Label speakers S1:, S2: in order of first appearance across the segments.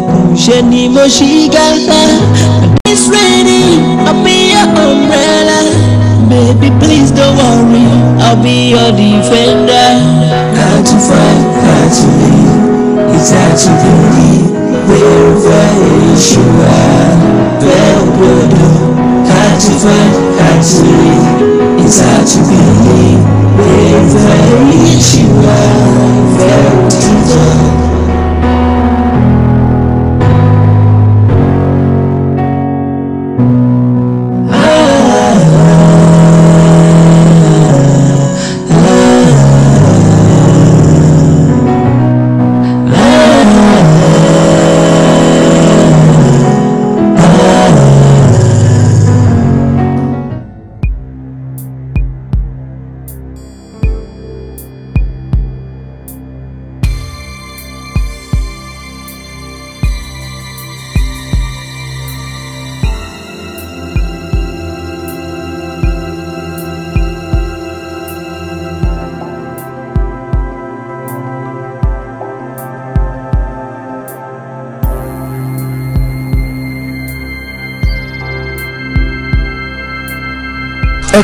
S1: bouger ni mo It's ready, I'll be
S2: your umbrella. Baby, please don't worry, I'll be your defender. How to fight, how to lead, it's how to believe. Wherever you are, where would you? How to fight, how to lead, it's how to believe. Wherever you are, where would you?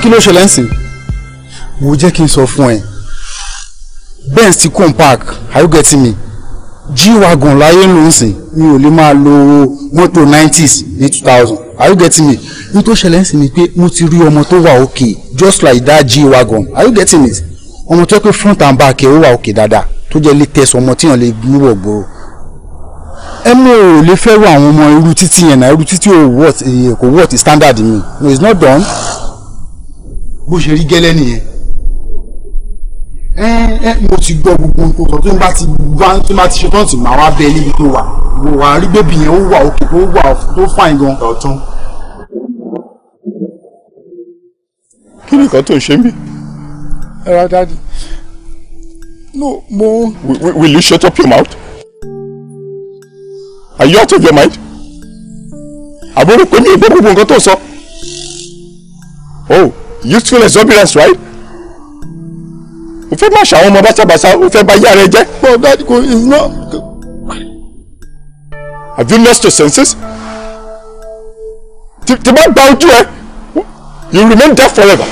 S3: kí ló ṣẹlẹ̀ ń sìn wò jẹ́ kí n sọ fún ẹ benz ti kún park are you getting me g-wagon láyé ló ń sìn mi ò lè máa lo mọ́tò nineties ní two thousand are you getting me n tó ṣẹlẹ̀ ń sìn ni pé mo ti rí ọmọ tó wà òkè just like that g-wagon are you getting me ọmọ tó yẹ pé front and back ẹ̀ ó wà òkè dáadáa tó jẹ́ lè tẹ̀sán ọmọ tíyàn lè gbúrò gbòòrò
S1: ẹ mú o lè fẹ́ràn àwọn ọmọ irú títí yẹn náà irú títí ò wọ́t eh, kò wọ́t standard mi no it's not done bó ṣe rí gẹ́lẹ́ nìyẹn ẹ ẹ mo ti gbọ́ gbogbo nǹkan tó ń bá ti bá tó máa ti ṣetán tì máa wá bẹ níbi tó wà mo wà rí bébì yẹn ó wà òkè tó wà tó fàìn gan. ọ̀tún.
S3: kí ni nǹkan tó ń ṣe mí
S1: ẹ ra dáàdi
S2: no mo.
S3: will you shut up your mouth? are you out of your mind? àbúrò pé mi ò gbọ́ gbogbo nǹkan tó sọ. oh youthful exuberance right o fẹ́ máa ṣàwọn ọmọ báṣabàṣa o fẹ́ bà yá rẹ jẹ́. but that go is not. have you lost your senses. ti ti bá gba ojú ẹ you remain deaf forever.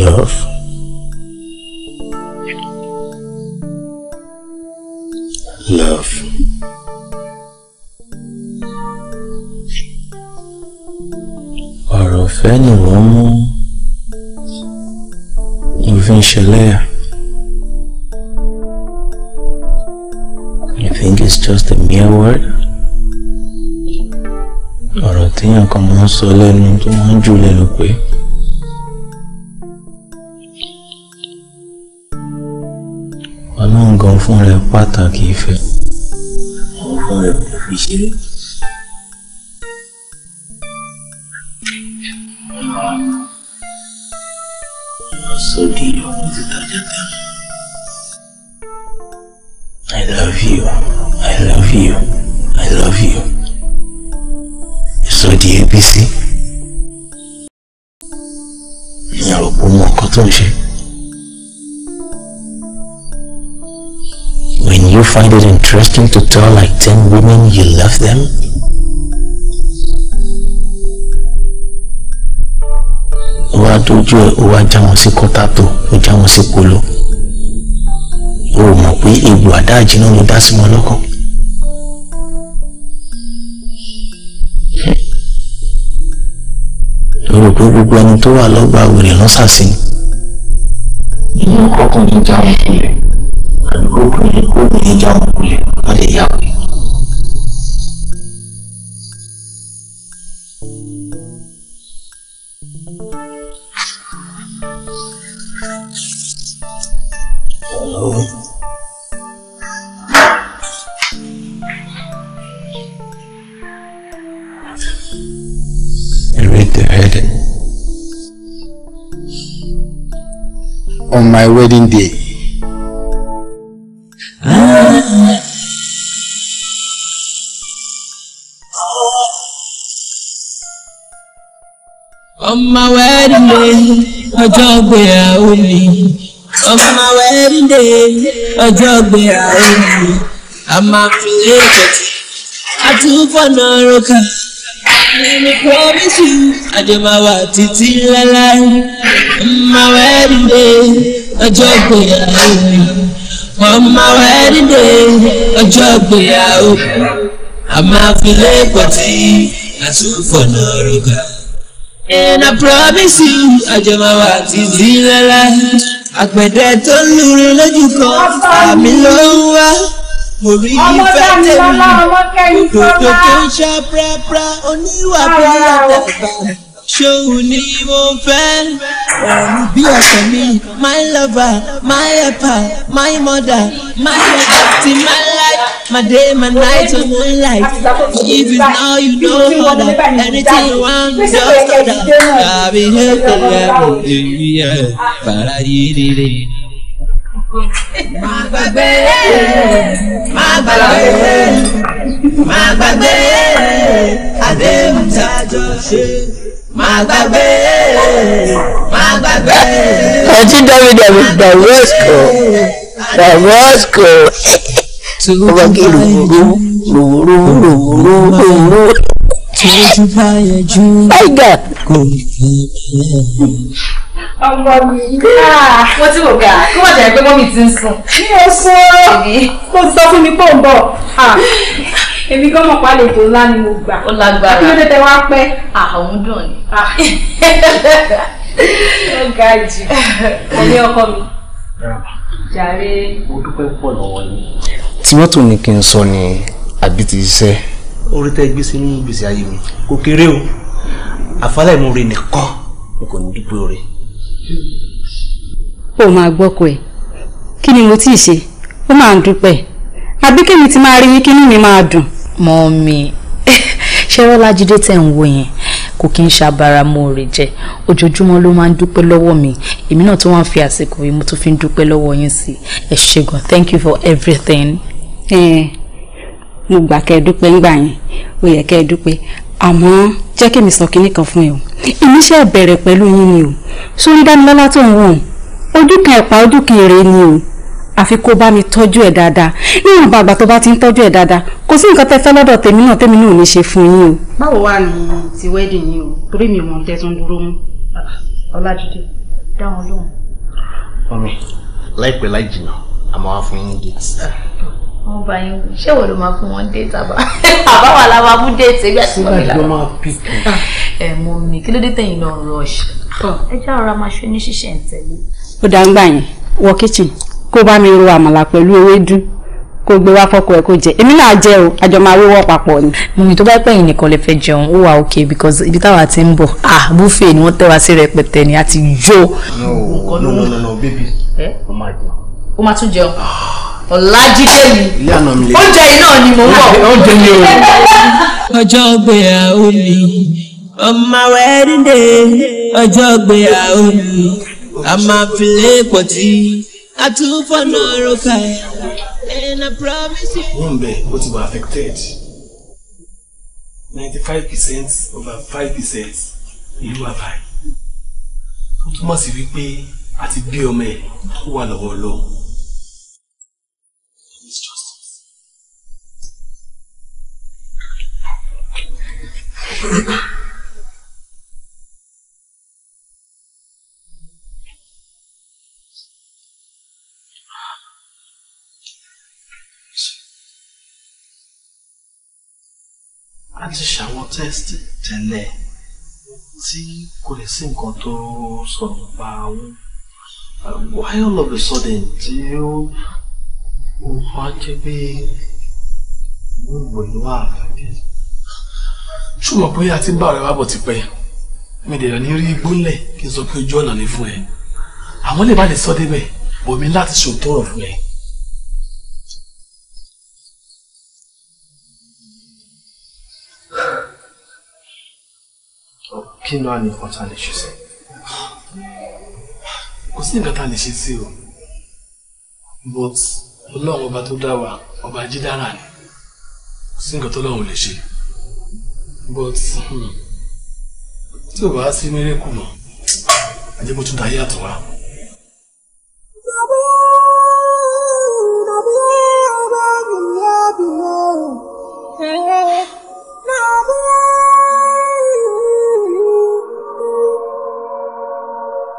S2: love. love.
S3: ìfẹ́ ni wọ́n mú òfin ṣẹlẹ́yà. You think it's just a mere word? ọ̀rọ̀ téèyàn kan máa ń sọ lẹ́nu tó máa ń jù lẹ́nu pé. ọlọ́run gan fún rẹ̀ pàtàkì ìfẹ́. ọ̀rọ̀ rẹ̀ kò fi ṣeré.
S2: I love you. I love you. I love you. I love you so the ABC
S3: ní àròpọ̀ mọ tó When you find it interesting to tell like ten women you love them. wá dojú ẹ̀ ó wá já wọn sí kọ́tàtò ó já wọn sí polo o mọ̀ pé egbò àdáàjì náà ló dá sí wọn lọ́kàn. o rò pé gbogbo ẹni tó wà lọ́gbà wèrè lọ́sàsì ni. inú kọkùnrin já wọn kulẹ̀ àdúgbò kùnrin kó kùnrin já wọn kulẹ̀ wọ́n lè yá wọn. same day.
S2: Ah. ọmọ wẹ́rìndé ọjọ́ gbéyàwó mi ọmọ wẹ́rìndé
S1: a gbéyàwó mi àmà fìlẹ̀ èkìtì àtúfọ̀nà roka nínú promise you àdèmàwà títí láláì
S2: ọmọ wẹ́rìndé ọjọ́ ìgbéyàwó mi on my wedding day ọjọ́ ìgbéyàwó mi a máa fi
S1: lẹ́pọ̀ tí
S2: àtúnfọ̀nà rògbà.
S1: and I promise you àjọmọ̀ wa ti di lọ́la àpẹ̀dẹ tó ń lure lójú kan àmì ló ń wá orí ìfẹ́ tèmi òdòdó tó
S4: ń
S2: ṣá prapra oníwà
S1: bí àdàbà
S2: ṣòun ni mo
S1: fẹ́ ọ̀run bí ọ̀sẹ̀ mi my lover my helper my mother my lover ti my life my day my night oh, my moonlight if you know you know order anything you wan just order tàbí ètò
S4: ẹ̀rọ
S2: èyí ẹ̀ bàrà yìí rere. Má gbàgbé, má gbàgbé, má gbàgbé,
S1: àdéhùn tá a jọ ṣe máa gbàgbé
S2: máa gbàgbé.
S4: àti dábìdà mi dàmásìkò dàmásìkò ọba kí lòwúrò lòwúrò lòwúrò
S2: lòwúrò. Tiger.
S4: Ọmọ mi ká. Ah. Mo ti wò ká, ah, kí wọ́n jẹ́ pé mọ́mí ti ń sùn. Mi ò sọ, mo sọ fún mi pé ò ń bọ̀. Ah èmi gan mọ̀ pálejò ńlá ni mo gbà ó lágbára kí ló dé tẹ wá pẹ́. àwọn dùn ni. ó ga jù ọ̀lẹ́ ọkọ mi jàre. ó
S1: dúpẹ́ pọ̀ lọ́wọ́ yìí.
S3: tí mọ́tò ní kí n sọ ni àbí ti iṣẹ́.
S1: orí tẹ gbèsè ní gbèsè ayé mi kò kéré o àfàlẹ́ ìmúre nìkan n kò ní dúpẹ́ oore.
S4: ó máa gbọ́kọ̀ ẹ̀ kí ni mo tí ṣe ó máa ń dúpẹ́ àbí kèmi ti máa rí yín kínú mi máa dùn. mọ́mì ṣẹ́rọ́lájídé tẹ̀ ń wo yẹn kò kí n ṣàbáramóore jẹ ojoojúmọ́ ló máa ń dúpẹ́ lọ́wọ́ mi èmi náà tó wọ́n fi àsìkò yìí mo tún fi ń dúpẹ́ lọ́wọ́ yín sí ẹ ṣé thank you for everything. ẹ ẹ mo gbà kẹ́ ẹ dúpẹ́ ńgbà yẹn ó yẹ kẹ́ ẹ dúpẹ́ àmọ́ jẹ́ kí mi sọ kinní kan fún ẹ o èmi ṣe bẹ̀rẹ̀ yín ni o sóńdánilọ́lá tó ń wọ̀n ojú kan ẹ̀pà ojú kan èrè ni o àfi kó bá mi tọ́jú ẹ̀ dáadáa níwọ̀n bá àgbà tó bá ti ń tọ́jú ẹ̀ dáadáa kò sí nǹkan tẹ́ fẹ́ lọ́dọ̀ tèmi náà tèmi náà ò ní ṣe fún yín o. báwo wà ní ti wedding yìí o torí mi ò mọ̀ tẹ́ tó ń dúró mú ọlájídé dá wọn lóhùn. mọ̀mí
S1: láìpẹ́ láì jìnnà a máa wá
S3: fún yín gate. Ah,
S4: wọ́n bá yín ṣé wo ló máa fún wọn déètì àbá àbá wà láwa mú déètì ẹgbẹ́ àti mọ̀mí làwọn. sígbà tí wọ́n máa pìkì. ẹ mọ ah, mi kí ló dé tẹ̀yìn náà rush. ẹ já ọ̀rọ̀ máa ṣe ní ń tẹ̀lé. ó dá ń gbà yín wọ kitchen kó bá mi ro àmàlà pẹ̀lú ewédú kó gbé wá fọ́kọ ẹ̀ kó jẹ èmi náà jẹ o àjọ máa wéwọ́ papọ̀ ni. mọ̀mí tó bá pẹ́ yìí nìkan lè fẹ́ jẹun ó wà okay because ibi táwa ti ń bọ̀ ah buffet ni wọ́n tẹ́ sí rẹpẹtẹ ni a ti jó.
S1: no no no no baby
S4: eh? ó máa jẹun. ó máa tún jẹun ọ̀làjídé yìí oúnjẹ yìí náà ni mò ń bọ̀. oúnjẹ ni o.
S1: ọjọ́ ìgbéyàwó mi on my ọjọ́ ìgbéyàwó
S3: mi a pọ̀ tí.
S1: I took for no and I promise you.
S3: Rumbe, what you were affected? 95% over 5% ìlú àbáyé. Ó túmọ̀ sí wípé a ti bí ọmọ ẹ̀ tó wà lọ́wọ́ Ọlọ́run. Thank you. a ti ṣàwọn tẹ́sítì tẹ́lẹ̀ tí kò lè sí nǹkan tó sọ̀rọ̀ nípa àwọn why all of tí ó wá jẹ́ pé gbogbo ìlú wà fẹ́. ṣùgbọ́n pé a ti ń bá ọ̀rẹ́ wa bọ̀ tipẹ́ mi dẹ̀ ní rí igbó kí n sọ pé ojú ọ̀nà ni fún ẹ àwọn lè má lè sọ débẹ̀ bòmí láti ṣòótọ́ fún ẹ. kí ló wà ní nǹkan tá a lè ṣe sí kò sí nǹkan tá a lè ṣe sí o but ọlọ́run ọba tó dá wa ọba jídára ni kò sí nǹkan tó lọ́run lè ṣe but tí ò bá sí mérékù mọ́ àjẹkù tún dá yàtọ̀ wa.
S2: Hey, hey, hey.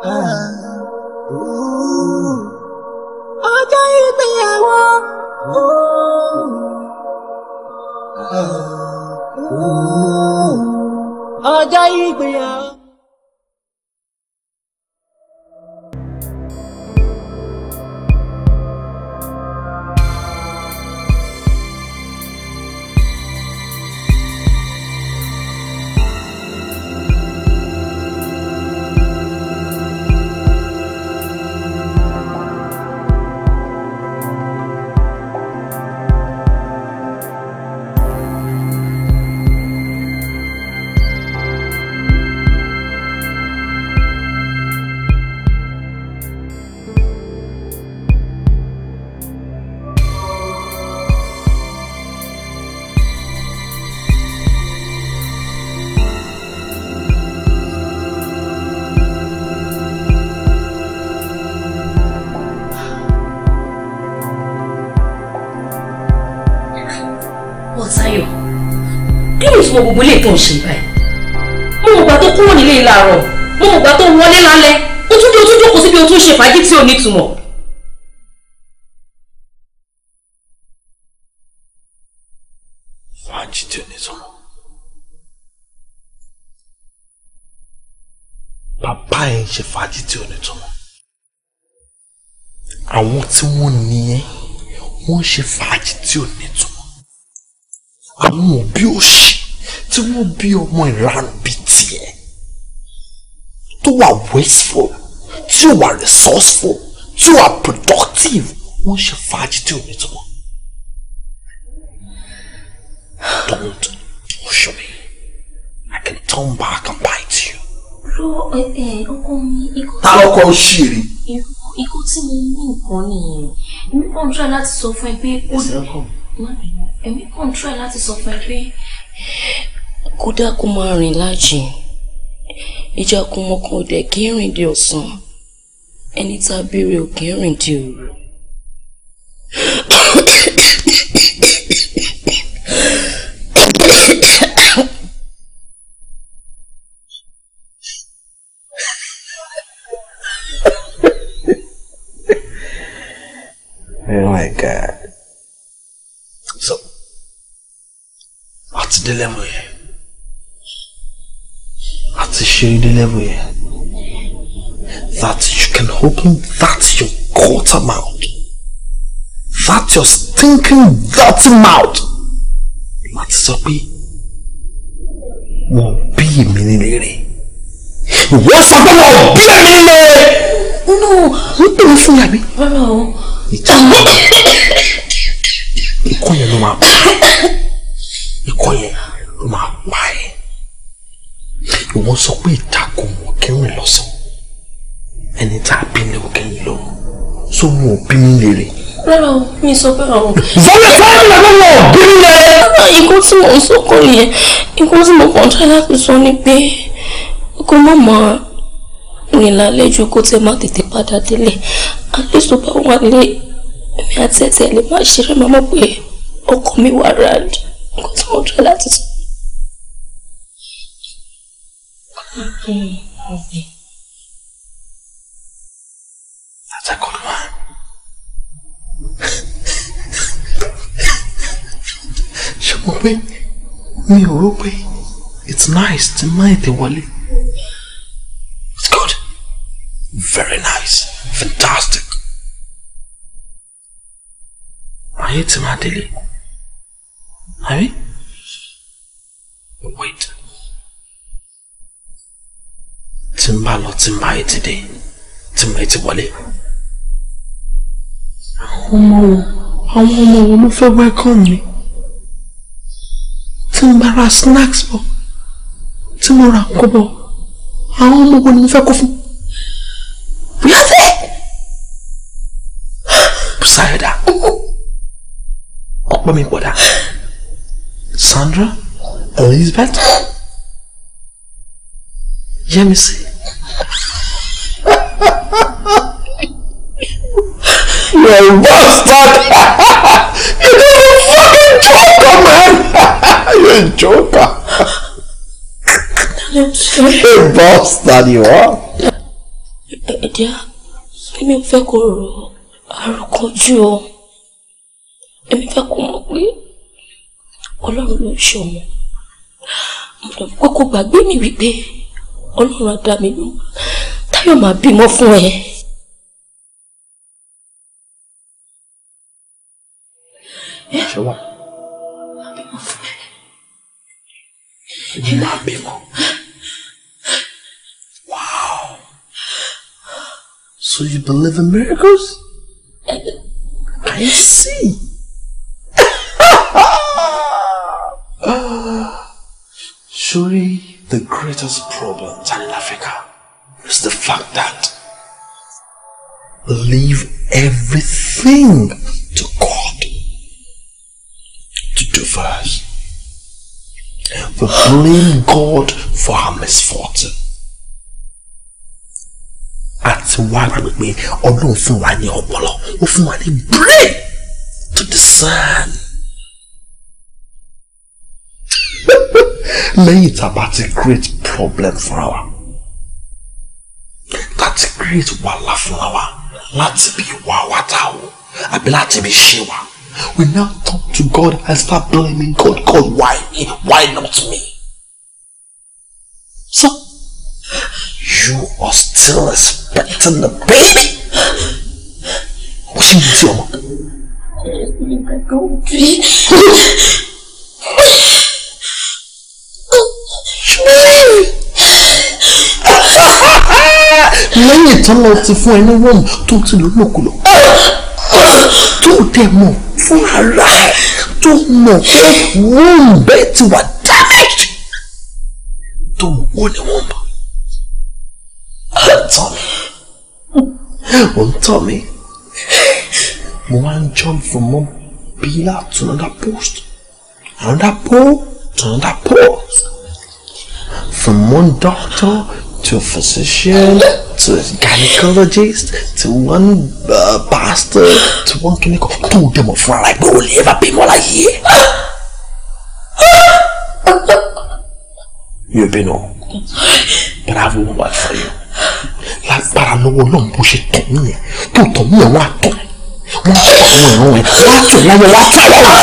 S2: Ah. ọjọ́ ìgbéyàwó. Ah. Ah. ọjọ́ ìgbéyàwó.
S4: mọ gbogbo ilé tó ń ṣe báyìí mo mọ̀ gbà tó kúrò nílé ìlàrọ̀ mo mọ̀ gbà tó wọlé lálẹ́ ó tún dé ó jókòó síbi ó ṣe fàájì tí ò ní ìtumọ̀.
S2: fàájì tí ò ní ìtumọ̀.
S3: bàbá ẹ̀ ń ṣe fàájì tí ò ní ìtumọ̀. àwọn tí wọ́n nìyẹn wọ́n ṣe fàájì tí ò ní ìtumọ̀. àwọn òbí òṣì tí wọ́n bí ọmọ ìranù bíi tiẹ̀ tó wà
S1: wasteful tí ó wà resourceful tí ó wà productive wọ́n ṣe fàájì
S3: tí ò ní tó wọn. Don't
S4: push me. I can turn back and bite
S2: you. Lọ eh, eh, ọkọ
S4: mi ikú. Ta lọkọ ń ṣèrè? Ikú tí mo ní
S2: nǹkan nìyẹn.
S4: Èmi kàn ń try láti sọ fún ẹ pé. Ẹsẹ̀ ọkọ mi. Èmi kàn ń try láti sọ fún ẹ pé kódà kó máa rìn lájì ìjà kò mọ kan òdẹ kí ń rìn di ọ̀sán ẹni tá a béèrè ò kí ń rìn di òru.
S2: Oh my
S3: God. So, what's the dilemma here? the level yẹn that you can open that your quarter mouth that your stinking dirty mouth that's sọ pé wọn bí èmi nílé rẹ ìwọ sọ pé wọn bí
S2: èmi nílé rẹ. nínú ń pè mí fún yàrá. rárá o. ikú
S4: yẹn ló máa pa ikú yẹn
S3: ló ìwọ sọ pé ìtàkùn mọ̀ kí n rìn lọ́sàn ẹni tá a bí ní òkè ń lọ sọ mi ò bí mi lèrè.
S4: rárá o mi sọ pé àwọn. sọlá sọlá mi làwọn ò bí mi lèrè. rárá ikú tí mò ń sọkọ yẹn ikú tí mo kàn tán láti sọ ni pé kó má mọ rìn lálẹ́ ju kó tẹ má tètè padà délé àlejò bá wà lé èmi àti ẹ̀tẹ̀ lè má ṣeré màmá pé ọkọ mi wà ráàdì nǹkan tí mo tọ́ láti sọ.
S2: Okay, okay. That's a good one.
S3: ṣùgbọ́n pé mi ò rò pé it's nice tí máa ètè wọlé. It's good. Very nice. Fantastic.
S2: Ayé ti máa délé. Àbí? Wait tí n bá lọ tí n bá yìí ti dé tí mo yìí ti wọlé. àwọn ọmọ
S1: wo àwọn ọmọ wo
S4: snacks bọ̀ tí mo ra nǹkan bọ̀ àwọn ọmọ wo ni mo fẹ́ kó fún. láti.
S3: Sayida
S1: ọ̀pọ̀ mi pọ̀ Sandra Elizabeth. Yẹ́misí.
S2: You're a bastard!
S3: You're a fucking joker, man! You're a joker! Darling, I'm sorry. A bastard you are!
S1: Ẹ̀dá,
S4: èmi ò fẹ́ kó rò àròkànjú ọ. Èmi fẹ́ kó mọ̀ pé Ọlọ́run ló ń ṣe ọmọ. Mo lọ ọlọ́run á nù táyọ̀ máa bímọ fún ẹ.
S2: ṣé wà. máa bímọ.
S1: wow
S3: so you believe in miracles? I see. ṣorí. the greatest problem in Africa is the fact that we leave everything to God to do for us. We blame God for our misfortune. Àti wá gbàgbé Ọlọ́run fún wa we ọpọlọ,
S4: ó fún wa ní brain
S3: to discern. lẹ́yìn tá a bá ti create problem fúnra wa tá a ti create wàhálà fúnra wa láti bí ìwà wa tá a wò àbí láti bí ṣe wa we now talk to God and start blaming God God why why not
S2: me so you are still expecting the baby o ṣì ń tí ọmọ
S1: lẹ́yìn tán lọ ti fún ẹ ní wọ́ọ̀mù tó ti lò lòkulò tó dẹ̀ mọ̀ fún ara ẹ̀ tó mọ̀ pé wọ́ọ̀mù bẹ́ẹ̀ ti wà damaged
S3: tó mọ̀ wọ́n ní wọ́n mọ̀ tán ò ń tọ́ mi mo máa ń jump from one pillar to another post another pole to another post from one doctor to a physician to a gynecologist to one uh, pastor to one clinical to them of like we will ever be more like here. You've been all, but I have one word for you.
S1: lágbára lọ́wọ́ ọlọ́run bó ṣe tọ̀ mí yẹn tó tọ̀ mí yẹn wá tọ̀ wọ́n
S3: tọ̀ àwọn
S2: ẹ̀rọ ẹ̀ wá tọ̀ láyé wá tọ̀ láyé.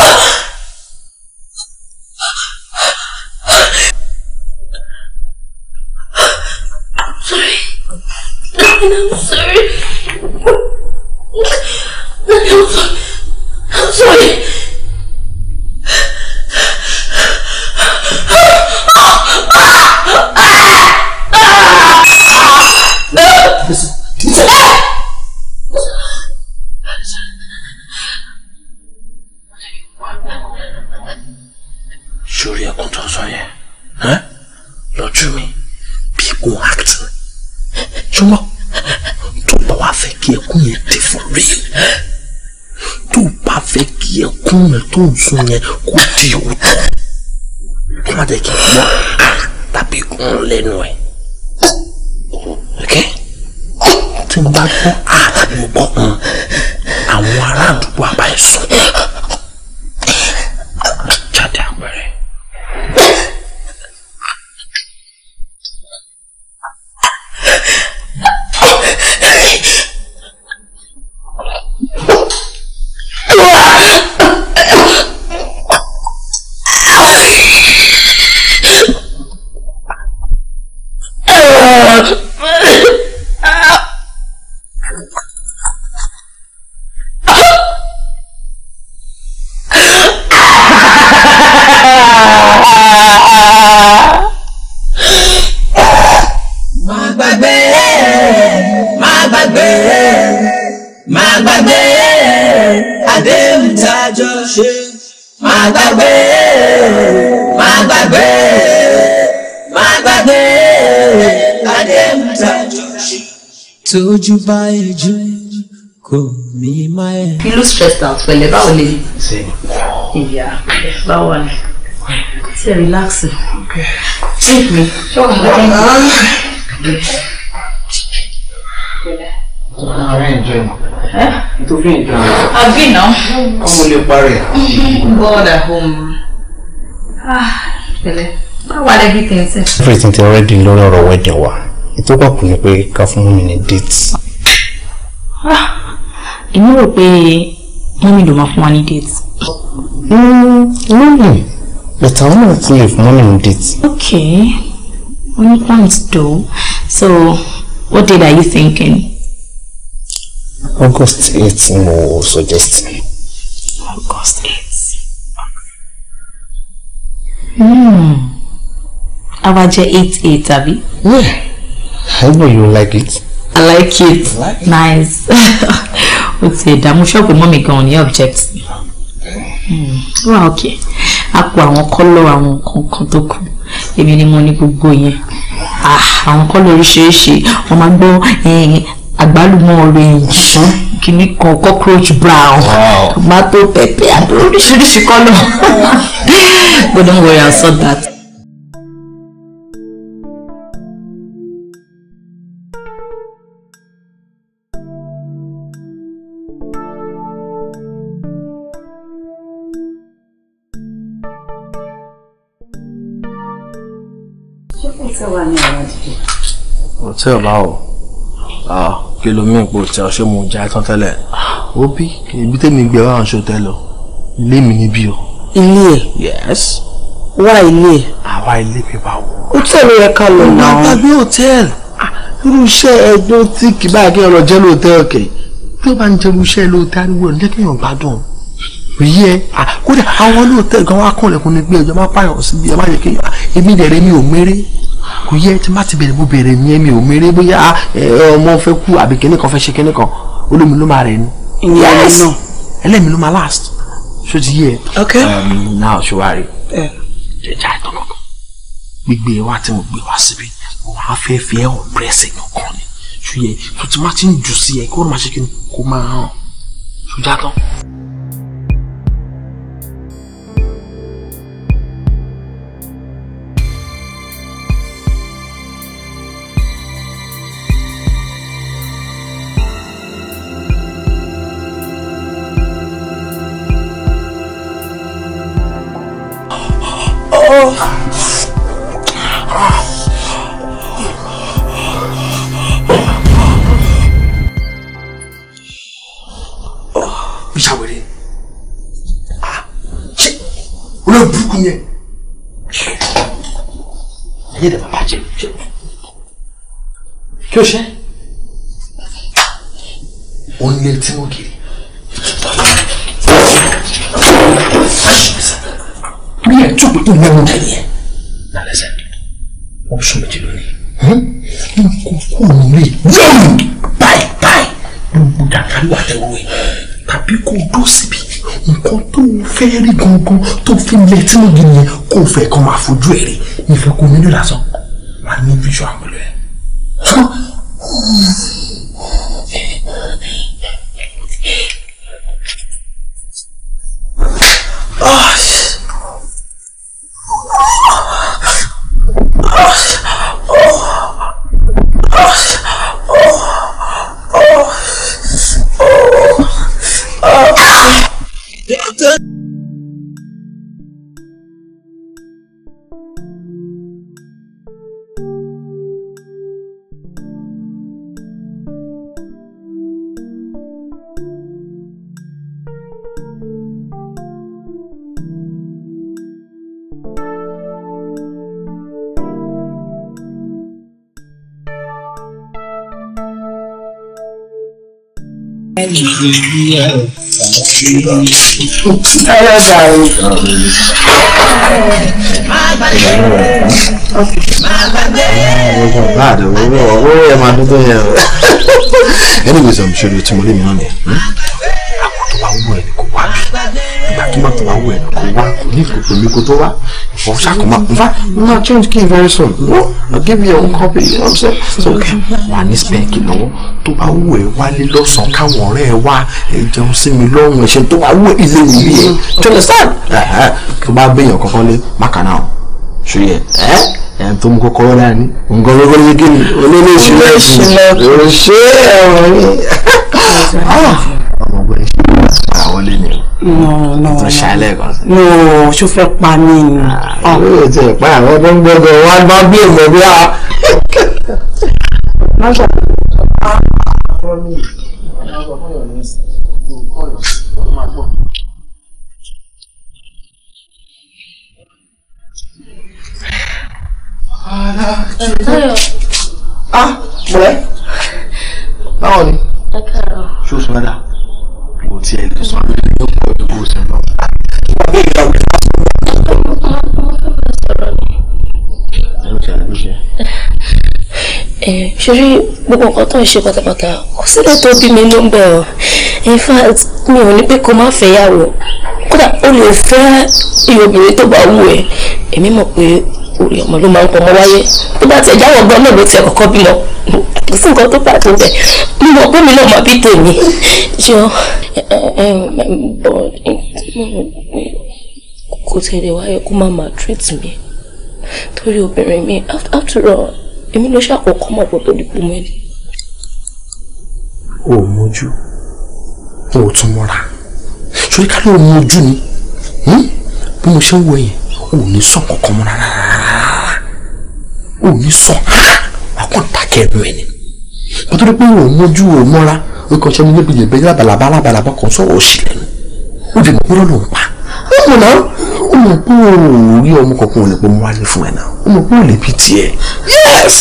S3: kóòdù yẹn kó di òótọ́ kó má jẹ́ kí n gbọ́
S1: tàbí gùn lẹ́nu ẹ̀ ok tí n bá gbọ́. tójú bá ẹjú kò mí má ẹ. you look stressed out pẹ̀lẹ́
S4: báwo lè. ìyá báwo ni ṣe relax take me ṣọwọ́n lọ́jọ́ ara ẹ̀jọ̀ ẹ̀ nítorí ẹ̀jọ̀ àwọn. àbí náà. ọmọ lè parẹ́. Mm-hmm. God at home. ah pẹ̀lẹ́ báwo are everything ṣe.
S1: everything ti already lórí ọ̀rọ̀ wedding wa ètò kan kù ni pé ká fún mi
S4: ní date. Ah, èmi rò pé mọ́mí ló máa fún wa ní date. mọ́mí bẹ̀tà wọn náà tún lè fún mọ́mí ní date. ok one point though so what date are you thinking. August 8 ni mo suggest.
S2: August 8.
S4: Hmm. Awa jẹ́ 8-8 àbí? Yeah.
S3: I know you like it.
S4: I like it. I like it. Nice. o ti mommy dààmú ṣọ́ọ̀bù mọ́mì gan hmm. okay. ní object. wà á òkè a kó àwọn kọ́lọ̀ to kankan tó kù èmi ni mo ní gbogbo yẹn ah, àwọn kọ́lọ̀ oríṣiríṣi wọ́n máa gbọ́ eh, àgbálùmọ̀ orange kìíní kan cockroach brown tomato
S2: pepper I àti oríṣiríṣi color. but don't worry I'll sort that.
S3: tí o bá o kí ló mí ipò tí ọṣẹ mo já tán tẹ́lẹ̀ ó bí ibi tèmi gbé wá ọṣọ tẹ́lẹ̀ ilé mi níbí o. ilé ẹ yes wá ilé ẹ. àwa ilé mi bá wò. ó tẹ̀lé ẹ ká lọ náà. ó máa gbé hòtẹ́ẹ̀lì irú iṣẹ́ ẹgbẹ́ tí kì bá kí ọ̀rọ̀ jẹ́ lóòótọ́ ọ̀kẹ́
S1: bí ó bá ń jẹun iṣẹ́ lóòótọ́ ariwo ẹ̀ lẹ́kẹ̀yàn gbádùn rí ẹ kódà àwọn lóòótọ́ gan wá kàn lẹ́kùn ní gbé ẹjọ́ má pààyàn síbi ẹ má yẹ kéèyàn èmi dẹ̀rẹ̀ mi ò méré kò yẹ tí má ti bẹ̀rẹ̀ mo bẹ̀rẹ̀ ní ẹ̀mí ò mèrè bóyá ọmọ fẹ́ kú àbí kíní kan fẹ́ ṣe kíní kan olómi ló máa rẹ̀ nu. yes ẹlẹ́mi ló máa
S3: last ṣó ti yẹ. ok um, náà ṣùwárí
S2: jẹjẹ àìtọ́ kankan
S3: gbígbé wa tí mo gbé wá síbi mo máa fẹ́ fi ẹ̀ hàn pẹ́sẹ̀ kankan ni
S1: ṣó tó ti má ti ń jù sí ẹ kó má ṣe kíní kó máa hàn ṣó já tán.
S3: kí o ṣe.
S4: ó ń lé tí mo kiri. mi yẹ tó gbogbo ìwé mu tẹ̀lé ẹ̀.
S2: nàlẹ́sẹ̀ wọ́n sún méjì lónìí. n kò kó òun lè yéèmù
S1: báyìí báyìí gbogbo dàkàlù àtẹwé tàbí kò dó síbi nǹkan tó fẹ́ rí gangan tó fi lẹ tí mo gbìn yẹn kó fẹ́ kó máa fojú ẹ̀
S3: ìfẹ́ kò nílò lásán máa ní visual.
S2: 哼。Hello, darling.
S3: Anyways, I'm sure you're tomorrow morning. Hmm? tó wá wú ẹ kò wá ìgbà tó má tó wá wú ẹ kò wá kò ní ìfò kò tó wá ọ̀ ṣàkó má nfa
S1: nna change key very soon no i give me your one copy you know what i'm saying so wà ní spẹ́ǹkì lọ́wọ́
S3: tó bá wú ẹ wálé lọ́sàn-án káwọn ọ̀rẹ́ ẹ wá ẹ jẹun sí mi lọ́rùn ẹ̀ṣẹ̀ tó wá wú ẹ ilé mi bí ẹ tó lè sàn tó bá béèyàn kankan lé mákànnà o ṣùyẹ ẹ ẹ tó mú kọ́kọ́rọ́ dání nǹkan ló gbọ́dọ̀ kí ni olóòṣìlẹ̀ olóòṣìlẹ̀ ọ̀rọ̀ mi padà wọlé ni.
S1: no tó ṣálẹ̀ kan sí. no ṣó fẹ́ pa mí ni. Ah, ah. yóò ti pa àwọn
S3: tó ń gbọ́dọ̀ wá bá bí èèyàn bí a.
S2: Ah,
S3: Báwo ni? Ẹ kẹ́rọ. Ṣé kò tiẹ̀ lè sọ àwọn ènìyàn pọ̀ ní kò sí lọ. wọ́n bẹ ìyá
S4: gbogbo nǹkan tó ń ṣe pátápátá kò sílẹ̀ tó bí mi ló ń in fact mi ò ní pé kó má fẹ́yàwó kódà o lè fẹ́ iye obìnrin tó bá wù ẹ́ èmi mọ̀ pé orí ọmọ ló máa ń pọmọ wáyé tó bá tiẹ̀ jáwọ́ gan náà ló tiẹ̀ kọ́kọ́ bímọ kò nǹkan tó bá tó bẹ̀ mo mọ̀ máa bí tèmi
S1: ṣé kò tẹ̀lé wáyé kó má máa treat mi torí obìnrin mi after all èmi ló ṣàkókò mọ̀ pé tó dìbò mẹ́rin.
S3: o ò mójú o ò tún mọ́ra ṣorí ká ló mójú ni hmm? bí mo ṣe ń wọ yẹn ò ní sọ kankan mọ́ rárá
S1: ò ní sọ wà kàn dákẹ́ ẹ̀bùn ẹ̀ ni kó tó dé pé òun mójú òun mọ́ra ó kàn ṣe ní níbi ìyẹ̀bẹ̀ lábàlábà lábàlábà kan sọ̀rọ̀ òṣì lẹ́nu ó
S3: dì mọ̀ pé lọ́nà òun pa ó mọ̀ náà ó mọ̀ pé òun rí ọmọ kankan ò lè pọ̀ mọ́ wálé fún ẹ̀ náà ó mọ̀ pé ò lè bí tiẹ̀
S2: yes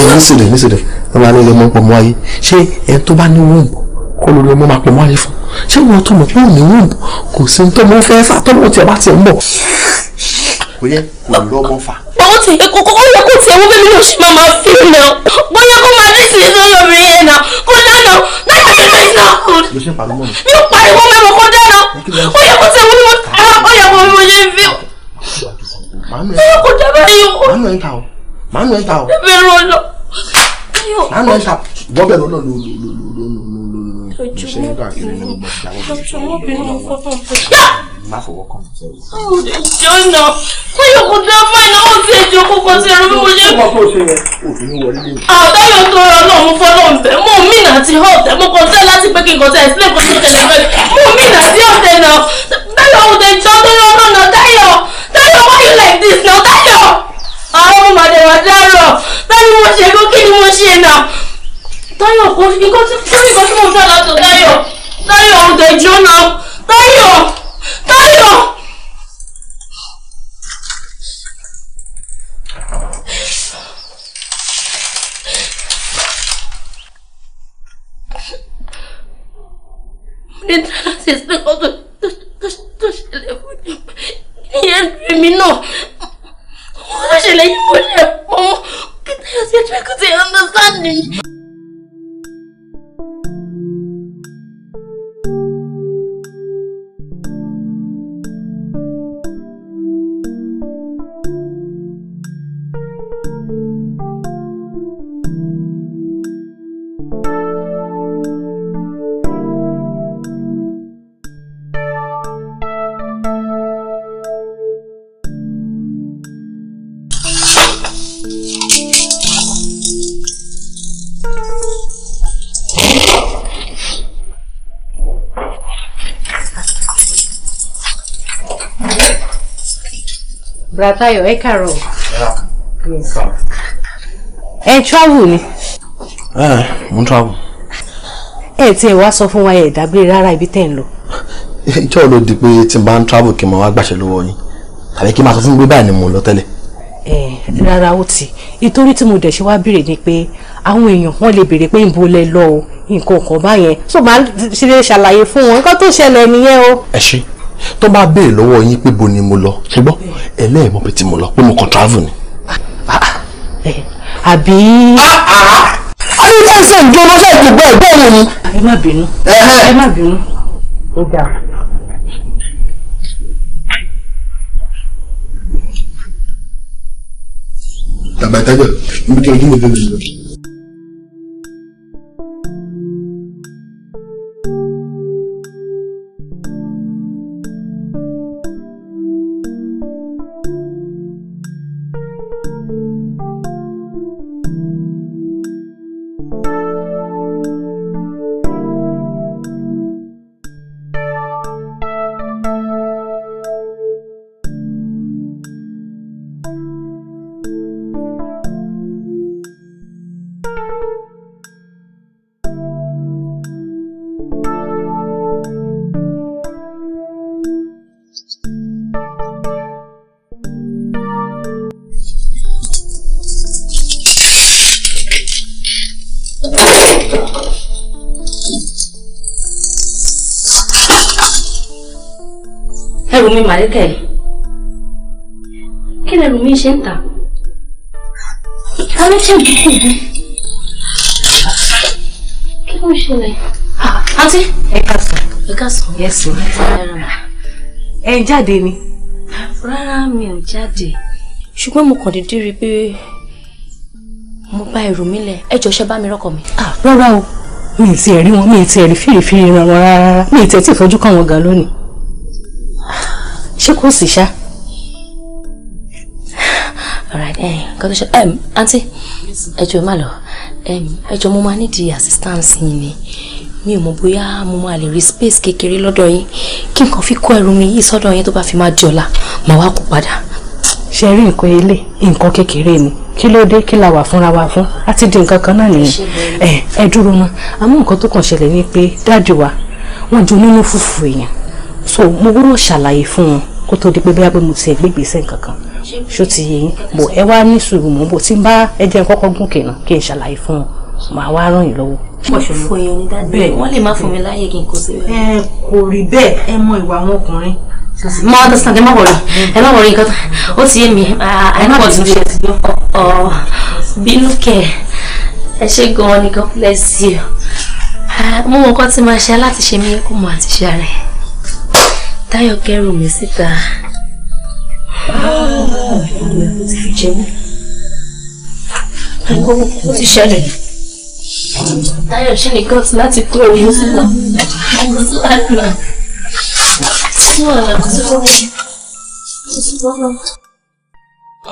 S1: èmi
S3: sì lè mi sì lè ẹ máa ní ilé ọmọ pọ̀
S1: mọ́ ayé ṣé ẹ tó bá ní wọ́ọ̀bù kó lórí ọmọ máa pọ̀ mọ́ ayé fún ṣé wọn tó mọ̀ pé òun ní wọ́ọ̀bù kò sí ní tọ́mọ fẹ́ fà tọ́mọ tiẹ̀ bá tiẹ̀ ń bọ̀ kò yẹ
S3: kò lọ́mọ fà.
S2: bọ́wọ́ ti èkó kó yẹ kó tiẹ̀ wọ́n bẹ́ẹ̀ ló ṣe máa máa fi nà bóyá kó máa dísì ní sọ́yọ́ mi yẹn nà kó dáná náà kò yẹ kó iná. ló ṣe
S1: pariwo mọ́ mi. mi ò pariwo mẹ́wọ̀ kó dáná ó yẹ kó tiẹ̀ wọ́n mọ́ ó yẹ kó mo ṣe fi. bóyá ẹ̀ ń ta o màánù ẹ̀ ń ta o. bẹ́ẹ̀ ló lọ. màánù ẹ̀ ń ta o.
S3: wọ́n bẹ̀rẹ̀ lọ́nà lọ́nà lọ́nà
S1: lójúmọ́
S3: bínú lójúmọ́
S2: bínú mo fọ́fọ́n pé. má fọwọ́ kàn. ìjọ náà kí yòókù dá fáìlì
S1: ọ̀hún sí èjì òkúkọ sí ẹ̀rọ bí mo ṣe. ọmọ tó ṣe yẹn kò ní wọlé lé. àtàyò tó rọ náà mo fọ́ náà
S4: bẹ́ẹ̀ mo mí nà ti họ̀tẹ̀ mo kàn tẹ́ láti pé kí n kàn tẹ́ ẹ̀sìn lẹ́kọ̀ọ́ tó tẹ̀lé fẹ́ mo mí nà ti họ̀tẹ̀ náà táyọ̀ ọ̀hún tẹ̀ jọ́ tó rọ náà náà táyọ̀ táyọ̀ why you like this now táyọ̀ àwọn ọmọ màdàmàdà rọ̀ táyọ̀ mo ṣe kó kí ni mo ṣe náà Táyọ̀ kò sí tí kò sí mo fẹ́ látọ̀ Táyọ̀ Táyọ̀ ọ̀dẹ̀jọ́ náà Táyọ̀ Táyọ̀. ní tàlàsì sẹ́kọ̀ tó tó ṣẹlẹ̀ fún mi ní ẹ̀rí mi náà
S1: wọ́n ṣẹlẹ̀ yìí
S2: wọ́n ṣẹ̀ fún kí Táyọ̀ sí ẹ̀jẹ̀ kò sí understand me.
S4: Bratayo, ẹ káàárọ̀. Yes. Ẹ travel ni.
S2: Ẹ
S1: mo ń travel.
S4: Ẹ ti ẹ̀ wá sọ fún wa ẹ̀ dágbére rárá ibi tẹ́ ń lọ. Ìjọ́
S1: ló di pé tí n bá ń travel kí n máa wá gbàṣẹ lọ́wọ́ yín. Tàbí kí n máa sọ fún mi pé báyìí ni mo lọ tẹ́lẹ̀.
S4: Ẹ rárá ó ti. Ìtorí tí mo dẹ̀ ṣe wá béèrè ni pé àwọn èèyàn wọ́n lè béèrè pé ìbo lẹ lọ o nǹkan kan báyẹn. Sọ ma ṣe lè ṣàlàyé fún wọn nǹkan tó ṣẹlẹ̀ nìyẹn o.
S3: Ẹ ṣé tó bá béè lọ́wọ́ yín pé bo ni mo lọ ṣùgbọ́n ẹlẹ́ẹ̀mọ́ pé tí mo lọ pé mo kàn travel ni.
S4: àbí. Ah, ah, ah. ayé náà ṣe ìjọ ọmọṣẹ́ ìdìbò ẹ̀gbọ́n mi ni. ẹ má bínú ẹ má bínú. ó dà.
S2: tí ojú mi dé lójú lọ.
S4: màríkà yìí kí lẹ́nu mi ṣe ń tà. alẹ́ṣẹ́ ìdíkù bí kí ló ń ṣẹlẹ̀. àti ẹ káàsán ẹ káàsán yẹ sí ẹ ń jáde ni.
S1: rárá mi ò jáde
S4: ṣùgbọ́n mo kàn déédéé rí i pé mo bá ẹrù mi lẹ̀ ẹ jọ ṣe bá mi rọ́kọ̀ mi. rárá o mi ì tiẹ̀ rí wọn mi ì tiẹ̀ rí fèrèfèrè ràn wọn rárá mi ì tiẹ̀ tí ìfojú kàn wọn gan lónìí ṣé kò Sha. alright ẹ eh, nǹkan tó ṣe ẹ àǹtí ẹ jọ̀ọ́ ẹ má lọ ẹ mo máa nídìí assistance yín ni mi ò mọ̀ bóyá mo máa lè rí space kékeré lọ́dọ̀ yín kí nǹkan fi kó ẹrù mi yìí sọ́dọ̀ yín tó bá fi máa jọ̀la màá wá kó padà. ṣe rí nǹkan ilé nǹkan kékeré ni kí ló dé kí la wà fúnra wa fún á ti di nǹkan kan náà nìyẹn ẹ ẹ dúró ná àmọ́ nǹkan tó kàn ṣẹlẹ̀ ni pé dáàdì wa wọ́n jọ nínú fùfù èèyàn so mo gbọ́dọ̀ ṣàlàyé fún wọn kó tó di pé bóyá pé mo tiẹ̀ gbé gbèsè kankan ṣó ti yé yín bò ẹ wá ní sùúrù mò ń bò tí n bá ẹ jẹ́ kọ́kọ́ gùn kìnnà kí n ṣàlàyé fún wọn màá wá ràn yín lọ́wọ́. mo ṣe fún yín onídàájú wọn lè má fún mi láyè kí n kó síbẹ̀. ẹ kò rí bẹ́ẹ̀ ẹ mọ ìwà àwọn ọkùnrin mo understand ẹ má wọrí ẹ má wọrí nǹkan ó ti yé mi i know what to do ọ bínú kẹ ẹ ṣe gan-an ni
S1: Táyọ̀ kẹrù mi síta. Ó ti ṣẹlẹ̀. Táyọ̀ ṣì ní kọ́ọ̀tù láti kó oyún mi. Mo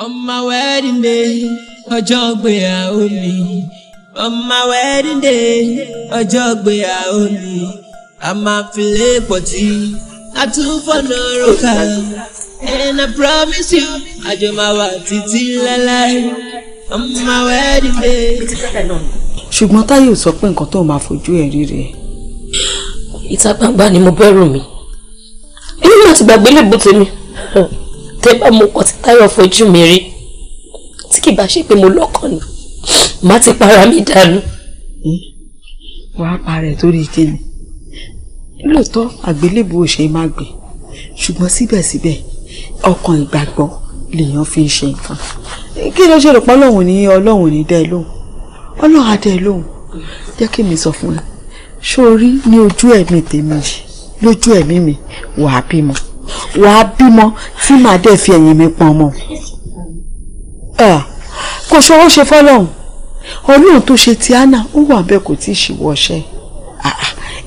S1: On my wedding day, a ọjọ́ ìgbéyàwó mi. On my wedding day, ọjọ́ ìgbéyàwó mi. A máa fi lé pọ̀ tí. I do for no ròkà. And I promise you, do my work till títí láláì. On my wedding day. Ṣùgbọ́n Táyé ò sọ pé
S4: nǹkan tó máa fojú ẹ̀ rí rèé. Ìta gbangba ni mo bẹ̀rù mi. Inú mi àti gbàgbé lèbó tèmi. Tẹ́ mo kọ́ tí Táyọ̀ fojú mi rí. Tí kì bá ṣe pé mo lọ́kàn ni. Má ti para mi dànù. Hm?
S1: Wàá para ẹ̀ torí kíni? lóòótọ́ àgbélébù ò ṣe é má gbé ṣùgbọ́n síbẹ̀síbẹ̀ ọkàn ìgbàgbọ́ lèèyàn fi ń ṣe nǹkan kí ló ṣe rò pé ọlọ́run ní ọlọ́run ní dá ẹ lóhùn ọlọ́run á dá ẹ lóhùn jẹ́ kí mi sọ fún O sórí ní ojú ẹ̀mí tèmi yìí lójú ẹ̀mí mi wàá bímọ wàá bímọ tí màá dẹ̀ fi ẹ̀yìn mi pọn ọmọ kò ṣòro ṣe fọlọ́run ọlọ́run tó ṣe ti ó wà bẹ́ẹ̀ kò tí ì ṣíwọ́ ọṣẹ́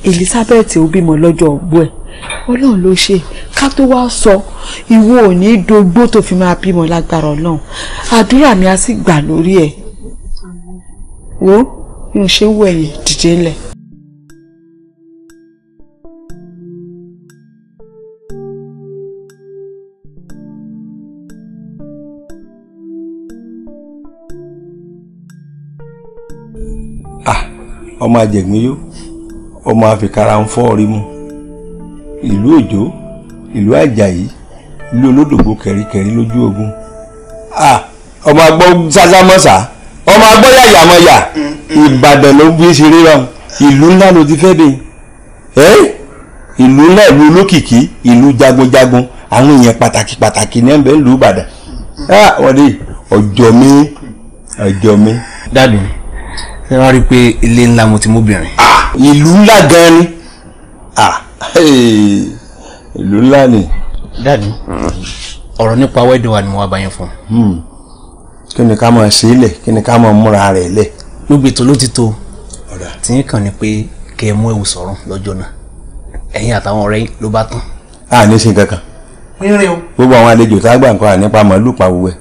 S1: Elizabeth ó bímọ lọ́jọ́ ọgbọ́ ẹ̀ ọlọ́run ló ṣe ká tó wá sọ ìwọ ò ní dogbó tó fi máa bímọ lágbára ọlọ́run àdúrà mi á sì gbà lórí ẹ̀ wo bí mo ṣe ń wọ ẹ̀yìn
S2: dìde ńlẹ̀.
S3: Ah, ọmọ àjẹgbín yóò ọmọ àfikàrà ń fọ́ orí mu ìlú òjò
S1: ìlú àjàyí ìlú olódògbò kẹ̀ríkẹ̀rí lójú ogun ọmọ agbọ́ sásámọ́sá ọmọ agbọ́ yàyàmọ́yà ìbàdàn ló bí ṣeré rán ìlú ńlá ló ti fẹ́ dé ìlú ńlá ìlú olókìkí ìlú jagunjagun àwọn èèyàn pàtàkì pàtàkì ní ẹ̀ńbẹ́ ìlú ìbàdàn wọ́n dé ọjọ́ mi ọjọ́ mi. dádùn ṣé wàá rí i pé ilé ńlá mo ti mú bìnrin. ah ìlú ńlá gan ni ìlú ńlá ni. dadi ọ̀rọ̀ nípa wedding wa ni mo wá bá yín fún. Hmm. kí ni ká máa ṣe é lẹ̀ kí ni ká máa múra rẹ̀ lẹ̀. gbogbo ètò ló ti tó tí n kàn ní pé kẹ́ ẹ mú ewu sọ̀rọ̀ lọ́jọ́ náà ẹ̀yin àtàwọn ọ̀rẹ́ yín ló bá tán. a ní sin kankan. rírìn o. gbogbo àwọn àlejò tá a gbà nǹkan ànípa màálù pa wúwẹ́.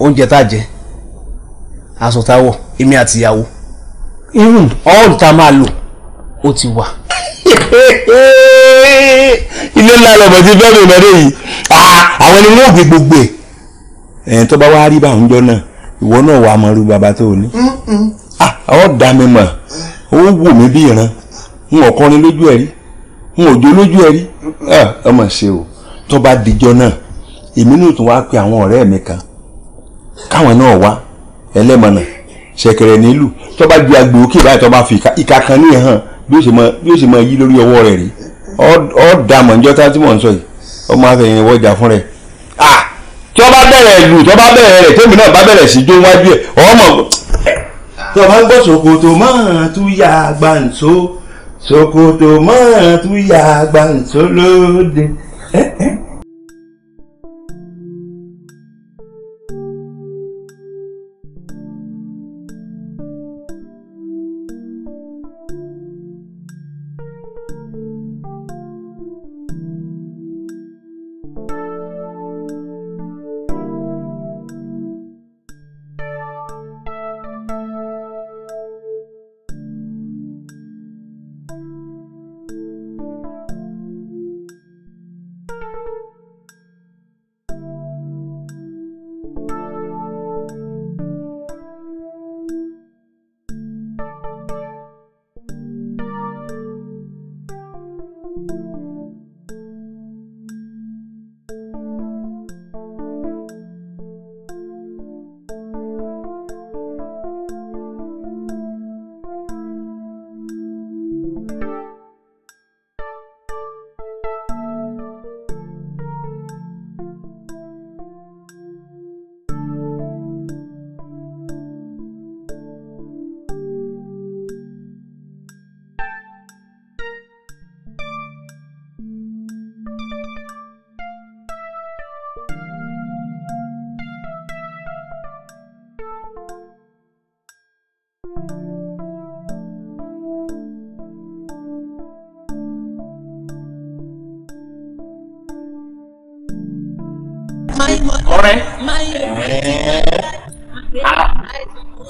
S1: oúnjẹ tá a jẹ aṣọ tá a wọ èmi àti ìyàwó irun ọ̀ọ́lù tá máa lò ó ti wà. ilé ńlá lọ́mọ ti fẹ́ mi lọ́dẹ yìí àwọn ni wọ́n gbé gbogbo ẹ̀ ẹ̀ tó bá wá rí bá ń jọ náà ìwọ náà wà á mọ irú bàbá tó o ní.
S2: ọ̀ mm, mm.
S1: dá mi mọ̀ ó wù mí bí ìran n ò kọrin lójú ẹ̀ rí n ò jó lójú ẹ̀ rí ọmọ ṣe o tó bá dijọ́ náà èmi náà tún wá pe àwọn ọ̀rẹ́ mi kan káwọn náà wá ẹlẹ́mọ̀nà ṣẹ̀kẹ̀rẹ̀ nílùú tó bá ju agbòókè báyìí tó bá fi ìka kan níyẹn hàn bí ó ṣe máa bí ó ṣe máa yí lórí ọwọ́ rẹ̀ rí ọ́ da mọ̀njọ́ tá tí mò ń sọ yìí ọ́ máa fẹ̀yìn ìwọ ìjà fún rẹ̀ ah tí wọ́n bá bẹ̀rẹ̀ ìlú tí wọ́n bá bẹ̀rẹ̀ rẹ̀ tèmi náà bá bẹ̀rẹ̀ sí jó wájú ẹ̀ ọmọ. tí wọ́n bá ń gbọ́ ṣòkòtò máa tún ya gbàǹso ṣòkòtò máa tún ya gbàǹso lóde.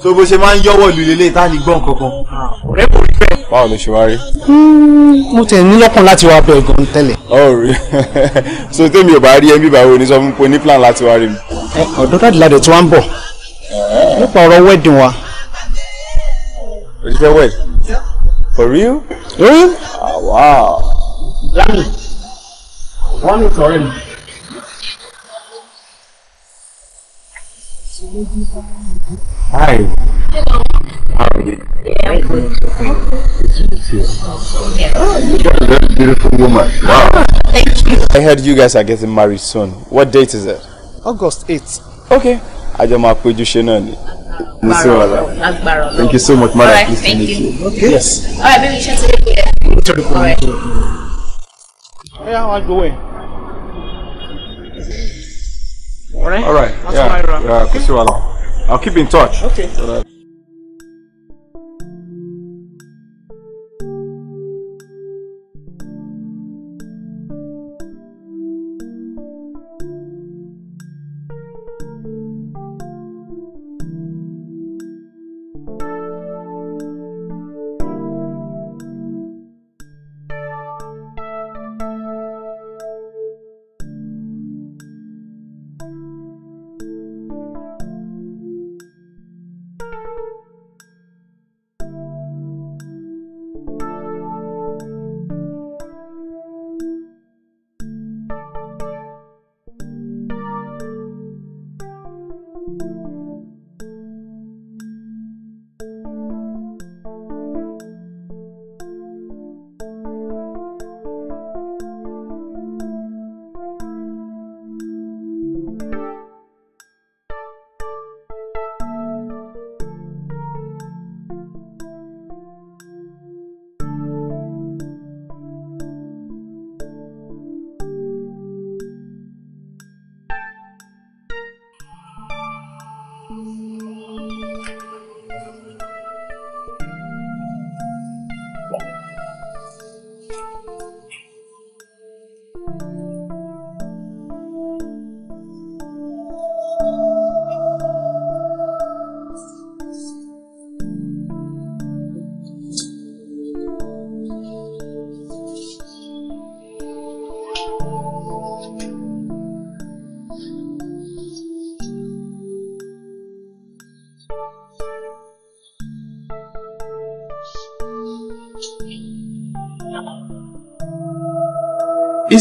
S3: so bó ṣe máa ń yọwọ́ lu lélẹ̀ tá a ní gbọ́n kankan. báwo ló ṣe wá rí. Hmm, mo tẹ̀ ní lọ́kàn láti wá bẹ́ẹ̀ gan tẹ́lẹ̀. ọ̀rẹ́ so tèmi ò bá rí ẹ bíbá wo ni sọ fún pé ní plan láti wá rí mi. ọ̀dọ́ dáàdì ládẹ̀ tí wọ́n ń bọ̀ nípa
S1: ọ̀rọ̀ wedding wa. o ti fẹ́ wed for real. real.
S3: ah wow.
S1: lami
S2: wọ́n ní sọ̀rọ̀ mi. Thank
S3: you. Hi. Hello. How are you? Yeah. it's beautiful. Oh, you a beautiful woman. Wow. Thank you. I heard you guys are getting married soon. What date is it? August
S1: 8th. Okay.
S3: I just want to you, Shannon.
S1: Thank you so much, Mara. Right, thank you. you. Okay. Yes. All right, baby, shall we
S3: take it? All right.
S1: Yeah, i are you doing? All right. All right. That's yeah. Myra.
S3: Yeah, okay. I'll keep in touch. Okay.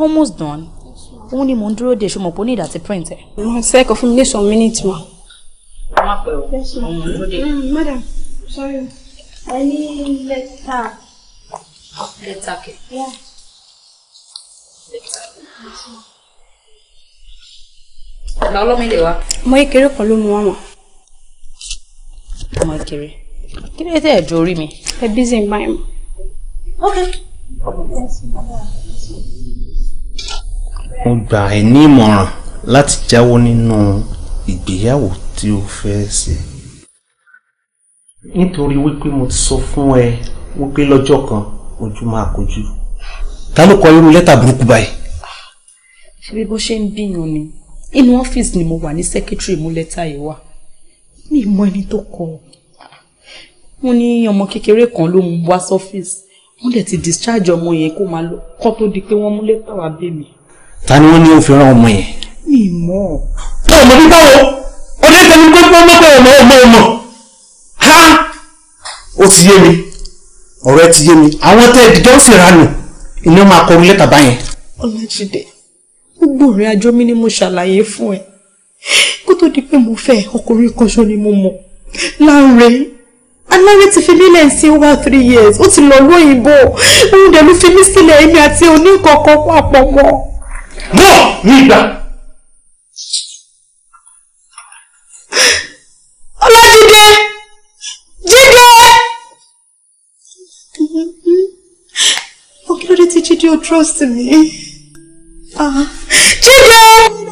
S4: almost done òun ni mò ń dúró de ṣe mọ̀ pé ó ní ìdàtí print ẹ̀. mo ṣe kọ fún mi ní some minutes ma. ó má pẹ́ o de. Mm, madam sorry Any letter? Letter, lẹ́tà kẹ. ọ̀la ọlọ́mọ ilé wa. ọmọ ìkéré kan ló mú wa mọ̀. ọmọ ìkéré kí ló dé ẹ̀jọ̀ orí mi. ẹ bí zi ń okay.
S3: mo gbà ẹ́ ní ìmọ̀ràn láti jáwọ́ nínú ìgbéyàwó tí o fẹ́ ṣe
S1: nítorí wípé mo ti sọ fún ẹ wípé lọ́jọ́ kan ojú máa kojú. ta ló kọ irú lẹ́tà burúkú báyìí. ṣebí bó ṣe ń bíyàn ni inú ọ́fíìsì ni mo wà ní sẹ́kẹ́tìrì mú lẹ́tà yìí wá mi mọ ẹni tó kọ wọn ní ọmọ kékeré kan ló mú wá sọ́fíìsì wọ́n dẹ̀ ti discharge ọmọ yẹn kó máa lọ kó tó di pé wọ́n mú lẹ́tà wá bẹ̀ mí
S3: ta ni wọ́n ní ó fi rán ọmọ yẹn. ìmọ̀. ọmọ bí báwo ọdún tẹ̀lé gbogbo ọmọ ọmọ ọmọ ọmọ ha ó ti yé mi ọ̀rọ̀ ẹ ti yé mi àwọn tẹ́ ìdíjọ́ ń fìrà nù iná máa kọrin lẹ́tà báyẹn.
S1: ọlájídé gbogbo ìrìn àjò mi ni mo ṣàlàyé fún ẹ
S4: kó tó di pé mo fẹ́ ọkùnrin kan ṣo ni mo mọ̀ láǹrẹ̀ aláwẹ̀ ti fi nílẹ̀ sí over three years ó ti lọ lóyìnbó òun dẹ̀ ló fi mí sílẹ̀ èmi àti oníkọ̀ọ̀kan papọ̀ mọ́. 莫你的。
S2: Teach you to trust in me. Ah, uh, Jacob!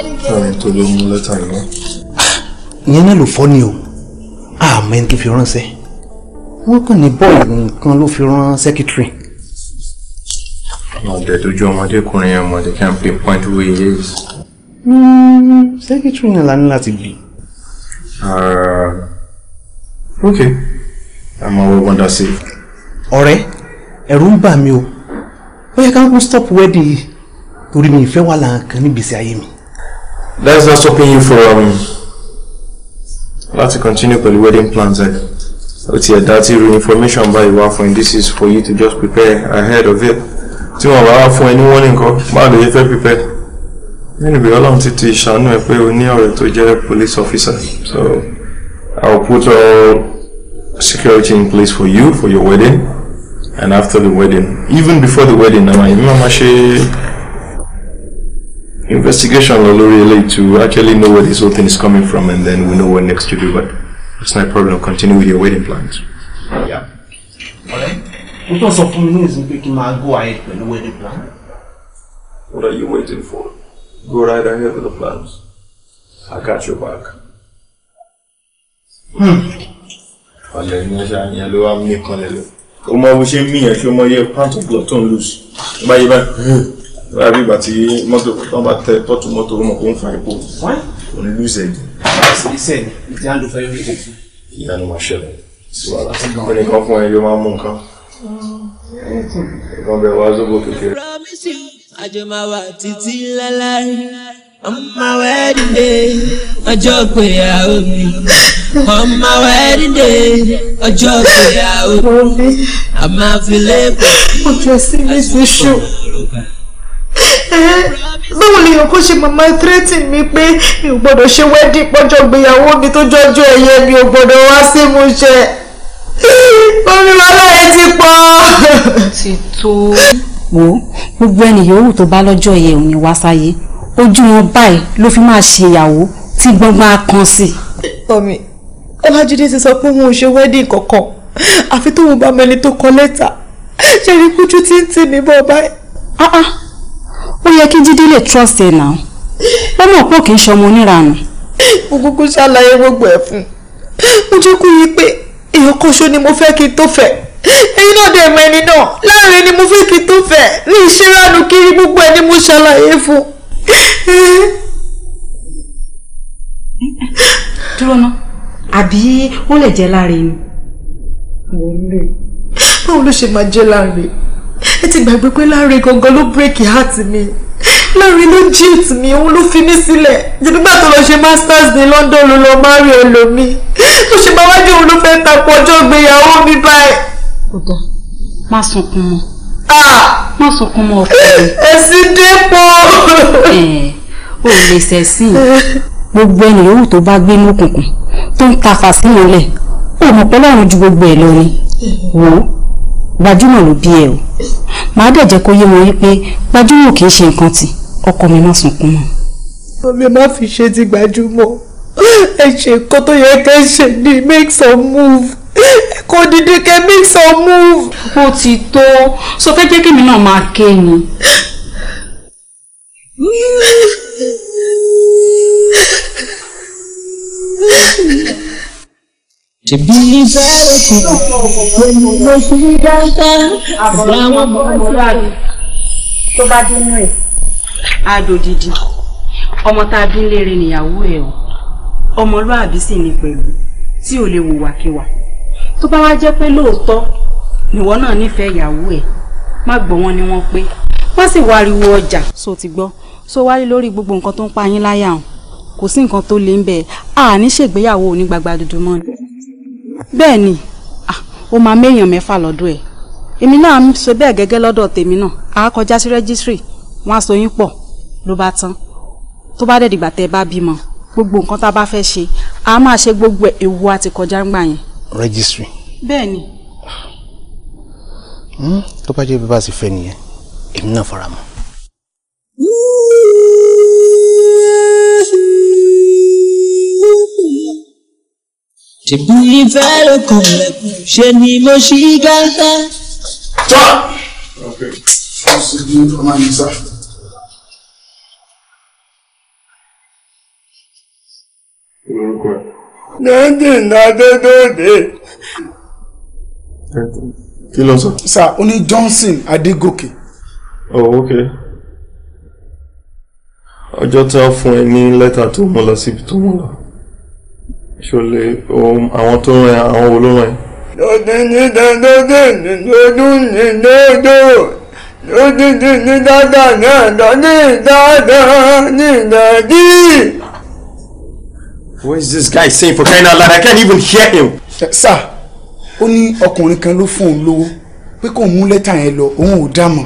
S1: ẹni
S3: tó ló mú lẹ́tà yìí wá. ìyẹn náà ló fọ́ ni o àmọ́ ẹni tó fi
S1: ránṣẹ́ wọ́n kàn ní bọ́ọ̀lù nǹkan ló fi rán sẹ́kítírì.
S3: ọ̀dẹ̀ dojú ọmọdékùnrin yẹn mọ̀ they can pinpoint who he is.
S1: Hmm,
S3: sẹ́kítírì náà la ní láti bì. Ah, ok àmọ́ wọ́n wọ́n dá sí. ọ̀rẹ́ ẹ̀rù ń bà mí o
S1: ó yẹ ká ń kún stop wedding yìí torí mi ìfẹ́ wà láǹkan níbi ìsẹ̀ ayé mi.
S3: That is not stopping you from um, to continue with pẹ̀lú wedding plans ẹ̀. with your dirty ti information báyìí your wife, and This is for you to just prepare ahead of it. Tí wọ́n bá wá fún ẹ ní warning kan, báwo lè yẹ fẹ́ prepare? Nínú ìbí Ọlọ́run ti ti ṣàánú ẹ pé o ní ọ̀rẹ́ tó jẹ́ police officer. So I will put all security in place for you for your wedding and after the wedding. Even before the wedding, na ma ìmọ̀ máa ṣe. investigation lórí lead to actually know where this whole thing is coming from and then we know what next to do but it's not a problem continue with your wedding plans. Yeah. Alright. sọ fún mi ní ìsìn pé kí n máa go ahead pẹ̀lú wedding plan. What are you waiting for? Go right ahead with the plans. I got your back. Hmm. ní ọ̀ṣà yẹn ló wá mí kanlẹ̀ lọ. o mọ bó ṣe ń mìyànjú ọmọ yẹ pant of blood tó ń lù sí. báyìí báyìí. lára bí ìgbà tí mọ́tò tán bá tẹ tọ́tù mọ́tò ó mọ̀ kó ń fa epo ó ní lùsẹ̀ jù. ìṣe ni ìjà ń lo fẹ́ yọrí kòkó. ìyanu máa ṣẹlẹ̀ sí wàhálà ó ní kan fún ẹ yóò máa mú nǹkan. ẹ̀gbọ́n bẹ wá zóbò kékeré. promise
S1: you àjọmọ̀wá títí lálárí on my wedding day ọjọ́ ìgbéyàwó mi on my wedding day ọjọ́ ìgbéyàwó mi àmàfilẹ́ bọ̀. mo jẹ sí ní ti ṣù báwo lèèyàn kó ṣe màmá threatening mi pé mi ò gbọ́dọ̀ ṣe wedding pọ́jọ́ ìgbéyàwó mi tó jọjọ́ ẹ̀yẹ mi ò gbọ́dọ̀ wá sí mu ṣe
S4: omi wàhálà yẹn ti pọ̀. ti tó. wo gbogbo ẹni yòówù tó bá lọ́jọ́ yẹ òun wá sáyé ojú wọn báyìí ló fi máa ṣe ìyàwó tí gbọ́ngbọ́n á kan sí. tọ́mi ọlájídé ti sọ pé òun ò ṣe
S1: wedding kankan àfi tóun bá mẹni tó kọ lẹ́tà ṣe rí kújú tí ń tì mí bọ́ báyìí. Ah, ah ó yẹ kí Jídé lè trust ẹ náà ó mọ̀ pé kì í ṣọmọ oníranù. mo kúkú ṣàlàyé gbogbo ẹ̀ fún un mo jẹ́ kó yí pé èèyàn kan ṣo ni mo fẹ́ kí n tó fẹ́ èyí náà dẹ̀ mọ ẹni náà láàrin ni mo fẹ́ kí n tó fẹ́
S4: ní ìṣẹ́rànù kiri gbogbo ẹ̀ ni mo ṣàlàyé fún dúró ná àbí ó lè jẹ́ láàrin ni. mo ń lè báwo ló ṣe máa jẹ́ láàrin ẹ ti gbàgbé pé
S1: Láre gangan ló bírèkì heart mi Láre ló jíìt mi òun ló fi mí sílẹ̀ jẹ́bígbà tó lọ ṣe masters ní London ló lọ márùn ẹlòmí tó ṣe bá wájú òun ló fẹ́ tapọ̀ ọjọ́ ìgbéyàwó mi báyìí. kódà
S4: má sunkún mọ́
S1: ah! má
S4: sunkún mọ́ ọkọ rẹ. ẹ̀sìn dépò. o lè ṣẹ̀sìn gbogbo ẹni yòówù tó bá gbé lókùnkùn tó ń ta fàṣíyàn lẹ̀ o mọ̀ pé lọ́run ju gbogbo ẹ̀ lọ ni eh. wò ó gbajúmọ̀ ló bí ẹ o màá dẹ̀ jẹ́ kó yé wọn wípé gbajúmọ̀ kì í ṣe nǹkan tì ọkọ mi má sunkún mọ́.
S2: omi má fi
S1: ṣe ti gbajúmọ̀ ẹ ṣe nǹkan tó yẹ kẹ́ ṣe ní make some move
S4: kò dìde kẹ́ make some move. ó ti tó sọ fẹ́ jẹ́ kí mi náà máa ké ni. Mm-hmm. ṣebí ìbẹ̀rẹ̀ kùnà pẹ̀lú mo ṣe ń dáńtá àbọ̀lá wọn bọ̀ ọ́nà
S1: tó bá dínú ẹ̀. adò dídì ọmọ tá a bí léèrè
S4: nìyàwó ẹ o ọmọlúàbí sì ni pẹ̀lú tí ò lè wùwàkiwà tó bá wá jẹ́ pé lóòótọ́ nìwọ náà nífẹ̀ẹ́ ìyàwó ẹ má gbọ́ wọn ni wọ́n pé wọ́n sì wariwo ọjà. so ti gbọ́ so wálé lórí gbogbo nǹkan tó ń pa yín láyà hàn kò sí nǹkan tó lè ń bẹ̀ àní ṣègbéyàwó onígbàgbà dúdú mọ́ ni bẹ́ẹ̀ ni ah, ó máa méèyàn mẹ́fà lọ́dọ̀ ẹ̀ èmi náà ṣe bẹ́ẹ̀ gẹ́gẹ́ lọ́dọ̀ tèmi náà a kọjá sí rẹ́gísírì wọ́n á so yín pọ̀ ló bá tán tó bá dẹ̀dìgbà tẹ́ ẹ bá bímọ gbogbo nǹkan tá a bá fẹ́ ṣe a máa ṣe gbogbo ẹ̀ ewu àti kọjá ń yẹn. rẹ́gísírì. bẹ́ẹ̀ ni.
S1: Hmm, tó bá jẹ́ bí bá a sì fẹ́ nìyẹn
S3: èmi náà fara mọ́. Ṣèbúrí fẹ́ ló kàn
S2: lẹ́kùn, ṣe ni mo ṣí gàtà. Tọ́! Ọ̀pẹ̀, ó sì di ọmọ yìí sá.
S1: Dèndé ná
S3: Kí ló sọ? Sà, ó ní Johnson Adégòkè. Oh, okay ọjọ́ tí wọ́n fún ẹ ní lẹ́tà tó mú lọ síbi tó mú lọ ṣọlẹ àwọn tó ń rẹ àwọn wo ló rẹ. lóde ní dandodo nìdódú nìdódó
S1: lódìdí ní dáadáa náà lọ ní dáadáa ní ìdàdí.
S3: What is this guy saying for crying out loud? I can't even hear him.
S1: Sir, ó ní ọkùnrin kan ló fún òun lówó pé kò mú lẹ́tà yẹn lọ, òun ò dá mọ̀.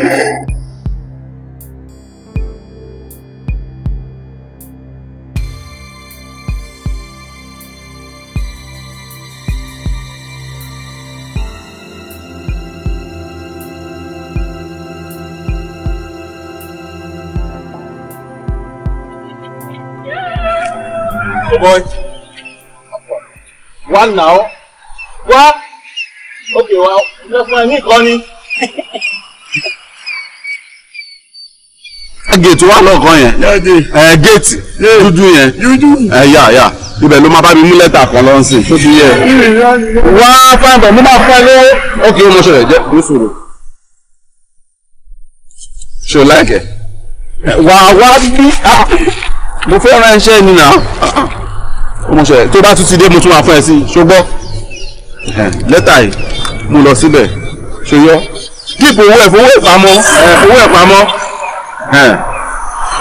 S3: boy. One now.
S1: What? Okay, well, just my knee, Connie.
S3: géètì wà lọ́ọ̀kan yẹn ẹ géètì dúdú
S1: yẹn ẹ yà yà ibẹ̀ ló máa bá mi mú lẹ́tà kan lọ́n sìn tó ti yẹ. wá
S3: fáńbẹ̀ mo máa fẹ́ lé. ok mo ṣẹlẹ̀ jẹ́ kó One. ṣò láìkẹ́. wà á wá bí mo fẹ́ ra iṣẹ́ mi náà ó mọ̀ ṣẹlẹ̀ tó bá tún ti dé mo tún máa fún ẹ sí ṣùgbọ́n lẹ́tà yìí mo lọ síbẹ̀ ṣe yọ dípò owó ẹ̀ fowó ìpamọ́ owó ìpamọ́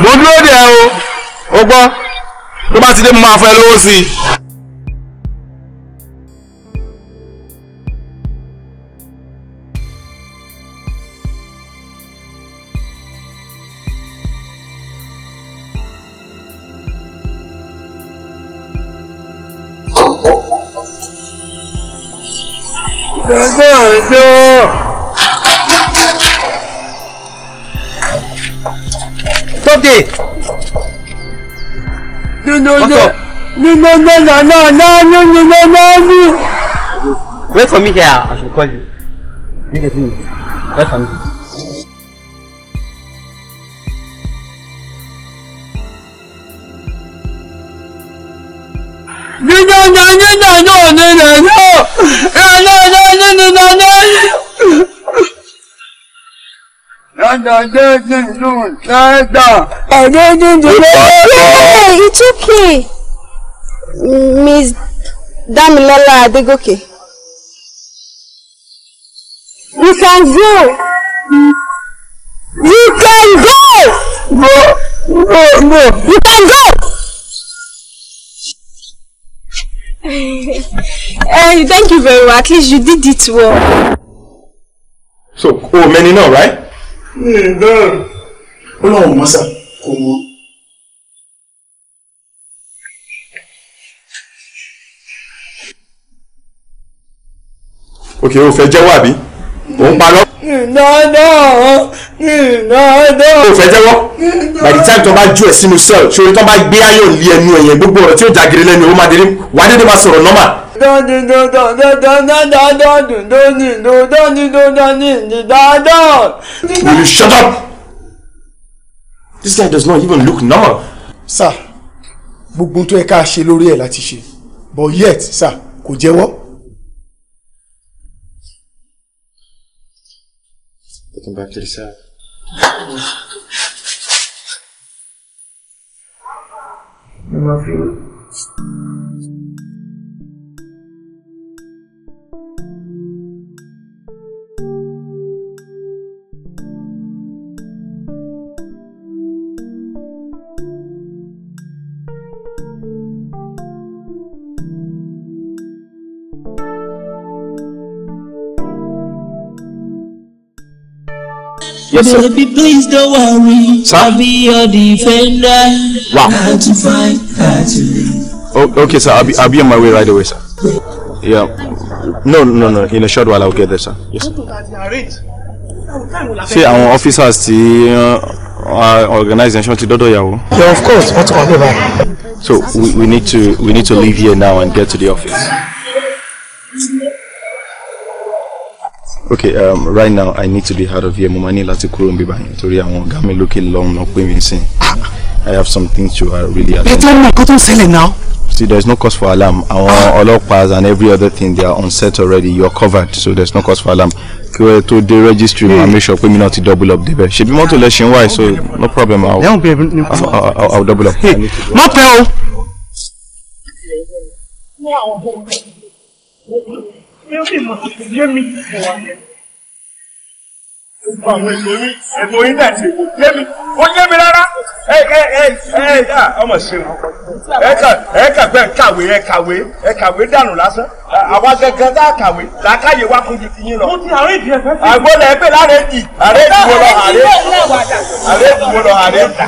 S3: mo dúró dè ẹ́ o ó gbọ́ tó bá ti dé mo máa fún ẹ lówó sí i.
S2: gbé o. tóbi. nínú ilé nínú ilé nàná náà nínú ilé náà ní.
S1: wait for me here I should call you. you get me wait for me.
S2: nínú nàná. Adade ti dùn sẹ́gbà. Ẹ̀dẹ́ dídùn lórí. It's
S4: okay. Miss Damilola Adegoke. You can go.
S1: You can go. No, no, no. You can go.
S4: hey, thank you very much. At least you did it well.
S3: So, oh, many now, right?
S4: ó
S1: lọ́wọ́ mọ́sà kò mọ́.
S3: òkè o fẹ́ jẹ́wọ́ àbí ò ń parọ́.
S2: nana nana. o fẹ́ jẹ́wọ́ by the time tó bá ju
S1: ẹ̀ sínú cell ṣòro tó bá gbé ayọ̀ lé ẹnu ẹ̀yẹ gbogbo ọ̀rọ̀ tí ó jagere lẹ́nu ó wà á dédé máa sọ̀rọ̀ normal
S2: dọ́ni dọ́dọ̀ dọ́dọ̀ dọ́dọ̀
S1: dọ́dọ̀ dọ́ni dọ́dọ̀ dọ́dọ̀ dọ́dọ̀. Will you shut
S3: up? This guy does not even look normal. Sir, gbogbo tó yẹ ká ṣe lórí ẹ̀ láti ṣe but yet sir kò jẹ́wọ́.
S2: Take him back to the cell. Thank you. Yes, sir. Baby, please don't worry. I'll be your defender. Wow. Hard to fight?
S3: How to leave. Oh, okay, sir. I'll be, I'll be on my way right away, sir. Yeah. No, no, no. In a short while, I'll get there, sir. Yes.
S2: See, our officers
S3: uh, uh, ti uh, organization ti Dodo yàwó. Yeah, of course. What's on the So we, we need to we need to leave here now and get to the office. okay um, right now i need to be out of here mo máa ní láti kúrò níbí báyìí nítorí àwọn ọ̀gá mi lókè long. náà pè mí sí i have some things to uh, really attend. bẹ́ẹ̀ ni nǹkan tó ń ṣẹlẹ̀ náà. See, there's no cause for alarm. Àwọn ah. ọlọ́pàá and every other thing they are on set already. You're covered, so there's no cause for alarm. Kí wẹ́ẹ́ tó dé registry ma make sure pé mi náà ti double up débẹ̀. Ṣèbí mọ́tò lẹ ṣe ń wáyé so no problem. I'll, I'll, I'll double up. Má pẹ́
S2: o yóò yín ẹ̀gbọ́n yé
S1: mi. Ó yé mi rárá. Ẹ ẹ ẹ ẹ ọmọ ṣe Ẹ kà ẹ kà gbẹ́ kàwé ẹ kàwé ẹ kàwé dànù lásán. Àwa gẹ́gẹ́ dá kàwé làákàyè wa kún ju yín lọ. Mo ti àárẹ̀ ìdí ẹ̀fẹ́ sí. Àgbo lẹ̀ pé láàrẹ̀ dì. Àrẹ̀ ìdìbò lọ àrẹ̀.
S2: Àrẹ̀ ìdìbò lọ àrẹ̀ dà.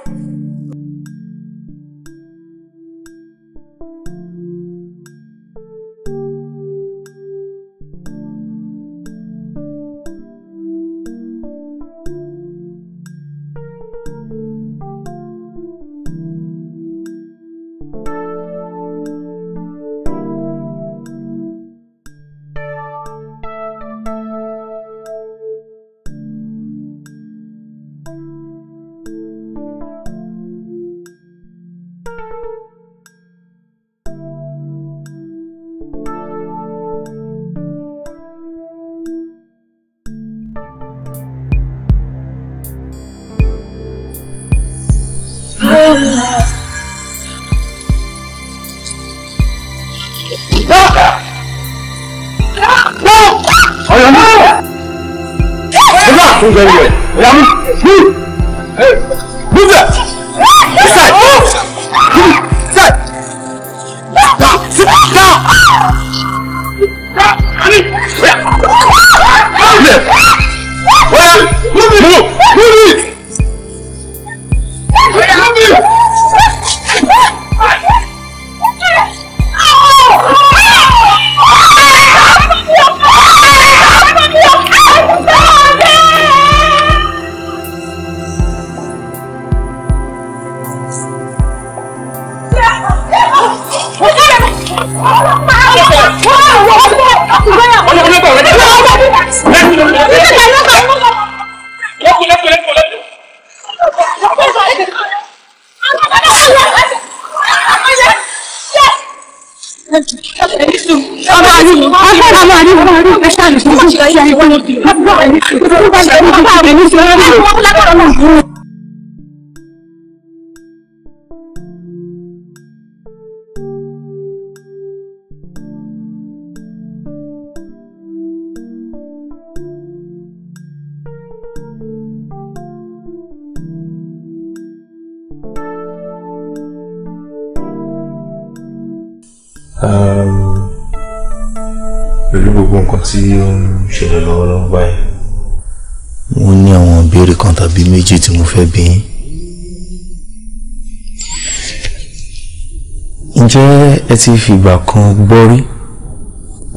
S3: ẹ ti fìgbà kan gbọ́ rí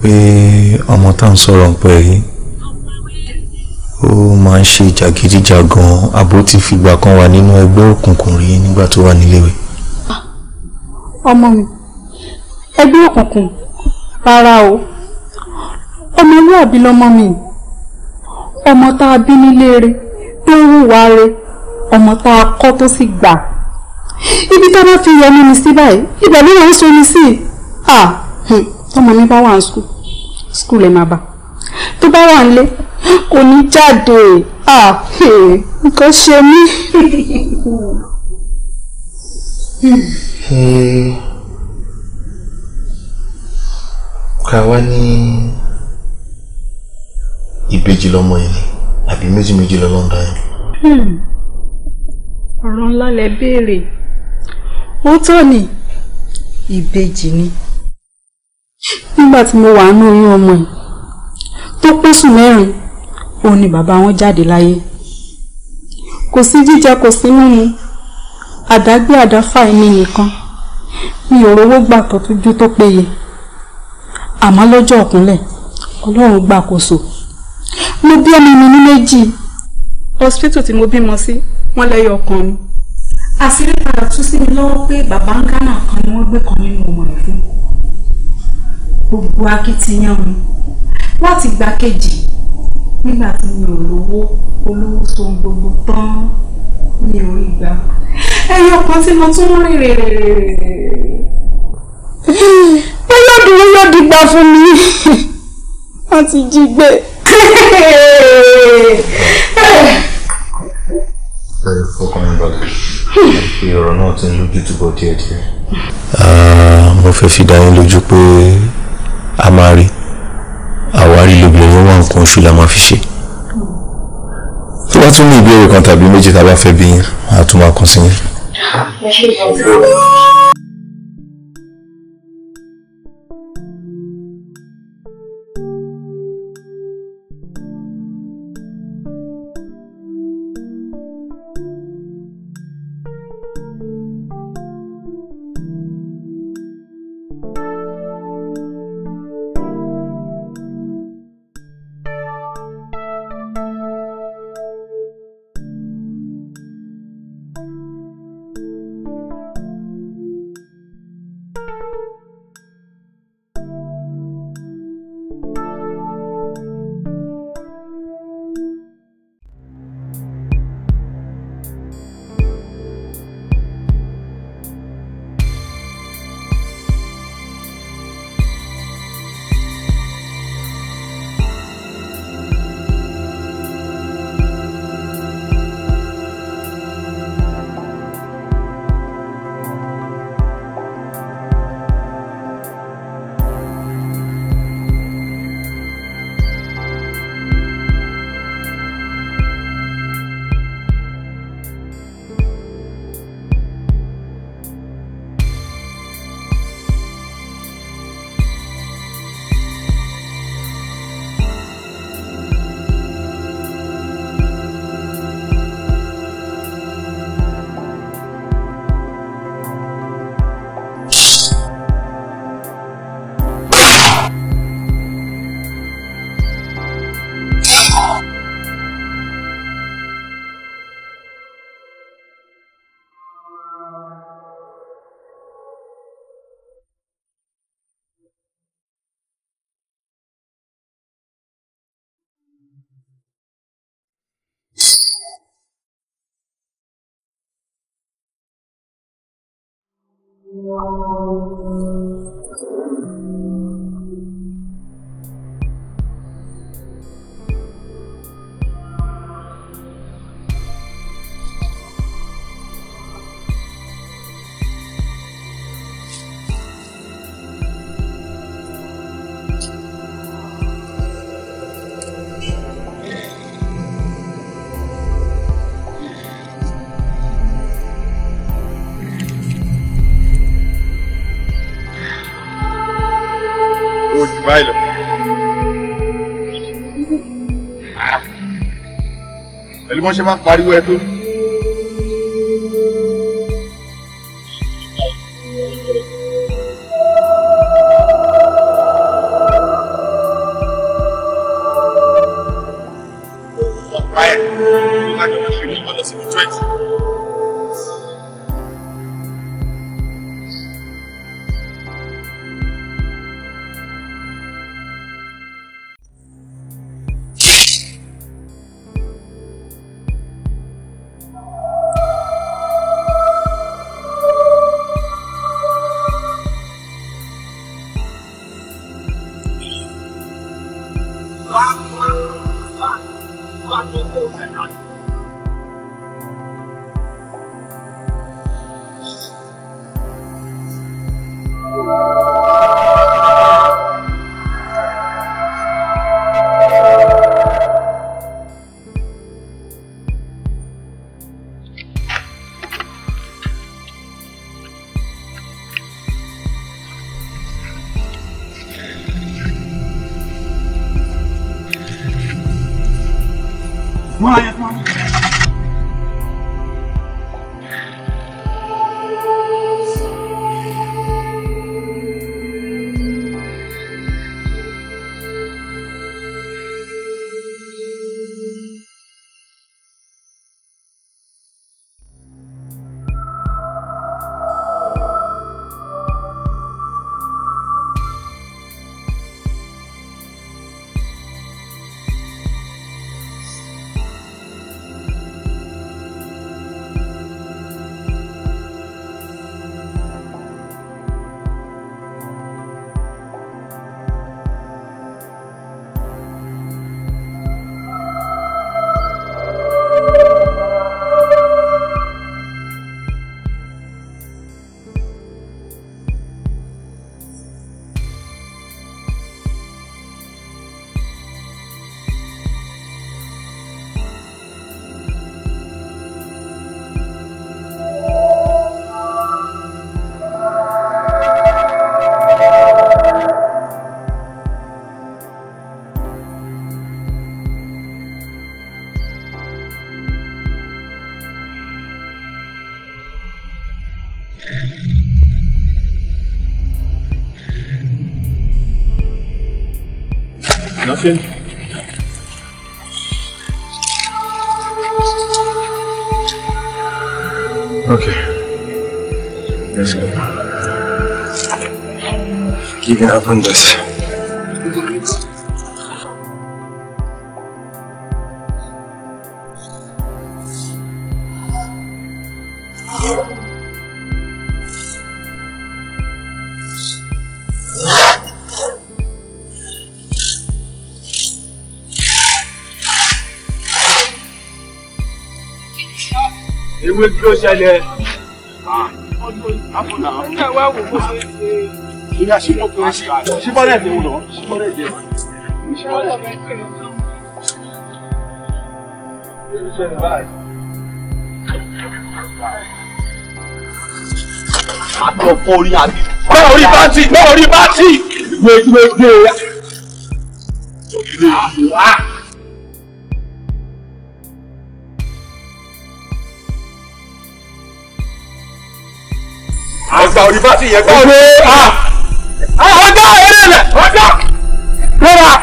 S3: pé ọmọ tá à ń sọ̀rọ̀ ń pẹ́ yìí ó máa ń ṣe jàgídíjàgan àbó ti fìgbà kan wà nínú ẹgbẹ́ òkùnkùn rí nígbà tó wà níléèwé. Ah,
S4: ọmọ mi ẹgbẹ́ òkùnkùn rárá o ọmọlúàbí lọmọ mi ọmọ tá a bí nílé rẹ̀ tó ń hùwà rẹ̀ ọmọ tá a kọ́ tó sì gbà ibi tá a bá fi yẹnu mi sí báyìí ibẹ̀ ló máa ń so mi sí i tọmọ mi bá wà ní skul skul ẹ máa bà tó bá wà nílé kò ní jáde nǹkan ṣe mí.
S1: kàwa ní
S3: ìbejì lọmọ yìí àbí méjì méjì lọ́lọ́ńdà yìí.
S4: ọ̀rọ̀ ńlá lẹ béèrè òótọ́ ni ìbejì ni nígbà tí mo wà nínú oyún ọmọ yìí tó pósù mẹ́rin òun ni bàbá wọn jáde láyé kò sí jíjẹ kò sí mímu àdágbé àdáfà ẹni nìkan mi ò rówó gbà tọ́jú tó péye àmọ́ lọ́jọ́ ọ̀kúnlẹ̀ ọlọ́run gbàkóso
S1: mo bí ọmọ mi ní méjì hospital tí mo bímọ sí wọ́n lẹ́yọ ọkàn mi
S4: àṣírí padà tú sí mi
S1: lọ́wọ́ pé bàbá ń kánà kan ni wọ́n gbé kan nínú ọmọ rẹ̀ fún gbogbo akitiyan mi láti
S4: gba kejì nígbà tí mi ò lówó olówó so gbogbo tán mi ò rí gbà ẹyọ kan tí mo tún rìn rìn rìn
S2: rìn rìn. bóyá dúró yóò dìgbà fún mi wọ́n ti jí gbé.
S3: ẹ fọkàn yín balẹ̀ pé ọ̀rọ̀ náà ti ń lójú túbọ̀ díẹ̀díẹ̀. Ah, mo fẹ́ fi dá yín lójú pé a máa rí àwárí lóbìnrin wà nǹkan oṣù la máa fi ṣe tó bá tún ní ìbéèrè kan tàbí méjì tá a bá fẹ́ bí yín a tún máa kàn sí yín.
S2: Ah,
S3: wọ́n ṣe máa ń pariwo ẹ tó.
S2: Okay. Let's go. Giving up on this. pẹ̀lẹ́. ìyá síbọ̀ àbí.
S1: Bẹ́ẹ̀ orí bá tì,
S2: bẹ́ẹ̀ orí bá tì. Gbẹ̀gbẹ̀gbẹ̀.
S1: gba orí bátìrì yẹn gbọ́. eré
S2: rẹ̀ ọgbẹ́ lọ́ra.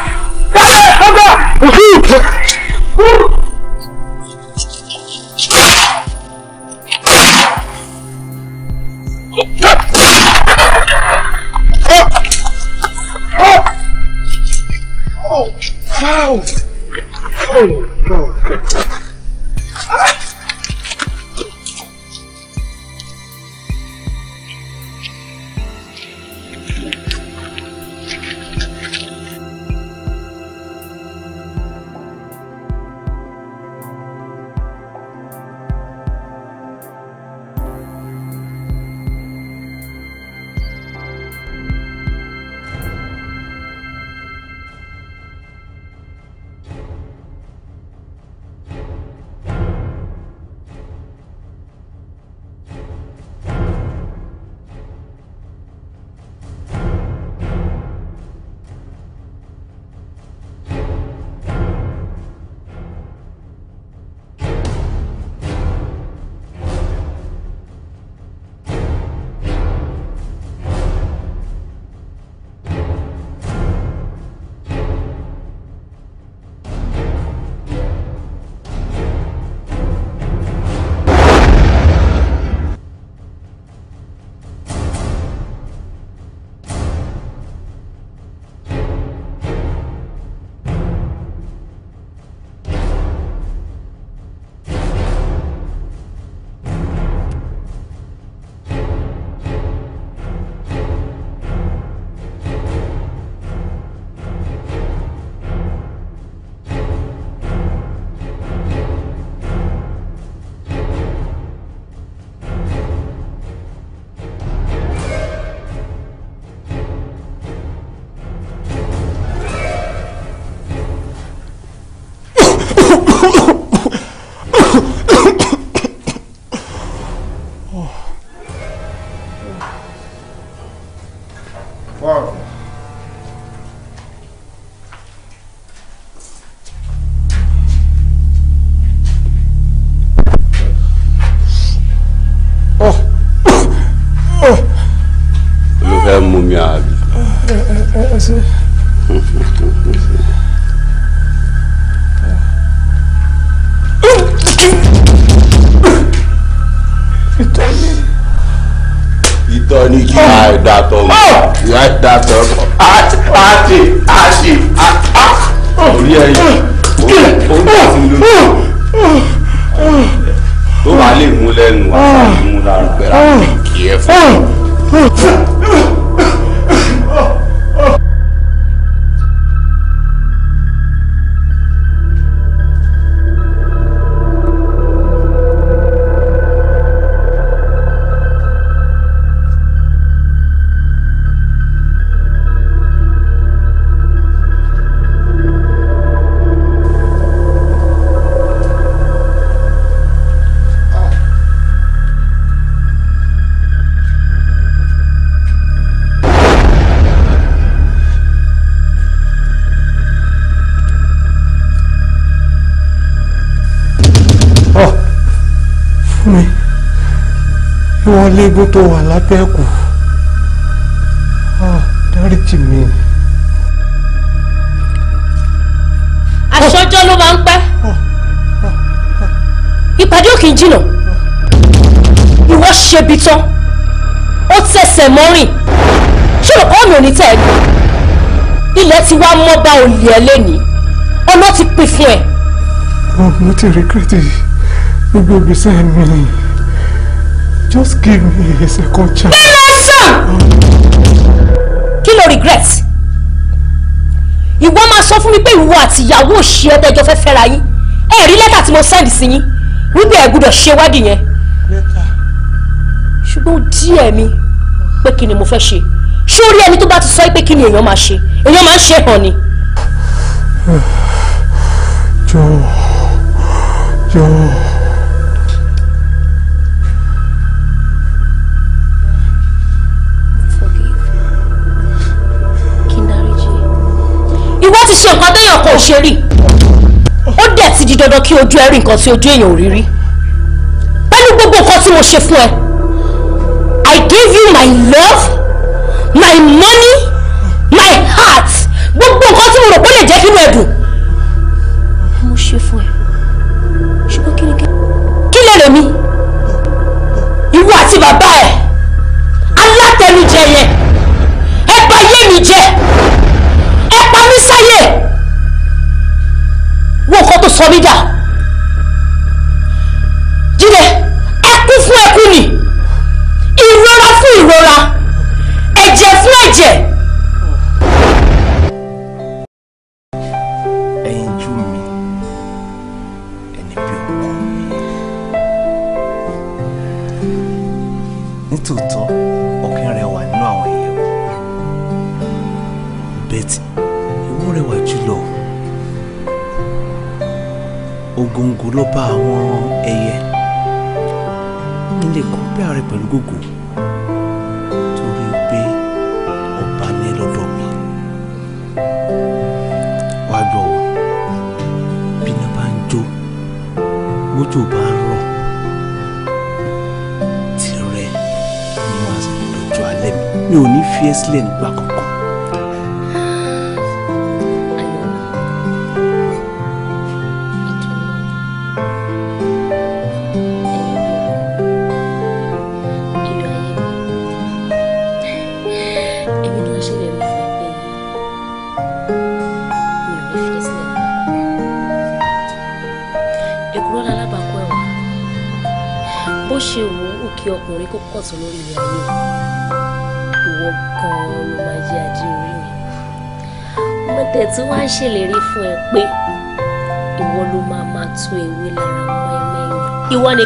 S3: Yeah.
S4: wá olè ẹ lẹ́ni ọ̀nà ti pè fún ẹ.
S1: mo ti regret gbogbo ìgbésẹ̀ mi just give me a second chance. bẹ́ẹ̀ sàn
S4: kí ló regret ìwọ máa sọ fún mi pé ìwọ àti ìyàwó òṣì ẹ tẹjọ fẹ́ fẹ́ra yín ẹ rí lẹ́tà tí mo send sí yín wípé ẹ gbọ́dọ̀ ṣe wádìí yẹn ṣùgbọ́n díẹ̀ mi pé kí ni mo fẹ́ ṣe ṣé ó rí ẹni tó bá ti sọ pé kí ni èèyàn máa ṣe èèyàn máa ń ṣe hàn ni
S2: jọ̀ọ́ jọ̀ọ́.
S4: ìwọ ti ṣe nǹkan téèyàn kò ṣe rí ó dẹ̀ ti di dandan kí ojú ẹ rí nǹkan tí ojú èèyàn ò rí rí pẹ̀lú gbogbo nǹkan tí mo ṣe fún ẹ I gave you my love my
S2: money my heart gbogbo nǹkan mo rò pé ó lè jẹ́ kínú ẹ̀dùn.
S4: mo ṣe fún ẹ ṣùgbọ́n kí ni kí. kí lè rè mi ìwọ àti bàbá ẹ alátẹnujẹ yẹn
S1: ẹ bà yé mi jẹ́ ẹ pa mí sáyé wo nǹkan tó sọ mí dà.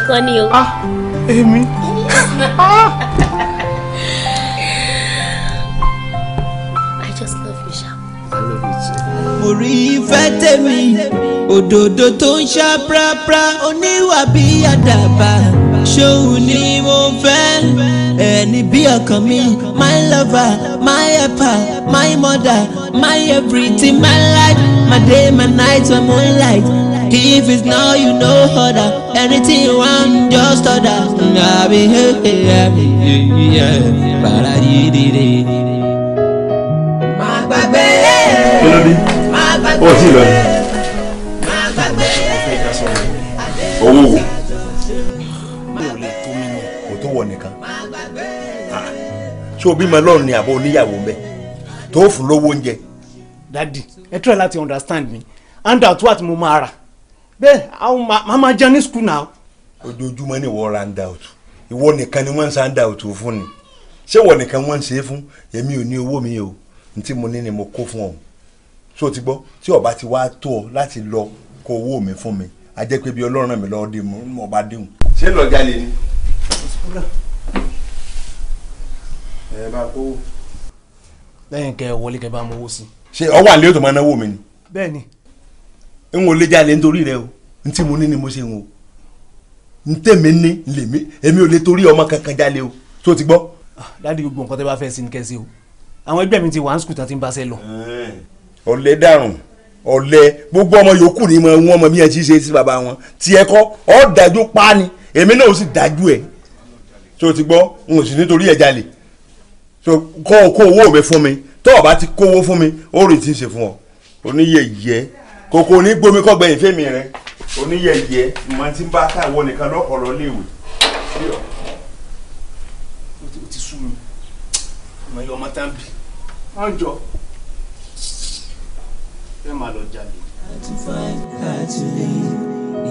S1: nìkan ni o. ah èmi ah. I just love you, Sha.
S2: I love you too. mo rí ìfẹ́ tèmi
S1: òdòdó tó ń ṣá prapra oníwà bí àdàbà ṣóun ni mo fẹ́ ẹni bí ọkàn mi my lover my helper my mother my everything my life my day my night my moonlight. If it's now, you know other. Anything you want, just order. I be
S2: yeah, yeah, yeah. Eh, eh, eh, Bala di di di.
S3: Má gbàgbé. Olórí.
S2: Má ah,
S1: ni. Má oníyàwó ń Tó fún lówó oúnjẹ. Dádì, ẹ try láti understand mi. And out what mo
S3: máa rà. bẹ́ẹ̀ àwọn màá
S1: máa ojoojúmọ́ ni wọ́n ra ń ìwọ nìkan ni wọ́n ń sa ń ni ṣé wọ́n nìkan wọ́n ṣe fún èmi ò ní owó mi o ntí ní ni mo kó fún ọ so ti gbọ́ tí ọba ti wá tó ọ láti lọ kó owó mi fún mi a jẹ́ pé bí ọlọ́run mi mí lọ́ọ́ dé mu ọba déhùn. ṣé ṣé ọwọ́ àlẹ́ yóò tó máa náwó mi n ò lè jalè nítorí rẹ o n tí mo ní ni mo ṣe ń o n tèmi ní lèmi èmi ò lè torí ọmọ kankan jalè o tó ti gbọ́. Ah, dáàdi gbogbo nǹkan tẹ́ bá fẹ́ sí ni kẹ́sì o àwọn ẹgbẹ́ mi ti wà ní sùkúù tán ti ń bá ṣe lọ. ọ̀lẹ dàrùn ọ̀lẹ gbogbo ọmọ yòókù ni mo wọ́n mọ bí ẹ ti ṣe sí bàbá wọn tí ẹ kọ́ ọ́ dájú pa ni èmi náà ó sì dájú ẹ̀ tó ti gbọ́ n ò sì nítorí ẹ̀ jalè kó owó mi fún mi tó o bá ti kówó fún mi ó rìn tí ń ṣe fún ọ oníyẹ̀yẹ́ kòkò ní gbomi kọ́gbẹ́ ìfẹ́mi rẹ oníyẹyẹ mọ tí ń bá káwọ nìkan lọ́kọ̀ọ́ léèwé. o ti sú mi ọmọ yìí ọmọ tá ń bì wọ́n jọ ẹ máa lọ jalè. Hard to find, hard to leave,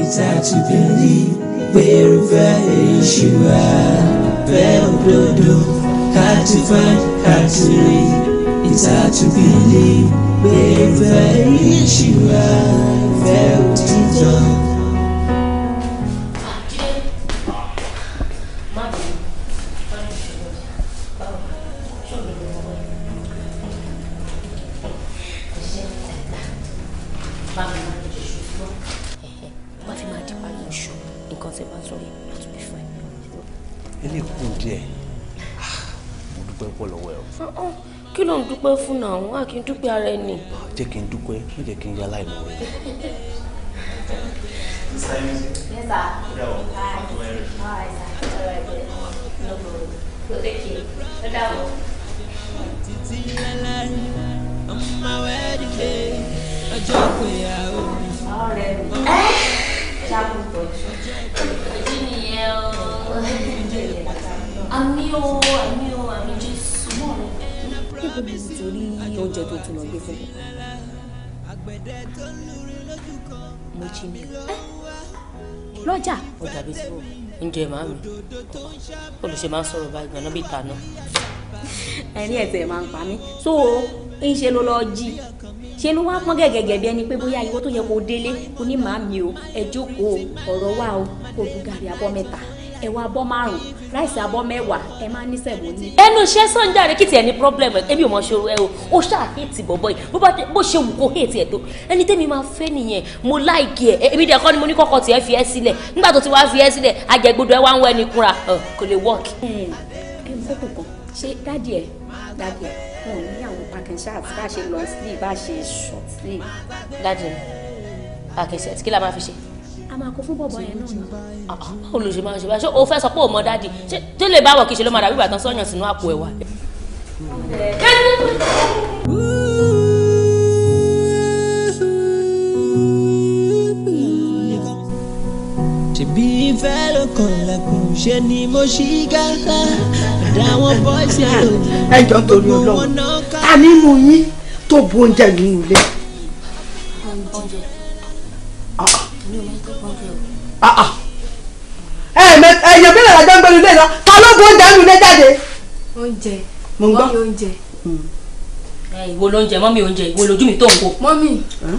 S1: it's hard to believe wherever you are. Bẹ́ẹ̀ òdodo, hard to find, hard to leave, it's hard to believe. Baby, you should have felt it all.
S4: kí n dúpẹ́ ara ẹni.
S1: jẹ́ kí n dúpẹ́ má jẹ́ kí n yálà ìlú rẹ̀. títí ẹlẹ́yìn ọmọ pé kò lè tó rí oúnjẹ tó tún lọ gbé fún mi.
S4: mo jí ni lọ́jà ọjà bíi tí oúnjẹ màá mi olùṣe máa ń sọ̀rọ̀ báyìí ganan bíi tàná. ẹni ẹ̀tẹ̀ máa ń pa mí
S1: so ń ṣe ló lọ jí ṣe ló wá pọ́n gẹ́gẹ́gẹ́ bí ẹni pé bóyá ìwọ tó yẹ kó délé kó ní màá o ẹ jókòó ọ̀rọ̀ wa o kó bu abọ́ mẹ́ta ẹ̀wà abọ́ márùn ráìsì abọ́ mẹ́wàá ẹ máa ní sẹ̀mó ní. ẹnu iṣẹ́ sọ́njà kìtì ẹni problem ẹbí ò mọ̀ ẹ o ó ṣáà bọ̀bọ̀ yìí bó ṣe wù kó hate ẹ̀ tó ẹni tẹ́mi máa fẹ́ nìyẹn mo like ẹ̀ èmi dẹ̀ kọ́ ni mo ní kọ́kọ́ tiẹ̀ fi ẹ́ sílẹ̀ nígbà tó ti wá fi ẹ́ sílẹ̀ ajẹ́gbodò ẹ wá ń wẹ́ ni kúnra kò lè work. Hmm. ẹ máa kó fún bọ̀bọ̀ yẹn náà ni. Ah, báwo ló ṣe o fẹ́ sọ pé o mọ dáàdì ṣé tó lè bá wọn kì í ṣe ló máa dàbí ìbátan sọ́yàn sínú àpò ẹ̀wà. ṣèbí ìfẹ́ ló kàn lẹ́kùn ṣe ni mo ṣì gàgà àdáwọn bọ́ọ̀sì àlòyìn. ẹ jọ torí Ọlọ́run ta nínú yín tó bu oúnjẹ nínú ilé.
S2: Ah ẹ̀yàn bí lọ́la jọ
S1: ń
S4: gbẹ́lu ilé lọ ta ló bó oúnjẹ nínú ilé jáde. oúnjẹ mo ń gbọ́ mọ́mí oúnjẹ. Mm. Eh, ìwo ló ń jẹ mọ́mí oúnjẹ ìwo lójú mi tó ń wo. mọ́mí àwọn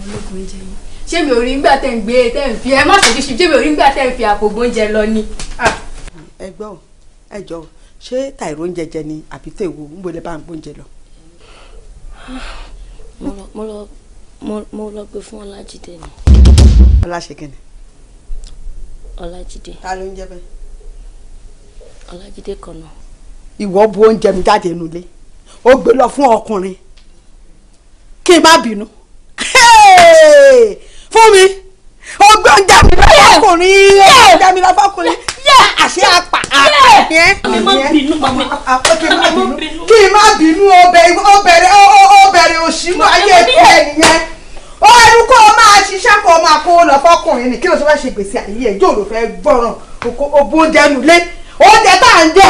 S4: ológun oúnjẹ yìí
S1: ṣé mi ò rí nígbà tẹ́ ń gbé tẹ́ ń fi ẹ má ṣèjì ṣe mi ò rí nígbà tẹ́ ń fi àpò gbóúnjẹ lọ ni. Ah. ẹ gbọ́ ẹ jọ ṣé tàìrò oúnjẹ jẹ ni àbí tó èwo ń bolẹ̀ bá ń gbóúnjẹ lọ. Ah, mo lọ gbé fún Ọlájídé ni ọlá ṣe kí ni. ọlájídé. ta ló ń jẹ bẹ́ẹ̀. ọlájídé kan náà. ìwọ bu oúnjẹ mi jáde nulẹ̀ ó gbé lọ fún ọkùnrin kí n má bínú fún mi ó gbé oúnjẹ mi lọ fọkùnrin ó gbé oúnjẹ mi lọ fọkùnrin àṣé apà àpàkì ẹ kí n má bínú kí n má bínú ó bẹ̀rẹ̀ òṣì mọ́ ayé ìpínlẹ̀ nìyẹn ó ẹnu kó o máa ṣiṣẹ́ kó o máa kó o lọ fọkùnrin ni kí ló ti fẹ́ ṣe gbèsè àyè ẹjọ́ ló fẹ́ gbọ́ràn ògbó oúnjẹ nulẹ̀ oúnjẹ tá à ń jẹ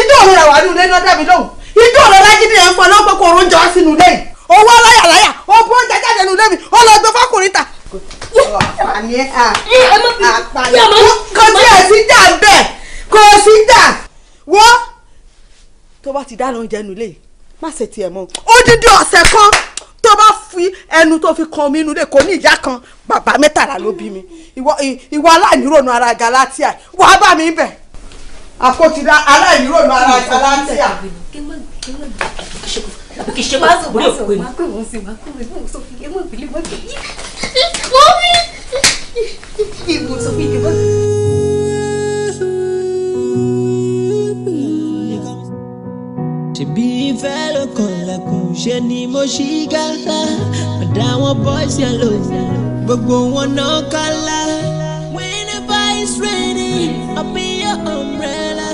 S1: ijó òun rẹ̀ wà ní ilé náà dábì lóhùn ijó òun ọlájí ni ẹ̀ ń pọn lọ́pọ̀ kó oúnjẹ wá sínú ilé yìí owó aláyàláyà ògbó oúnjẹ jáde nulẹ̀ mi ó lọ gbé fọkùnrin ta. kò sí ẹ̀sìn jà ń bẹ̀ kò sí jà wọ́n tó bá ti dáná oúnjẹ nulẹ̀ má ṣe tiẹ̀ mọ́ odidi ọ̀sẹ̀ kan fi ẹnu tó fi kan mi inú lè kó ní ìyá kan bàbá mẹ́tàlá ló bí mi ìwọ aláìníròònù ara galatia wà á bá mi bẹ̀ àkótìdá aláìníròònù ara galatia.
S4: kì ṣe máa ń sọ̀rọ̀ òkú ni. ìwọ mi ìwọ sọ fún ìdí mọ́tò.
S2: ṣebí
S1: ìfẹ́ ló kànlẹ̀kùn ṣe ni mo ṣì gàlá ọ̀dà wọn bọ́ọ̀sì àlọ́ gbogbo wọn náà kálá. whenever it's ready I'll be your umbrella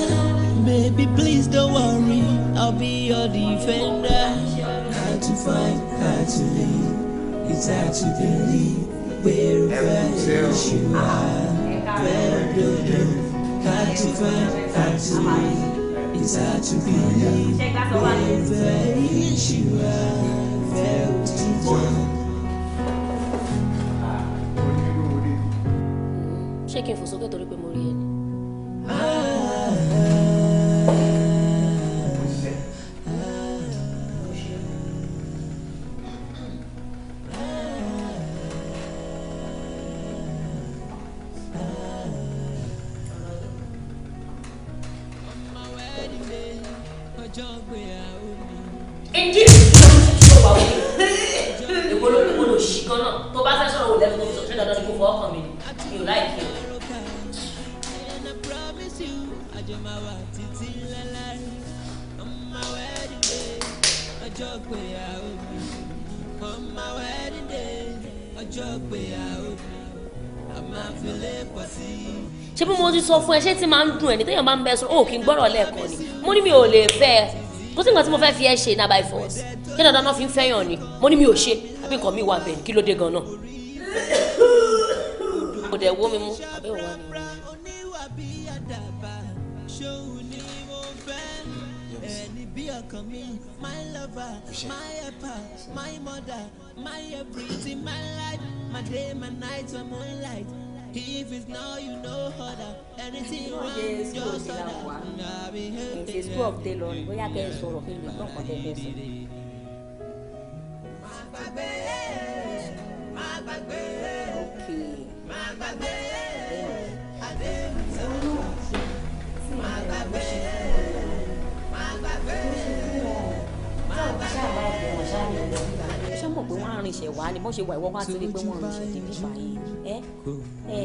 S1: baby please don't worry I'll be your defender. hard to fight, hard to leave it's hard to believe wherever you are. Well, hard to find hard to leave. that to be with
S2: Yeshua, fell to John.
S4: ṣé kí n fò sókè torí pé mo rí ẹ ni. sọ fún
S1: ẹ ṣé tí máa ń dùn ẹ ní téèyàn bá ń bẹ sọ ó oh, kì í gbọ́rọ̀ lẹ́ẹ̀kan ni mo ní mi ò lè fẹ́ ẹ kó tí nǹkan tí mo fẹ́ fi ẹ ṣe náà by force ṣé dandan náà fi ń fẹ́yàn ni mo ní mi ò ṣe àbí nǹkan mi wà bẹ́ẹ̀ kí ló dé gan náà. kò dẹ̀ wó mi mú àbẹ́ òun wà ní ìrora. If it's now, you know how other. Anything wrong, just other. Nti school of the Lord, bóyá kẹ́ ẹ sọ̀rọ̀ kí n lè gbọ́n kọ́tẹ́ fẹ́ sọ. Má gbàgbé, má gbàgbé, má gbàgbé, àdéhùn sọ̀rọ̀, má gbàgbé, má gbàgbé ṣé mọ̀ pé wọ́n á rìn ṣẹ̀ wá ni bó ṣe wà ìwọ́n wá ti pé wọ́n rìn ṣẹ̀ débi báyìí ẹ ẹ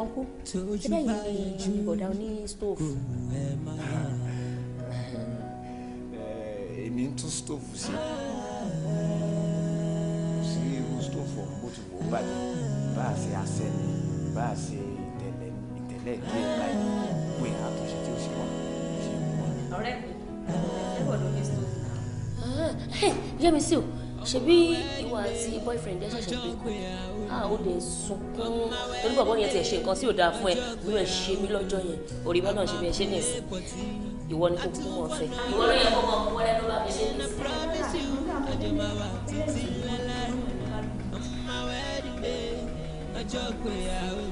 S1: ọ̀nkú síbẹ̀ yìí
S4: ni bọ̀dá oní stóòfù.
S1: Eh,
S3: èmi ń tún stóòfù sí sí irú stóòfù ọ̀hún bó ti wò báyìí bá a ṣe aṣẹ́ ni bá a ṣe ìtẹ̀lẹ̀ ìtẹ̀lẹ̀ ìdílé báyìí pé àtúnṣe tí ó ṣe wà ó ṣe
S4: wà. ọ̀rẹ́ mi ẹ̀fọ́ ló ní stóòfù yẹ́mi sí o ṣebí ìwọ àti boyfriend ẹ ṣẹ̀ṣẹ̀
S1: pé kú ah ó lè sunkún torí bàbá yẹn ti ẹ̀ ṣe nǹkan tí ò dáa fún ẹ bí wọ́n ṣe mí lọ́jọ́ yẹn orí bá náà ṣe bí ẹ ṣe ní ìsìn ìwọ ni kò kúkú wọn fẹ́. ìwọ ló yẹ kó mọ ọmọ ẹ ló bá ṣe ní ìsìn. ọjọ́ ìgbéyàwó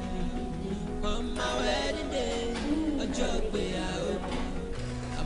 S1: mi on my wedding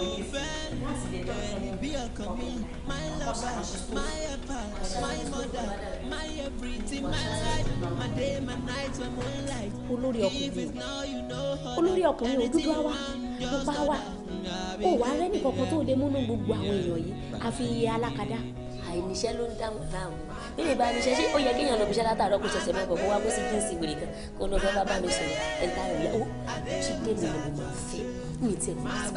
S1: my lover,
S2: my past, my mother, my everything,
S1: my life, my day, my night, my moonlight. Olórí ọkùnrin olórí ọkùnrin òdúdú àwa pupa wa
S4: ó wàá rẹ́ nìkankan tó
S1: lè múnú gbogbo àwọn èèyàn yìí àfi iye alákadá. àìníṣẹ́ ló ń dáhùn láàmú
S4: nílé bá níṣẹ́ ṣé ó yẹ kéèyàn
S1: lọ bíṣẹ́ látàárọ̀ kó ṣẹ̀ṣẹ̀ mẹ́kọ̀ọ́ kó wá bó sì jíǹsì wèrè kan kó lọ bá bá mi sọ̀rọ̀ ẹ̀ńtà rẹ̀ ó
S4: ṣígbé mi ni fẹ́
S1: mi tẹ̀ ó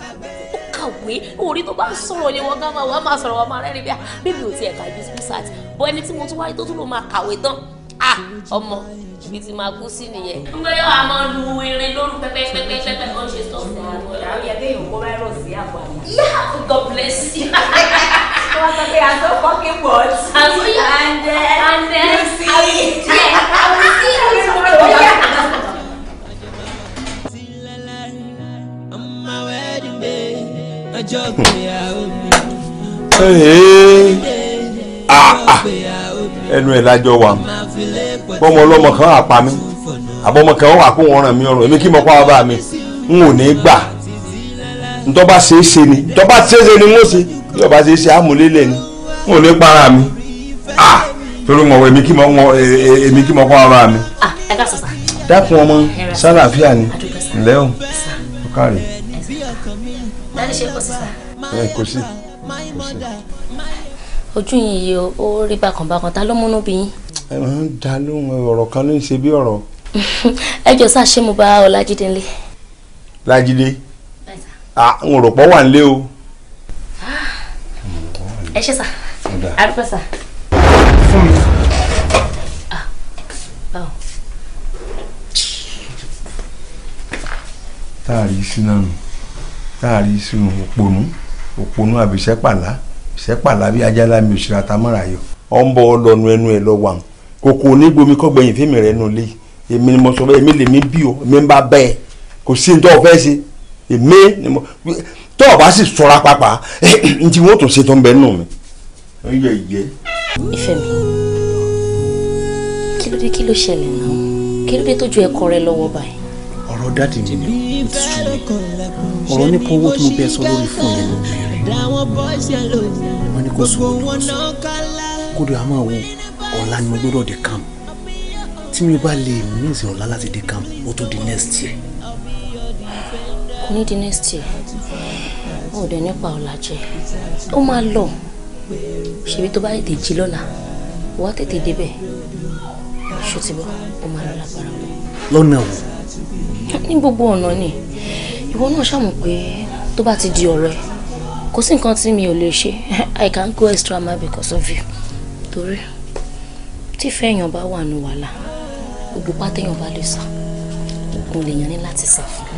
S1: kàwé orí tó bá ń sọ̀rọ̀ yẹn wọ́n gán máa wọ́n máa sọ̀rọ̀ wọ́n máa rẹ́rìn bíà bíbí ò tiẹ̀ ka ibi sísàtì bọ́ ẹni tí mo tún wáyé tó tún lò máa kàwé tán à ọmọ ibi tí máa kú sí nìyẹn. ń gbé yóò àmọ́ lu
S4: irin lóru pẹ́pẹ́pẹ́pẹ́pẹ́ kan ṣe sọ fún mi. àwọn ìyá bẹ́ẹ̀ yóò kó virus sí àgbà mi. yeah God bless you. wọ́n sọ pé àtọ́ fọ́kẹ́ wọ́ọ̀tì. àtúnyà and then and then I will see you. I will
S2: see you.
S1: lọ́jọ́ gbéyàwó ah, ah. mi. ẹnu ẹ̀ lájọ wà bọ́mọ ọlọ́mọ kan wà pa mí àbọ̀mọ kan wà kó wọn ràn mí ọrùn èmi kí mo pa bàbá mi n ò ní gbà ntọ́ba ṣe ni ntọ́ba ṣe é ni mo ṣe bí ọba ṣe é ṣe ni n ò ní para mi ah, torí mo èmi kí mo e, e, èmi kí mo pa bàbá mi. dákun ọmọ sálàáfíà ni ǹlẹ́ o ọ̀kàrẹ̀
S4: dáadé ṣe kò sí sá.
S1: ẹ kò sí kò sí. ojú yìí yìí ó rí bákan bákan ta ló múnú bí yín. ẹ máa ń dá lóhùn ọ̀rọ̀ kan ló ń ṣe bí ọ̀rọ̀. ẹ jọ sá ṣé mo bá ọlájídé ńlẹ. lájídé n ò rò pọ̀ wà ń o.
S4: ẹ ṣe sá àdúpẹ́ sá.
S1: fún rí sí náà nù. láàrin sínú òpònú òpònú àbí ìṣẹ́pàlá ìṣẹ́pàlá bí ajálá mi òṣèré àtàmọ́ra yọ. ọ ń bọ ọlọ́nu ẹnu ẹ lọ́wọ́ àwọn kòkò onígbomi kọ́gbẹ̀yìn fèmí rẹ nù lé èmi ni mo o èmi ń bá bẹ́ẹ̀ kò sí ṣe èmi ni mo sì sọra n wọ́n tún ṣe nù mi ọ̀rọ̀ dáàdì mi ni it's ọ̀rọ̀ nípa owó tí mo bẹ sọ lórí fún yẹn ló bẹ̀rẹ̀ wọ́n ní kò sówó lọ kódà a máa wo ọ̀la ni mo gbọ́dọ̀ dé camp tí mi bá lè mí ìsìn ọ̀la láti dé camp ó tó di next year. ní di next year ó dẹ̀ nípa ọ̀la jẹ́ ó
S4: máa lọ ṣèbí tó bá tètè jí lọ́la wà á tètè débẹ̀ ṣùtìbọ̀ ó máa lọ lágbára. lọ́nà wo ní gbogbo ọ̀nà ni ìwọ náà ṣàmù pé tó bá ti di ọ̀rẹ́ kò sí nǹkan tí mi ò lè ṣe i can go extra mile because of you torí tí ìfẹ́ èèyàn bá wà ní wàhálà gbogbo pátẹ́yàn bá lè sà ògùn lèèyàn ní láti sà fún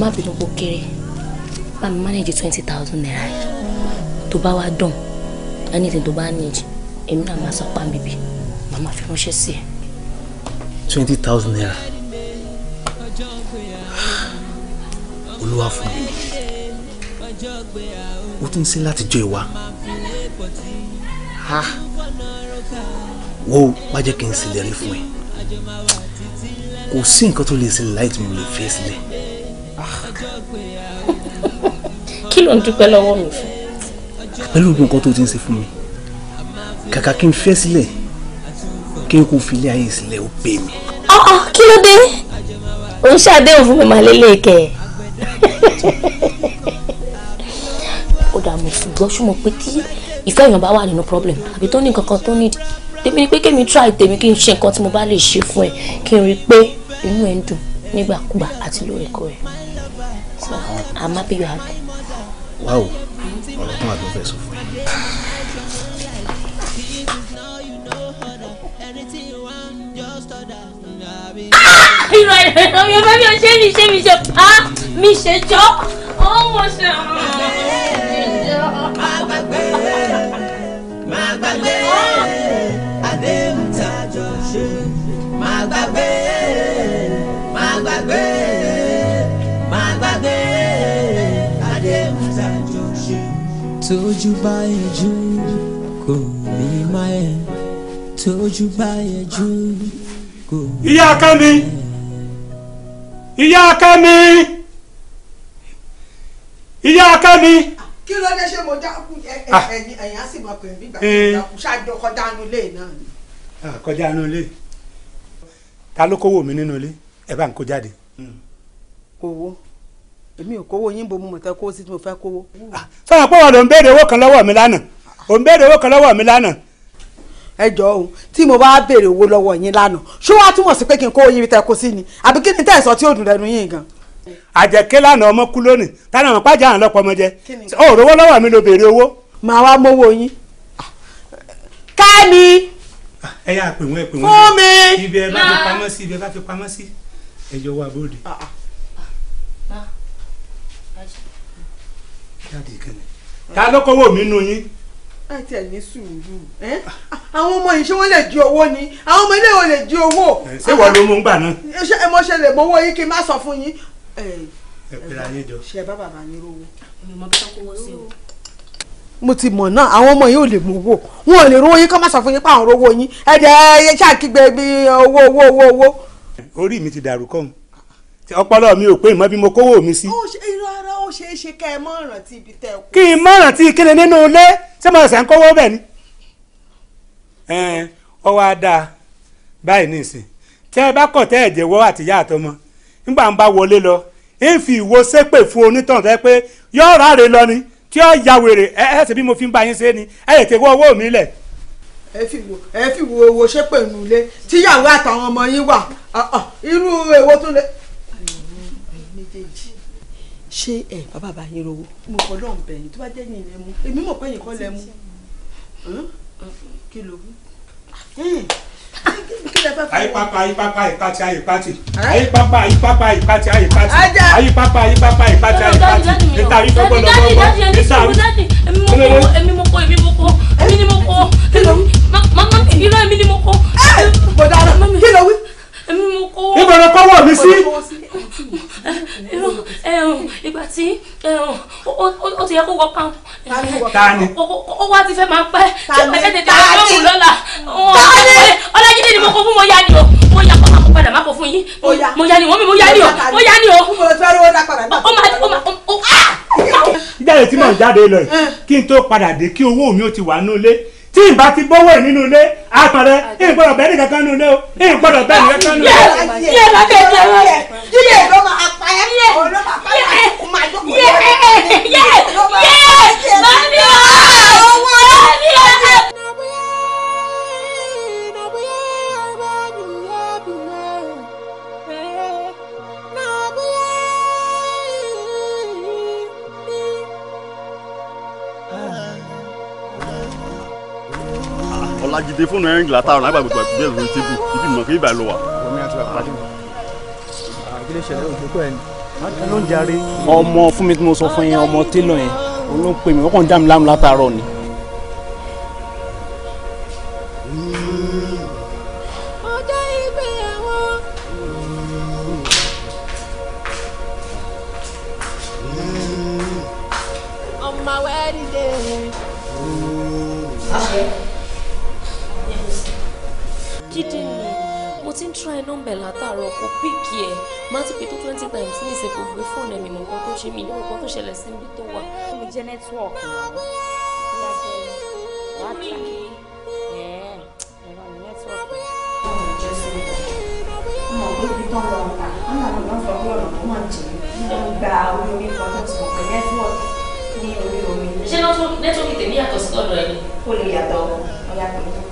S4: má bínú pó kéré bá mi manage twenty thousand naira tó bá wá dùn anything tó bá need èmi náà máa sọ pàmì bí màmá fi ránṣẹ́ sí ẹ.
S3: twenty thousand naira. olúwa fún mi
S4: ó tún sí láti
S1: jọ ìwà ha wo má jẹ́ kí n ṣèlérí fún ẹ kò sí nǹkan tó lè ṣẹlẹ̀ láì tí mo lè fẹ́ sílẹ̀.
S4: kí ló ń dúpẹ́ lọ́wọ́ mi fún.
S1: pẹ̀lú nǹkan tó ti ń ṣe fún mi kàkà kí n fẹ́ sílẹ̀ kí n kò fi ayé sílẹ̀ ó pè mí.
S4: Ah, ah, kí ló dé òun ṣàdéhùn fún mi màá lélẹ̀ ó dà ṣùgbọ́n ṣùgbọ́n pé tí ìfẹ́ èèyàn bá wà nínú problem àbí tó ní nǹkan tó need tèmi ni pé kémi try tèmi kí n ṣe nǹkan tí mo bá lè ṣe fún ẹ kí n rí i pé inú ẹ ń dùn nígbàkúgbà àti lóòrèkóòrè so i'm happy you happy.
S1: wáwo ọ̀rọ̀ kan àti
S3: fẹ́ sọ fún mi. Ah, irọ́ ìrọ̀ mi ò bá mi ò ṣe mi ṣe mi
S1: ṣe pa mi ṣe jọ́ ó
S2: mọ̀ ṣe ọ̀rọ̀ mi ṣe jọ́. má gbàgbé
S1: má gbàgbé àdéhùn tàjọ ṣe má gbàgbé ìyá kẹ́mi ìyá kẹ́mi
S2: ìyá kẹ́mi.
S1: kí ló dé ṣé mo dákú ah. ẹ̀yìn á sì mọ pé nígbà tó eh. dákú ṣáájú kọjá inú ilé náà ni. kọjá inú ilé ta ló kówó mi nínú ilé ẹ bá ń kó jáde. owó hmm. èmi ò kówó yín bo mo mọ̀ tẹ́ sí tí mo fẹ́ kówó. Ah, sọ̀rọ̀ pé wọn ló ń béèrè owó kan lọ́wọ́ mi lánàá ò ń béèrè owó kan lọ́wọ́ mi lánàá ẹjọ jọ tí mo bá béèrè owó lọ́wọ́ yín lánàá ṣó wàá túmọ̀ sí pé kí n kó oyin tẹ kó sí ni àbí kí ni tí o dùn lẹ́nu yín gan. àjẹkẹ́ lánàá ọmọ kú lónìí tánà àwọn pàjá àwọn ọmọ jẹ ó rówó lọ́wọ́ mi ló owó. màá wá yín. ẹ yà láì tí ẹ ní sùúrù àwọn ọmọ yìí ṣé wọ́n lè jí owó ni àwọn ọmọ ilé ìwé lè jí owó. ṣé wọ́n ló mú ń gbà náà. ṣé ẹ mọ ṣe lè mọ owó yìí kí n má sọ fún yín. ẹ pèrè ayé jọ. ṣe bá bàbá ní rówó. mo ti mọ̀ náà àwọn ọmọ yìí ò lè mú owó wọn ò lè rówó yín kọ́ má sọ fún yín pé àwọn rówó yín ẹ jẹ́ ẹ ṣàkígbe bí owó owó owó owó. orí mi ti dàrú kọ́ ọpọlọ mi ò pé ìmọ̀ bí mo kówó mi sí. ó ṣe irọ́ ara ó ṣeé ṣe kẹ́ ẹ mọ́ ìrántí ibi tẹ́ ẹ kú. kí n mọ́ ìrántí kíni nínú ilé ṣé mo ṣẹ̀ ń kówó bẹ̀ ni. ọwọ́ á dáa báyìí nìsín tẹ́ ẹ bá kọ̀ tẹ́ ẹ jẹ́wọ́ àtìyá àtọmọ nígbà ń bá wọlé lọ ń fi ìwo ṣépè fún onítàn tẹ́ pé yóò ráre lọ ni tí ó ya wèrè ẹ ẹ ṣe bí mo fi ń bá yín ṣe ni ẹ yẹ tẹ́wọ́ owó mi lẹ̀ ẹ fi wo ẹ fi wo owó ṣépè nulẹ̀ tíyàwó àtàwọn ọmọ yín wà irú èwo tún lè ṣé ẹ bàbá bá yín rówó. mo kọ lọ́n bẹ̀ yín tó bá jẹ́ yín lẹ mú èmi mọ̀ pé yín kọ́ lẹ mú kí ló wú. Ayipapa ayipapa ayipati ayipati ayipapa ayipapa ayipati ayipati ayipapa ayipapa ayipati ayipati níta ayífọ́gbọ́ lọ́gbọ́gbọ́ níta ayífọ́gbọ́.
S4: Èmi mo kọ èmi mo kọ èmi ni mo kọ mama ìlú èmi ni mo kọ. Bọ̀dá
S1: kí ló wí. Èmi mo kọ. Níbo ni kọ́wọ́ mi sí?
S4: ìgbà tí ó ti yẹ kó wọ pam.
S1: tani. ó wá ti fẹ́ máa pẹ́ ṣé ẹ tètè wá fún un lọ́la. tani. ọlọ́jìnbí ni mo kó fún mo yá ni o mo yá kó máa kó padà má kó fún yín mo yá ni wọ́n mi mo yá ni o mo yá ni o. mo lọ sí ariwo dá padà. ó máa ó máa ó. ìjáde ah! tí mò ń jáde lọ yìí eh. kí n tó padà dé kí owó mi ó ti wà ní ilé tí n bá ti bọ́wọ́ ẹ̀ nínú ilé àpàrẹ ẹ̀ ń gbọ́dọ̀ bẹ́ẹ̀ nìkan kan nínú ilé o ẹ̀ ń gbọ́dọ̀ bẹ́ẹ̀ nìkan kan nínú ilé.
S2: yíyẹ ló bẹ jẹ wọn yẹ yíyẹ ló ma apá
S1: ẹ yíyẹ ló ma apá ẹ
S2: máa jókòó yẹ yẹ yẹ mami o owó mami o.
S1: Ọlájídé fóònù ẹ̀rín ìlà táwọn lágbàgbé gbàgbé bẹ́ẹ̀ lórí tébù ibi ìmọ̀ kí ibà lọ wà.
S2: Ah,
S1: ọmọ fún mi tí mo sọ fún yín ọmọ télọ̀ yẹn olóńpẹ̀ mi ó kàn dá mi láàmú látàárọ̀ ni. try nọ́mbẹ̀ látàárọ̀ kò píìkì ẹ̀ máa tún pé tó twenty times ní
S4: ìsìnkú gbé fóònù ẹ̀mí mọ̀ nǹkan tó ṣe mí ní nǹkan tó ṣẹlẹ̀ sí ibi tó wà. mo jẹ network náà lájẹ wájú ẹ ẹ̀rọ ní network. ọmọ ògbóbi tán lọ ọ̀tà ọmọ àwọn ọmọ sọ pé ọ̀nà tó máa ń jẹ wọ́n gba orí omi kan tó ti mọ̀ pé network ní orí omi. ṣé nẹ́tíwọ́kì tèmi yàtọ̀ sí ọ̀dọ̀ ẹni? ó lè yàtọ̀ ọ̀yàtọ̀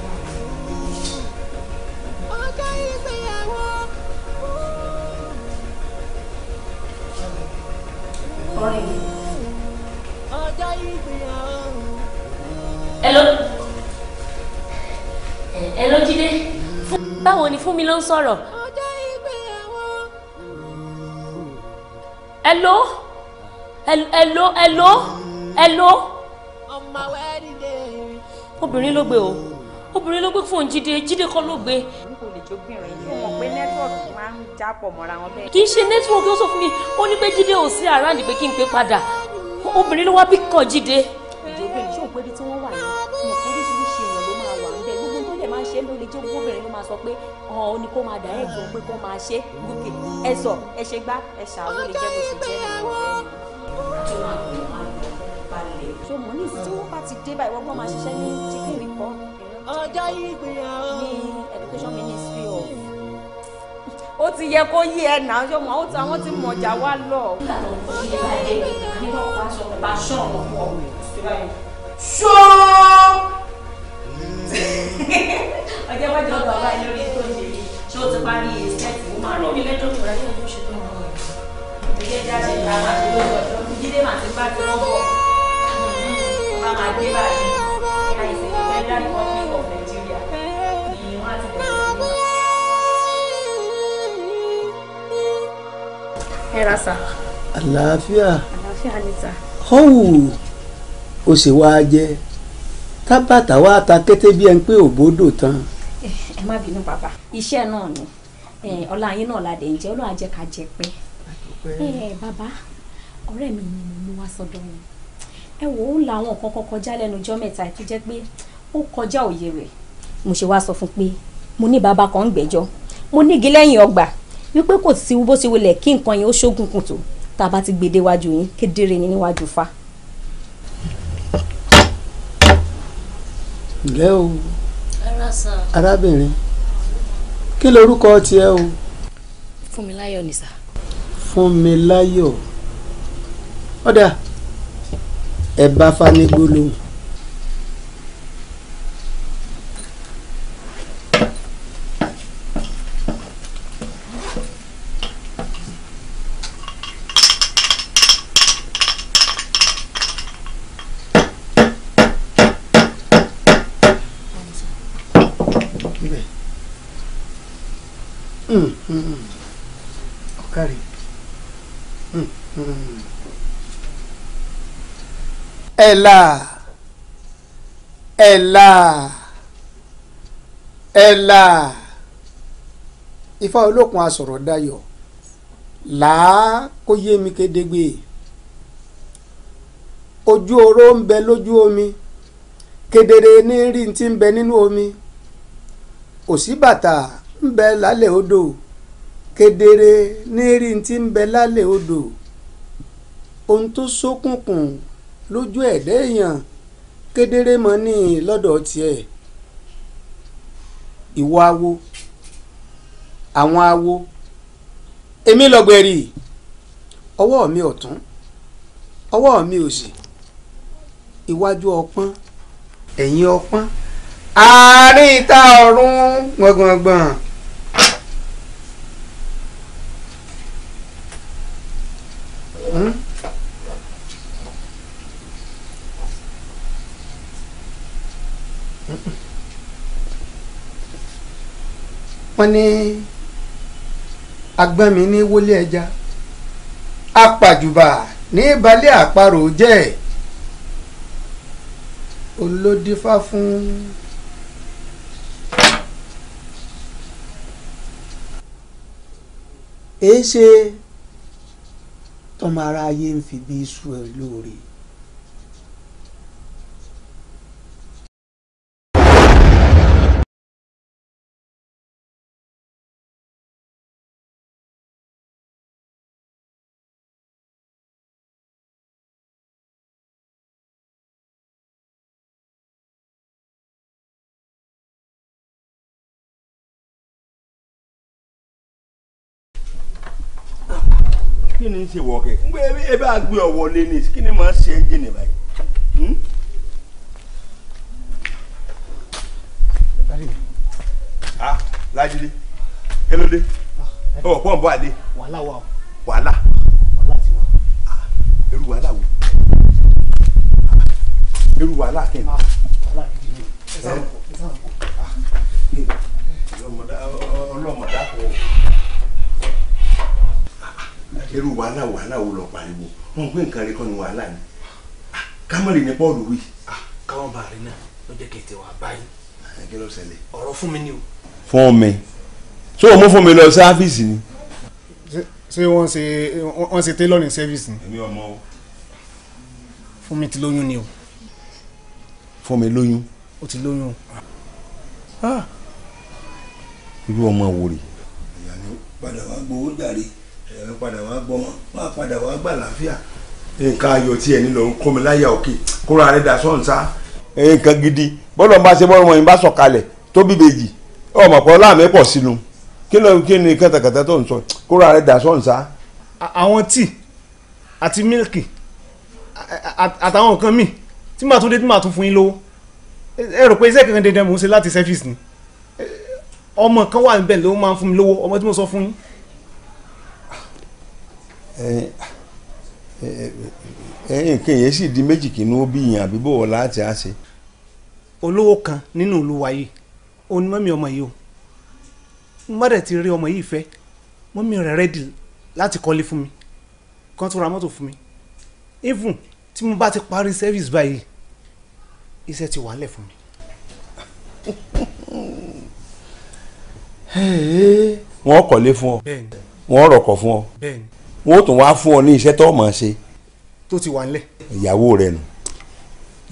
S4: hello hello Jídé
S1: báwo ni fún mi ló ń sọ̀rọ̀. hello hello hello hello obìnrin ló gbé o obìnrin ló gbé fóònù jíde jíde kọ́ ló gbé.
S4: kì í ṣe nẹ́tíwọ̀kì ó sọ fún mi
S1: ó ní pé jíde ò sí àràǹdì pé kí n pè padà obìnrin ló wá bí kàn jíde. tí
S4: wọ́n
S1: mọ̀ ní kó tí wọ́n
S4: bá ti dé báyìí wọ́n gbọ́n máa ṣiṣẹ́ ní jíbìrì kan ọjọ́ ìgbéyàwó. ní education ministry of ó ti yẹ kó yé ẹ náà ṣé mo àwọn ti mọ̀jà wá lọ. ṣó ọjọ́ wájú ọgbà wa lórí tó ṣe yìí ṣó ti parí ìṣẹ́tì ó máa rọ̀ mí tó rẹ̀ tó ṣe tó rọ̀ ìdílé jáde àwọn àti lóko ọjọ́ jíde màá ti bá ti wọ́n bọ̀ máa máa dé báyìí àìsàn ìgbẹ́ dá ìwọ́n ẹ ra sà.
S1: àlàáfíà.
S4: àlàáfíà ni sà.
S1: o sì wá jẹ tábàtà wá ta kété bí ẹni pé òbódò tán.
S4: Eh, ẹ má bínú
S1: bàbá iṣẹ́ náà ni eh, ọlá yín náà ládẹ ǹjẹ́ ọlọ́run ajẹ́ ká jẹ pé. Eh,
S4: bàbá ọ̀rẹ́ mi ni mo mú wá sọ́dọ̀ wọn ẹ wò ó làwọn nǹkan kan kọjá lẹ́nu ọjọ́ mẹ́ta tó jẹ́ pé ó kọjá òye rẹ̀
S1: mo ṣe wá sọ fún pé mo ní bàbá kan ń gbẹ́jọ́ mo nígi lẹ́yìn ọgbà wípé kò sí bó ṣe wọlé kí nǹkan yẹn ó ṣókùnkùn tó tá a bá ti gbèdé e wájú yín kedere ní níwájú fa. ǹlẹ́ o arábìnrin kí lorúkọ tiẹ̀ o.
S4: Fúnmiláyọ̀ ni sà.
S1: Fúnmiláyọ̀ ọ̀dà ẹ̀ bá fani gbólóhùn. ẹ̀là ẹ̀là ẹ̀là ifá olókun asọ̀rọ̀ dayọ̀ làá kó yé mi kedegbe ojú oró ń bẹ lójú omi kedere ní rí ti ń bẹ nínú omi òsínbàtà ń bẹ lálẹ̀ odò kedere ní rí ti ń bẹ lálẹ̀ odò ohun tó ṣókùnkùn lójú ẹ̀dá èèyàn kedere mọ́ ní lọ́dọ̀ tiẹ̀ ìwọ awo àwọn awo èmi lọ́gbẹ̀rì ọwọ́ mi ọ̀tún ọwọ́ mi òsì iwájú ọpọ́n ẹ̀yìn ọpọ́n àárín ìta ọ̀run gbọ̀ngbọ̀ngbọ̀n. Mm-hmm. wọ́n ní agbọ́nmi ní wọlé ẹja apàjùbà ní balẹ̀ àparò jẹ́ olódífá fún. èé ṣe tọmọ ara ayé ń fi bí iṣu ẹ lóore. kí ni ń ṣe wọ̀ọ̀kẹ́ ngbé ebe àgbé ọ̀wọ́ lé ní kí ni màá ṣe ẹ́ńjìnì báyìí. Hmm? ah lajide elode ọ pọ́ǹpù àlè. wàhálà wà o. wàhálà. wàhálà ti wà. eru ah, wàhálà wo eru wàhálà kẹ́ ni. Ah, wàhálà kìí ni ẹ sáà eh? ẹ sáà ń bọ̀ irú wàhálà wàhálà wo lọ pariwo wọn gbé nǹkan rẹ kọ́ ni wàhálà ni ah, kámẹ́rì ni Paul wí. Ah, káwọn bá rí náà ló jẹ́ kí n ti wà báyìí. Ah, kí ló ṣẹlẹ̀. ọ̀rọ̀ fún mi ni o. fún mi ṣé o mú fún mi lọ sí áfíìsì ni. ṣé wọ́n ṣe wọ́n ṣe tailoring service ni. èmi ọmọ o. fún mi ti lóyún ni o. fún mi lóyún. o ti lóyún o. irú ọmọ wo rè. ìyá ni padà gbowó jàre ẹ padà wá gbọmọ má padà wá gbà láfíà nǹkan ayọ̀ tí ẹni lọ ń kó mi láyà òkè kóra rẹ̀ dà sọ́n sá. nǹkan gidi bọ́lọ̀ ń bá ṣe bọ́lọ̀ wọn bá sọ̀kalẹ̀ tó bí bèjì ọmọ pọ̀ láàmì pọ̀ sínú kí ló kí ni kẹtàkẹtà tó ń sọ kóra rẹ̀ dà sọ́n sá. àwọn tíì àti mílìkì àtàwọn nǹkan míì tí màá tún dé tí màá tún fún yín lówó ẹ rò pé iṣẹ́ kankan dandan mò ń ṣe láti service ni ọmọ kan wà níbẹ̀ ló máa ń fún mi lówó ọmọ tí mo sọ fún yín nǹkan yẹn sì di méjì kí inú bí yàn àbí bò wọ́n láti á ṣe. olówó kan nínú ìlú wa yìí òun ni mọ́mí ọmọ yìí o mọ́dẹ̀ ti rí ọmọ yìí fẹ́ mọ́mí rẹ̀ rẹ́dì láti kọ́lé fún mi kan tó ra mọ́tò fún mi even tí mo bá ti parí service báyìí iṣẹ́ ti wà lẹ̀ fún mi. wọ́n kọ́lé fún ọ wọ́n rọ̀kọ̀ fún ọ wọn ò tún wá fún ọ ní iṣẹ́ tó mọ̀ ọ́ ṣe. tó ti wà nílẹ̀. ìyàwó rẹ nù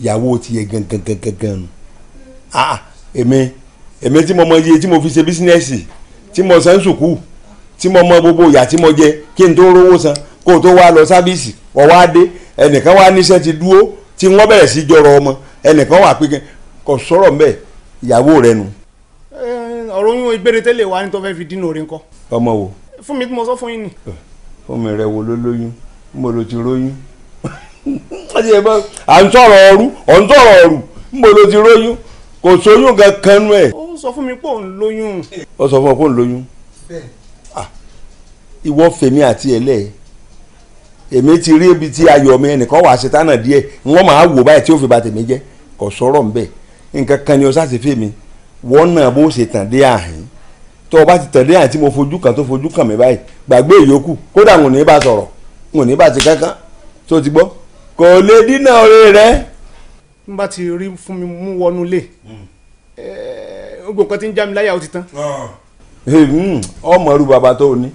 S1: ìyàwó ti yẹ gangan gangan gan ah èmi èmi tí mo mọ iye tí mo fi ṣe bísínẹ́sì tí mo san sùkúù tí mo mọ gbogbo ìyà tí mo jẹ kí n tó rówó san kó o tó wá lọ sábìsì ọwọ́ adé ẹnìkan wá níṣẹ́ ti dúró tí wọ́n bẹ̀rẹ̀ sí jọrọ ọmọ ẹnìkan wà pé kò sọ̀rọ̀ mbẹ́ ìyàwó rẹ nù. ọ̀rọ̀ yín ìgbére tẹ́lẹ̀ wa ni tó fẹ́ fi dínà orin kọ́. ọmọ wo. fún mi tí mo sọ fún yín ni. Uh. omi wo ló lóyún ti róyún à ń tọrọ ọrú à ń ọrú kò sóyún kankan sọ fún mi pé òun lóyún. ó sọ fún ọ pé òun lóyún. ìwọ àti ti rí ibi tí mi ẹnìkan wà ṣetánà díẹ̀ wọ́n máa wò báyìí tí ó fi ba tèmi jẹ́ kò sọ̀rọ̀ ń bẹ̀ nǹkan kan ni ọ wọ́n náà bó tó o bá ti tẹ̀lé àyàn tí mo fojú kan tó fojú kan mi báyìí gbàgbé ìyókù kódà n ò ní bá sọ̀rọ̀ n ò ní bá ti kankan tó ti gbọ́ kò lè dínà ọ̀rẹ́ rẹ. n bá ti rí fún mi mú wọnú lé ogun kan ti ń já mi láyà ó ti tán. Hmm, ọmọ rú bàbá tó o ní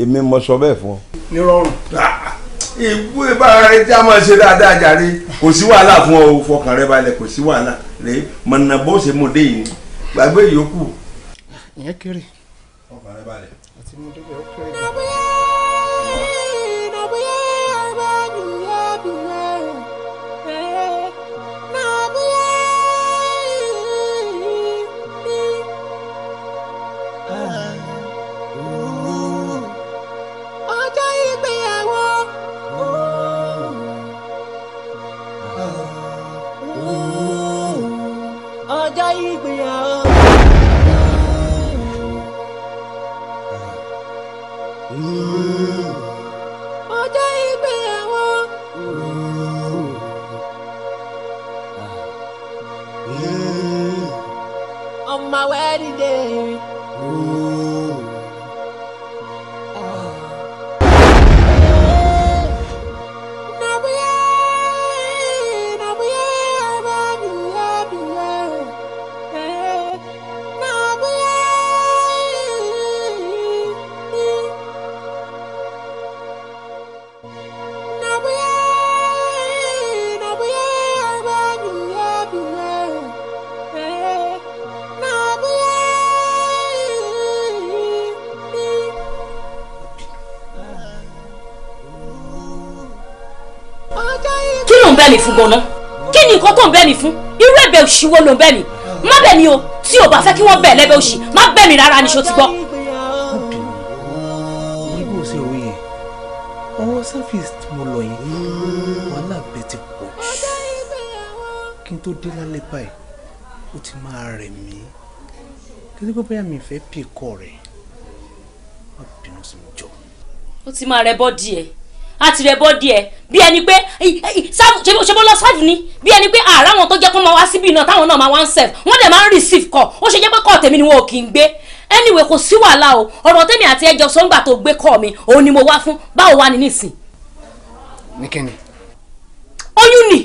S1: èmi mo sọ bẹ́ẹ̀ fún ọ. ní rọrùn. Ah, ìbú ìbára rẹ já máa ṣe dáadáa jàre kò sí wàhálà fún ọ fọkàn rẹ balẹ̀ kò sí wàhálà rẹ mọ̀nà bó ṣe mọ̀ dé yìí gbàgbé ìyókù ìyẹn kiri. ọkàn rẹ balẹ̀. àti mo débẹ̀ ó
S4: bẹ́ẹ̀ mi fún gan-an kí ni nǹkan tó ń bẹ́ẹ̀ mi fún irú ẹ̀bẹ̀ òṣì wo ló ń bẹ́ẹ̀ mi má bẹ́ẹ̀ mi o tí o bá fẹ́ kí wọ́n bẹ́ẹ̀ lẹ́bẹ̀ òṣì má bẹ́ẹ̀ mi rárá ni ti gbọ́.
S1: ọwọ́ sáfíìsì tí mo lọ yẹn wàhálà bẹ́ẹ̀ ti pọ̀ jù kí n tó dé lálẹ́ báyìí ó ti máa rẹ̀ mí kí ló gbọ́ mi fẹ́ pè kọ́ rẹ̀ má bínú sí mi jọ. ó ti máa rẹ bọ́ díẹ̀ àti rẹ̀ bọ́ díẹ̀ bí ẹni pé ṣe bó lọ sáàdù ni bí ẹni pé ààrẹ àwọn tó jẹ́
S4: kó máa wá síbí náà táwọn náà máa wá ń sẹ̀ wọ́n dẹ̀ máa ń receive call ó ṣe jẹ́ pé call tèmi ni wọn ò kì í gbé anyway kò sí wàhálà o ọ̀rọ̀ tèmi àti ẹjọ́ sọ́ngbà tó gbé call mi òun ni mo wá fún báwo wá ní nísìn.
S2: ní kíni. oyún ni.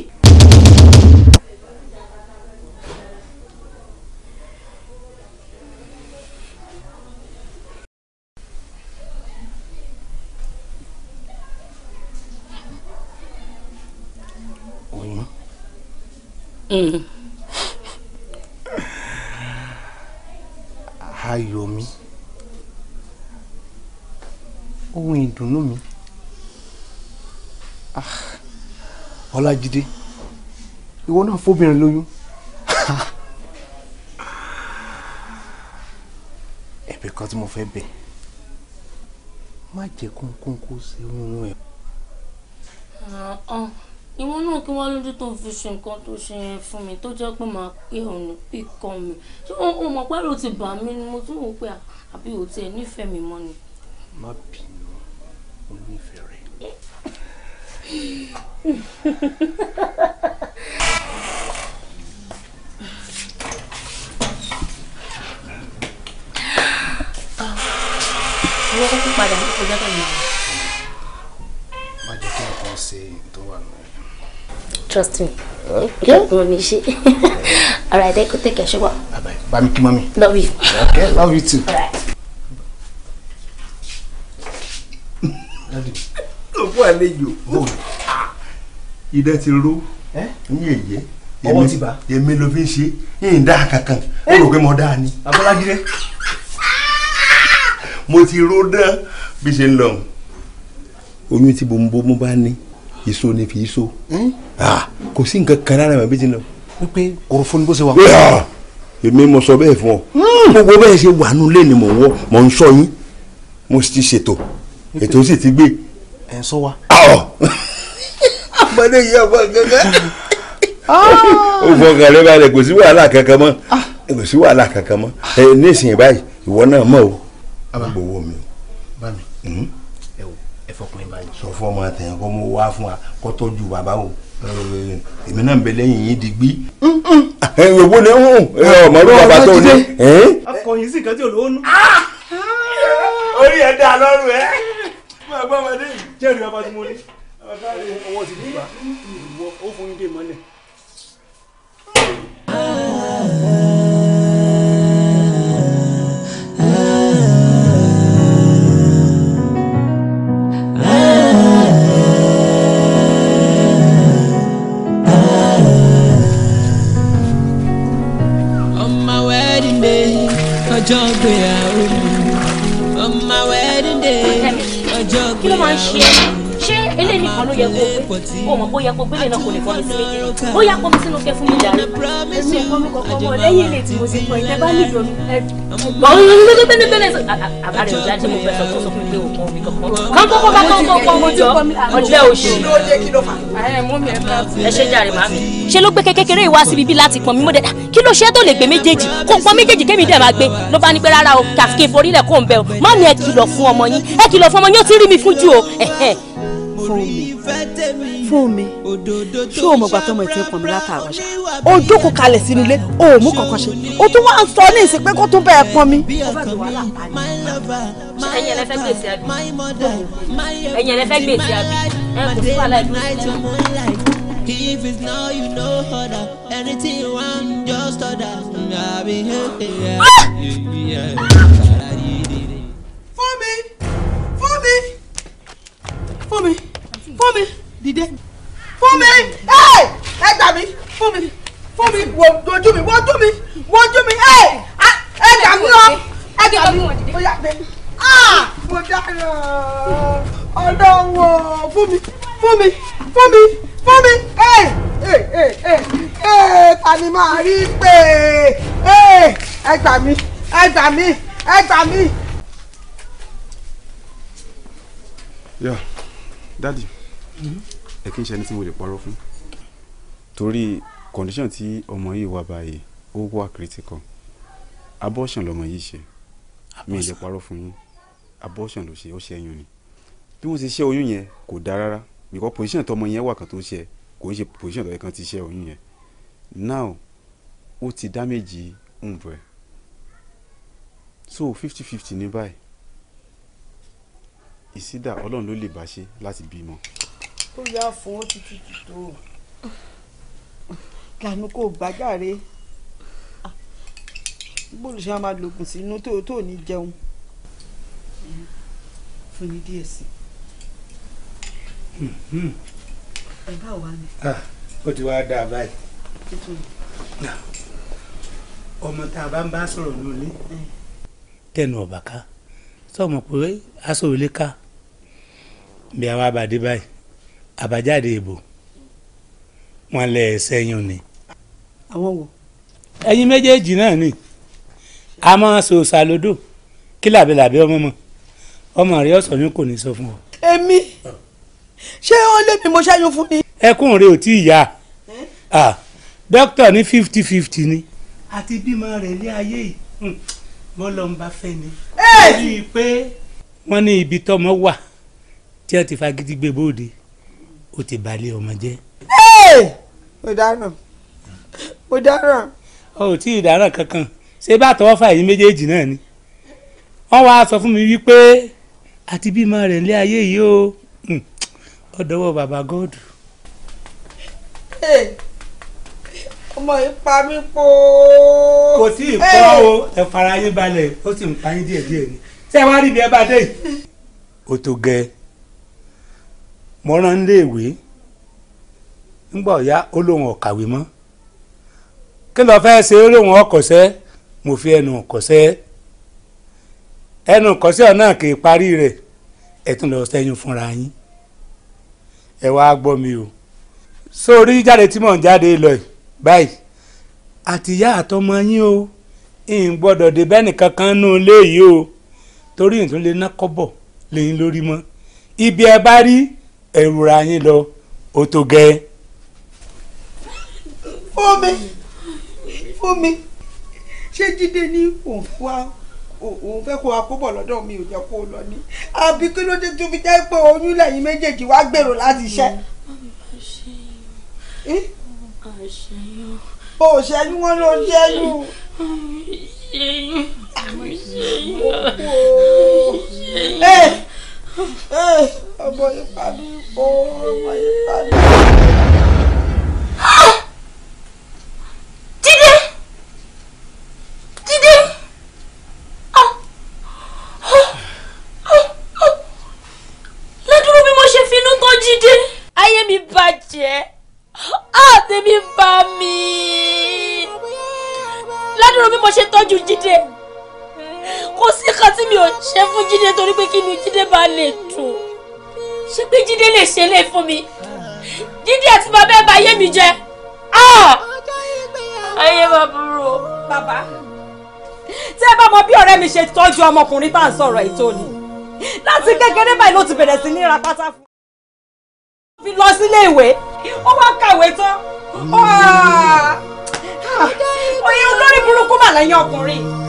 S1: Mm. ayọ̀ mi ohun ìdùnnú mi ah, ọlájídé ìwọ náà fóbìnrin lóyún ẹ̀bẹ̀ kan tí mo fẹ́ bẹ̀ má jẹ́ kónkónkó sí irun ẹ̀
S4: ìwọ náà kí wọ́n lójú tó fi ṣe nǹkan tó ṣe yẹn fún mi tó jẹ́ pé màá pé ọ̀nà pé kọ́ mi ṣé o mọ̀ pé ló ti bà mí ni mo tún wò pé àbí o tiẹ̀ nífẹ̀ẹ́ mi mọ́ ni.
S3: má bínú mo nífẹ̀ẹ́
S4: rẹ. ìwọ kúkú padà kó jẹ́ pẹ̀lú.
S2: má jẹ́ kí n kàn ṣe tó wà nù
S4: trust me. Okay.
S1: All right, then go take your shower. Bye bye. Bye, Mickey Mommy. Love you. Okay, love you too. All right. you. Òkú àlejò. Idẹ oh. ah. ti rú. Ní èyí. Ọwọ́ ti bá. Èmi ló fi ń ṣe. Yìnyín dáa kankan. Ó rò pé mo dáa ni. Abọ́lájídé. Mo ti ró dán bí ṣe ń lọ. Oyún tí bombo mo bá ní èso ni fi so ah, kò sí nǹkan kan lára mi bí ti lọ. wípé korofo ni bó ṣe wà. èmi mo sọ bẹ́ẹ̀ fún ọ hmm. gbogbo bẹ́ẹ̀ ṣe wà nù lé ni mò ń wọ mò ń sọ yín mo ti ṣètò ètò sì ti gbé. ẹ sọ wa. àmọ́lé yìí ọmọ kankan ah! ó fọkàn rẹ balẹ̀ kò sí wàhálà kankan mọ́ ah! kò sí wàhálà kankan mọ́ ẹ ní ìsìn báyìí ìwọ náà mọ̀ o gbowó mi. bá mi hmm? fọkàn yín balẹ̀. sọ fún ọmọ àtẹ̀yìn kó mo wá fún wa kó tọ́jú bàbá o èmi náà ń bẹ lẹ́yìn yín digbí. ìwọ ni ọmọ ọdún bàbá tó ní. akọyin sì kan tí olówó nù. Ah!
S2: Ah! orí ẹ̀ dá lọ́rùn ẹ̀
S1: máa gbọ́ ọmọdé yìí jẹ́rìí ọba tí mo ní.
S2: ọwọ́ ti dùgbà ó fún yín dé mọ́lẹ̀. Ah! day ọjọ́ gbéyàwó
S1: mi on my wedding day ọjọ́ gbéyàwó mi ṣé eléyìí nìkan ló yẹ kó pé o mọ̀ bóyá kó gbélé náà kò lè fọ́ mi sí bóyá kó
S4: sínú kẹ mi jàre. èmi ò fọ́ mi kọ̀ọ̀kan ilé tí mo ti pọ̀ ìtẹ́ bá lè dùn ẹ̀
S1: àbárẹ̀ ìjà tí mo fẹ́ sọ fún mi pé o mọ̀ mi kọ̀ọ̀kan. kán kọ́kọ́ bá kán kọ́kọ́ jọ ọjọ́ òṣì. ẹ ṣe jàre
S4: màá mi. ṣe ló gbé kékeré ìwá
S1: síbi bí láti pọn mi mọ́ dẹ́dá kí ló ṣe tó lè gbé méjèèjì kó pọn méjèèjì kémi dẹ̀ máa gbé ló bá ní pé rárá o kàfikè forílẹ̀ kó ń bẹ o má mi ẹ kìlọ̀ fún ọmọ yín ẹ kìlọ̀ fún ọmọ yín ó ti rí mi fún jù o fóònù fóònù ṣé o mọ̀ gbà tọmọ ẹ̀ tí ń pọ̀ mi látàárọ̀ ṣá o jókòó kalẹ̀ sínú ilé o ò mú kankan ṣe o tún wá ń sọ ní ìsìn pé kó tún bẹ́ẹ̀ pọ́n mi. ẹ̀yin ẹlẹ́fẹ́ gbèsè àbí ẹ̀yin ẹlẹ́fẹ́ gbèsè àbí ẹ̀ kò sí wàhálà ìgbésẹ̀. If it's now, you know other. Anything you want, just order. I be here, yeah, yeah. For me, for me, for me fún mi dìde fún mi ẹ gbà mí fún mi fún mi wojú mi wojú mi wojú mi ẹ gbà mí lọ ẹ gbà mí ó yà gbé ah! mo dára ọlọ́wọ́ fún mi fún mi fún mi fún mi ẹ ẹ ẹ ẹ ta ni máa rí pé ẹ gbà mí ẹ gbà mí ẹ gbà mí.
S3: Yeah, daddy
S2: ẹ
S3: kí n ṣe ẹni tí mo lè parọ́ fún. torí condition tí ọmọ yìí wà báyìí ó wà critical abortion lọmọ yìí ṣe
S1: mi lè parọ́ fún yín abortion ló ṣe ó ṣe ẹyún ni bí wọ́n ti ṣe oyún yẹn kò dáa
S3: rárá because position tọmọ yẹn wà kan tó ṣe kò ń ṣe position tọmọ kan ti ṣe oyún yẹn now ó ti damage umbre so fifty fifty ní báyìí ìsídà ọlọ́run ló lè bá ṣe láti bímọ
S1: ó yá fún ó ti tutù tó lànà kò gbàjáre ah, bóòlù ṣe máa lògùn sínú tó tó ní jẹun fún ní díẹ̀ sí hmm, hmm. ẹ bá wà ní. Ah, ó ti wá dáa báyìí ọmọ tá a bá ń bá sọ̀rọ̀ lónìí. tẹnu eh. ọ̀bà ká sọ ma pé aṣọ òrùlé ká bí a wá bàdé báyìí àbájáde ìbò wọn lẹ sẹ́yìn ni. àwọn wo. ẹ̀yin méjèèjì náà ni a máa sọ ṣàlódò kí làbẹ̀làbẹ̀ ọmọ mọ ọmọ rẹ ọ̀sán ni kò ní sọ fún ọ. èmi ṣé ó lé mi mo ṣẹ́yún fún ni. ẹkún rẹ ò tí ì yá dókítà ní fifty fifty ni. àti bímọ rẹ ní ayé yìí hmm, mo lọ ń bá fẹ́ ni. ẹ ẹ rí i pé. wọ́n ní ibi tọ́mọ wà tí ẹ ti fagídí bóde ó ti balẹ̀ ọmọ jẹ́. mo dáràn mo dáràn. o ò tí ì dáràn kankan ṣé bá tọwọ́ fà yín méjèèjì náà ni wọ́n wáá sọ fún mi wípé àti bímọ rẹ̀ nílé ayé yìí o ọ̀dọ́wọ́ hmm. bàbá gọ́ọ̀dù. ọmọ yìí pa mí po. kò tí ì pọ́ o ẹ fara yín balẹ̀ ó sì ń pa yín díẹ̀díẹ̀ ni ṣé wàá rí ibi ẹ bá dé. o tó gẹ́ẹ́. mo rán léèwé ńgbà ọ̀yá ó lóun ọ̀kàwé mọ́ kí ló fẹ́ ṣe ó lóun ọkọ̀ṣẹ́ mo fi ẹnu ọ̀kọ̀ṣẹ́ ẹnu ọ̀kọ̀ṣẹ́ náà kì í parí rẹ̀ ẹ tún lọ sẹ́yìn fúnra yín ẹ wá gbọ́ mi o sórí jáde tí mò ń jáde lọ yìí báyìí àtìyá àtọmọ yín o ń gbọ́dọ̀ dé bẹ́ẹ̀ nìkan kan nù léyìí o torí ìtúndínlẹ́nà kọ́bọ̀ lẹ́yìn lórí mọ́ ibi ẹ bá rí ẹrù ra yín lọ ó tó gẹ́. Fúnmi Fúnmi ṣé Jídé ní òun wá òun fẹ́ kó wa kó bọ̀ lọ́dọ̀ mi ò jẹ́ kó lọ ní àbí kí ló dé tó fi jẹ́ pé oyún lẹ́yìn méjèèjì wá gbèrò láti ṣẹ́. bó o ṣẹ́yún wọn ló ṣẹ́yún.
S2: ṣẹ́yún ṣẹ́yún ṣẹ́yún.
S1: Jide, yìí pàdé ipò ọmọ yìí pàdé. Ah! Jídé
S4: Jídé ah! ah! lẹ́dúró bí mo ṣe finú tó
S1: Jídé. ayé mi bàjẹ́ àtẹ̀mí bá mi lẹ́dúró bí mo ṣe tọ́jú Jídé kò sí kan tí mi ò ṣe fún Jídé torí pé kí inú Jídé bá lè dùn ṣé pé Jídé lè ṣe lé fún mi Jídé àti bàbá ẹ̀ bá yé mi jẹ ah! ayé máa burú. bàbá tí ẹ bá mọ bí ọ̀rẹ́ mi ṣe tọ́jú ọmọkùnrin bá ń sọ̀rọ̀ ètò ni láti kékeré báyìí ló ti bẹ̀rẹ̀ sí ní rapata
S4: fi lọ sílé ìwé ó wá kàwé tán ah! Ah! oyè olórí burúkú mà lẹ́yìn ọkùnrin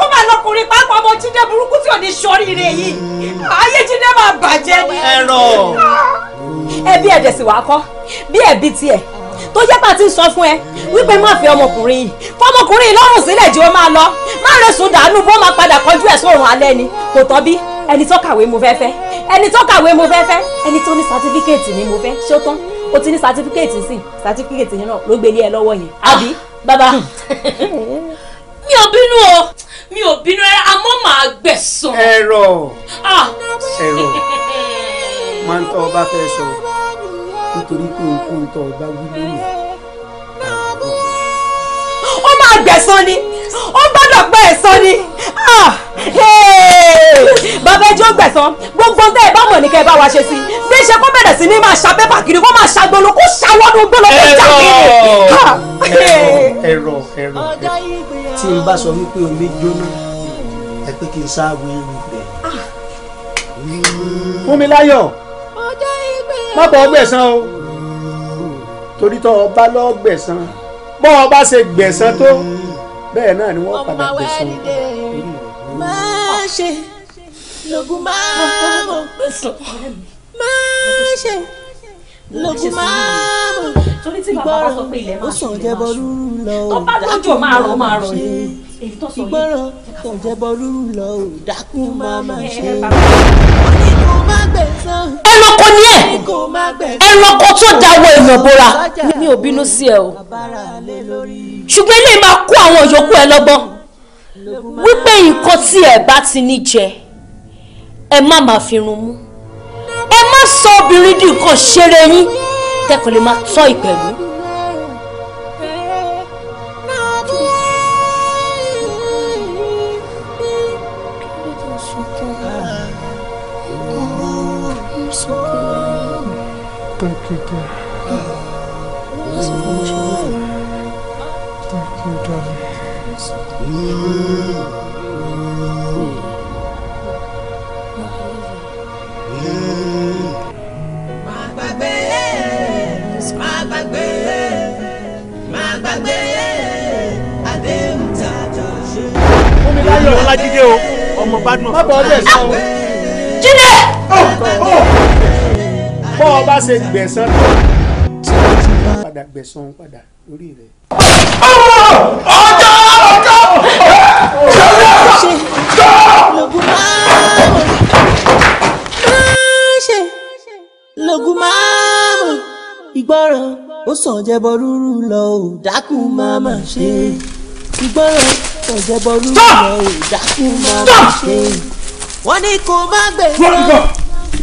S4: kó máa lọkùnrin pápá ọmọ jíde burúkú tí ò ní sọríire yìí ayé jíde máa bàjẹ́ ni. ẹ̀rọ. ẹbí ẹ̀dẹ̀ sì wá kọ́ bí ẹ̀bí tiẹ̀ tó jẹ́ pàtí sọ fún ẹ wípé má fi ọmọkùnrin yìí fọmọkùnrin yìí lọ́rùn sílẹ̀ jẹ́ ó máa lọ má rẹ̀ dànù bó máa padà kọjú ẹ̀ sóòrùn alẹ́ ni kò tọ́ bí ẹni tó kàwé mo fẹ́ ẹni tó kàwé mo fẹ́ ẹni tó ní sátífíkẹ́ẹ̀tì ni mo fẹ́ ṣé tán o ti ní sátífíkẹ́ẹ̀tì sí sátífíkẹ́ẹ̀tì yẹn náà ló gbélé ẹ lọ́wọ́ yẹn àbí bàbá. mi ò bínú o
S1: mi ò bínú rẹ àmọ́ màá gbẹ̀san. ẹ̀rọ ah. ẹ̀rọ máa ń tọ́ ọba fẹ́ sọ nítorí pé òkú ń tọ́ ọba wí lónìí. ó máa gbẹ̀san ni ó gbọ́dọ̀ gbẹ̀san ni. Ah, bàbá ẹjọ́ gbẹ̀sán gbogbo tẹ́ ẹ bá mọ̀ ní ẹ bá wa ṣe sí bí ṣe kó bẹ̀rẹ̀ sí ní máa ṣa pépà kiri kó máa ṣa gbolo kó ṣàwọ́dún gbolo kó jà kiri. ẹ̀rọ ah, ẹ̀rọ tí n bá sọ wípé omi jóná ẹ pé kí n ṣáàbù irú rẹ̀. Fúnmiláyọ̀
S2: má bọ̀ gbẹ̀sán o
S1: torí tọ́ lọ́ọ́ gbẹ̀sán bọ́ ọ ṣe gbẹ̀sán tó bẹ́ẹ̀ náà ni wọ́n padà pèsè
S2: orí máa ṣe lògùn máa mọ̀ pèsè
S1: máa ṣe lójú máàmù ìgbọràn ó sàn jẹbọ lúrú lọ ò dákú máàmù ṣe ìgbọràn sàn jẹbọ lúrú
S2: lọ ò dákú máàmù ṣe. ẹranko ni ẹ ẹranko tó dáwọ èèyàn bora
S4: mi ò bínú sí ẹ o ṣùgbọ́n eléyìí máa kó àwọn yòókù ẹ lọ́gbọ́n wípé nǹkan tí ẹ bá ti ní jẹ ẹ má máa fi run mú sọ obìnrin di nǹkan ṣeré yín tẹ́kọ̀ọ́ lè máa tọ́ ìpẹ̀lú.
S2: Thank you, darling. Thank you, darling. mi Ọlájídé o
S1: ọmọ gbádùn. má bọ̀ ọ́ jíde. bọ́ ọ bá ṣe gbẹ̀san padà gbẹ̀san padà lórí rẹ̀.
S2: ọjọ́ ọjọ́ ṣe lògùn máa ṣe
S1: lògùn máa mọ̀ ìgbọràn ó sàn jẹbọ rúrú lọ ò dákun máa mà ṣe ìgbọràn wọ́n ní kó má gbẹ̀san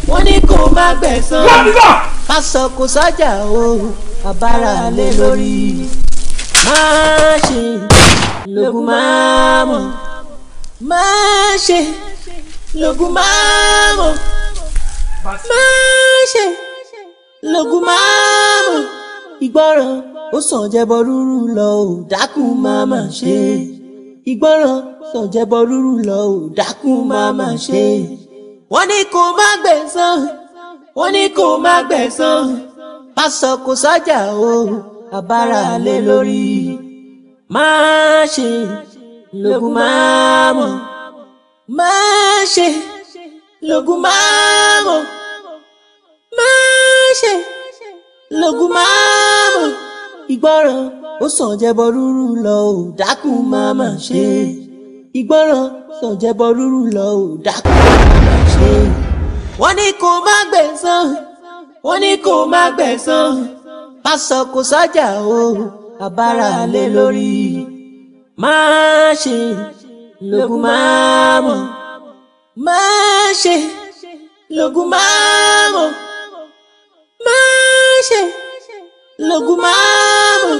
S1: wọ́n ní kó má gbẹ̀san ká sọ kó sọ́jà o àbára lé lórí máa ṣe lògùn máa mọ̀ máa ṣe lògùn máa mọ̀ máa ṣe lògùn máa mọ̀ ìgbọràn ó sàn jẹbọ rúrú lọ ò dákun máa máa ṣe ìgbọràn sọ̀jẹ̀bọ rúrú lọ ò dákun máa máa ṣe. wọ́n ní kó má gbẹ̀san wọ́n ní kó má gbẹ̀san má sọ kó sọ́jà o àbára lé lórí máa ṣe
S2: lògùn máa
S1: mọ̀ máa ṣe lògùn máa mọ̀ máa ṣe lògùn máa mọ̀ ìgbọràn ó sàn jẹbọ rúrú lọ ò dákun máa má ṣe ìgbọràn sàn jẹbọ rúrú lọ ò dákun máa má ṣe. wọ́n ní kó má gbẹ̀san wọ́n ní kó má gbẹ̀san bá sọ kó sọ́jà o àbára lé lórí máa ṣe lógun máa
S4: mọ̀ máa ṣe lógun máa mọ̀ máa ṣe lógun máa mọ̀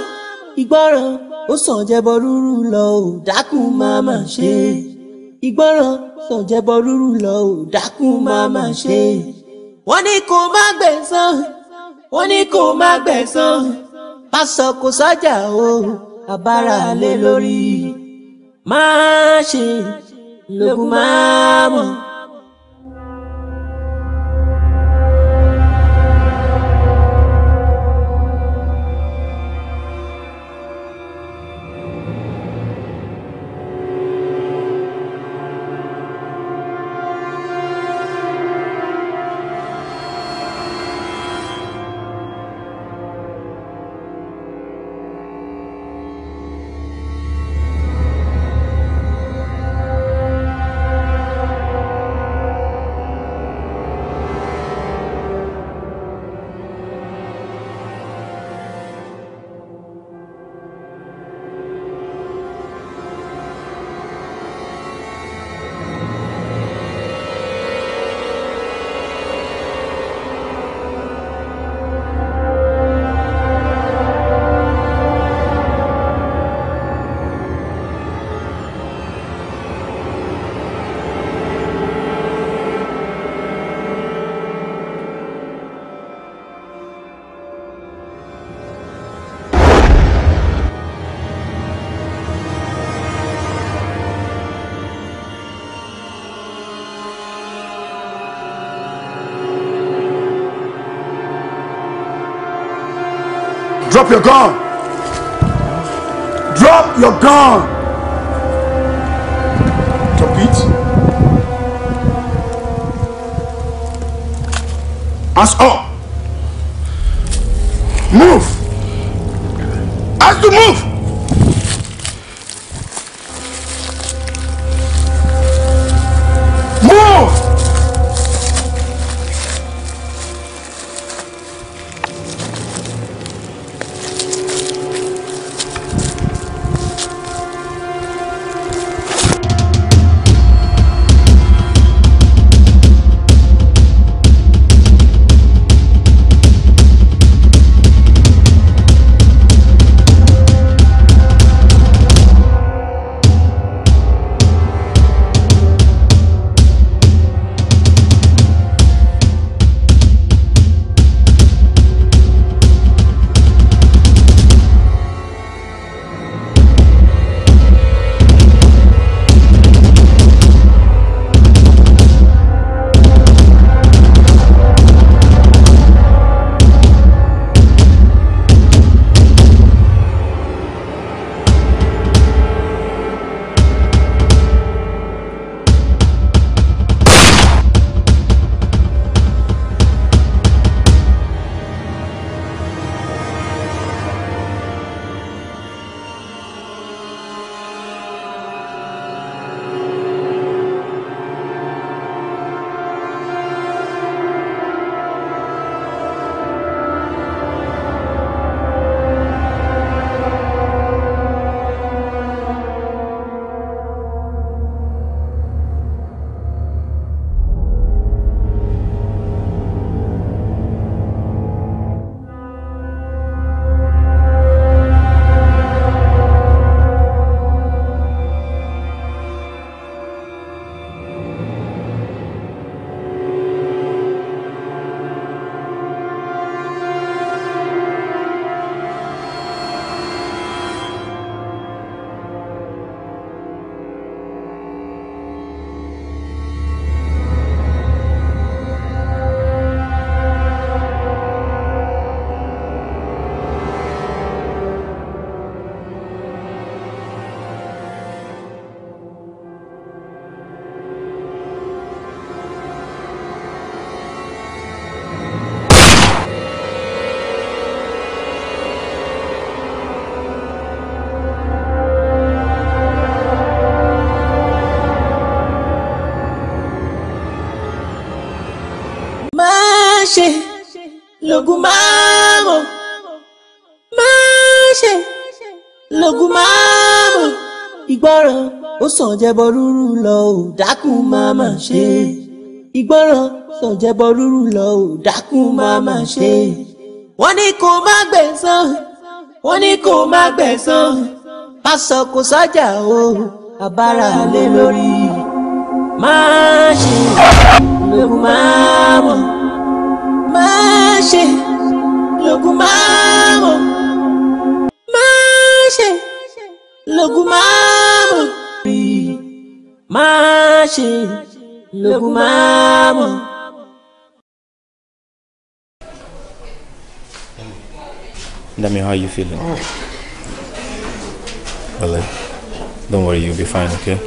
S1: ìgbọràn ó sàn jẹbọ rúrú lọ ò dákun máa má ṣe ìgbọràn sàn jẹbọ rúrú lọ ò dákun máa má ṣe. wọ́n ní kó má gbẹ̀san
S4: wọ́n ní kó má gbẹ̀san
S1: bá sọ kó sọ́jà o àbára lé lórí má ṣe lókun
S2: máa mọ̀.
S3: Drop your gun. Drop your gun. Drop it. As up. Move. As to move.
S1: sọ̀jẹ̀bọ rúrú lọ ò dákun máa máa ṣe ìgbọràn sọ̀jẹ̀bọ rúrú lọ ò dákun máa máa ṣe. wọ́n ní kó má gbẹ̀san wọ́n ní kó má gbẹ̀san pásọ kò sọ́jà o àbára lé lórí
S2: máa ṣe lóògùn máa mọ̀ máa ṣe lóògùn máa mọ̀ máa ṣe lóògùn máa mọ̀. má ṣe
S3: Dami, how are you feeling? Oh. Well, don't worry, you'll be fine, okay?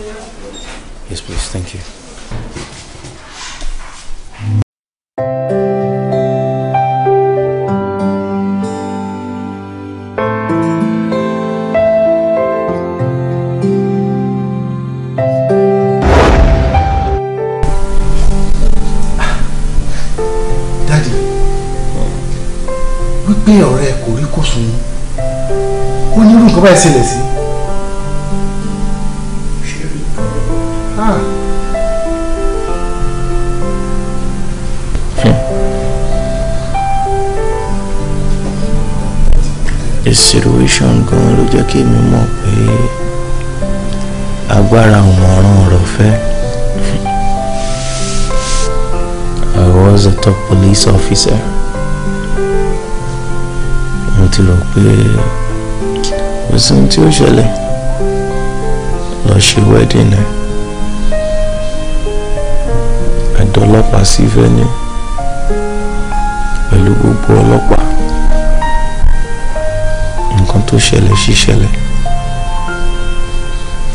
S3: Yes, please, thank you. gbé ọ̀rẹ́ kò rí kò sùn ó ní irú nǹkan báyìí ṣẹlẹ̀ sí. situation gan ló jẹ́ kí èmi mọ̀ pé agbára òmọ̀ràn ọ̀rọ̀ fẹ́. I was a top police officer ti lọ pé kò sí ohun tí ó ṣẹlẹ̀ lọ ṣe wedding náà àdó ọlọ́pàá sí venue pẹ̀lú gbogbo ọlọ́pàá nǹkan tó ṣẹlẹ̀ sí ṣẹlẹ̀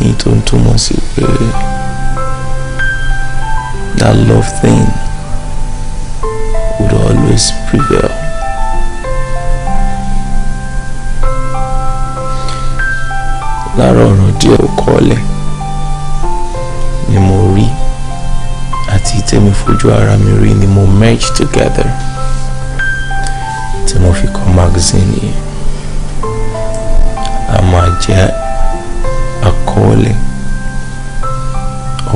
S3: ní tó ń túmọ̀ sí pé that love thing would always prevail. lára ọ̀rọ̀ díẹ̀ ó kọ́lẹ̀ ni mo rí àti tẹ́mi fojú ara mi rí ni mo merge together tí mo fi kọ́ magazine yìí a máa jẹ́ àkọọ́lẹ̀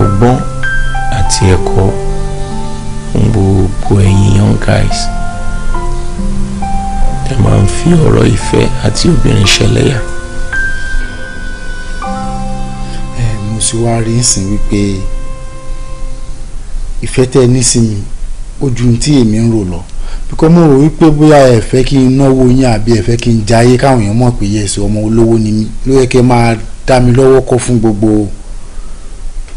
S3: ọgbọ́n àti ẹ̀kọ́ fún gbogbo ẹ̀yin young guys ẹ máa ń fi ọ̀rọ̀ ìfẹ́ àti obìnrin ṣẹlẹ́yà. sì wá rí ìsìn wípé ìfẹ́ tẹ́ ní sí mi ó ju tí èmi ń rò lọ because mo rò wípé bóyá ẹ fẹ́ kí n náwó yín àbí ẹ fẹ́ kí n jayé káwọn èèyàn mọ̀ pé yẹ̀sì ọmọ olówó ni mí ló yẹ kẹ́ máa dá mi lọ́wọ́ kọ́ fún gbogbo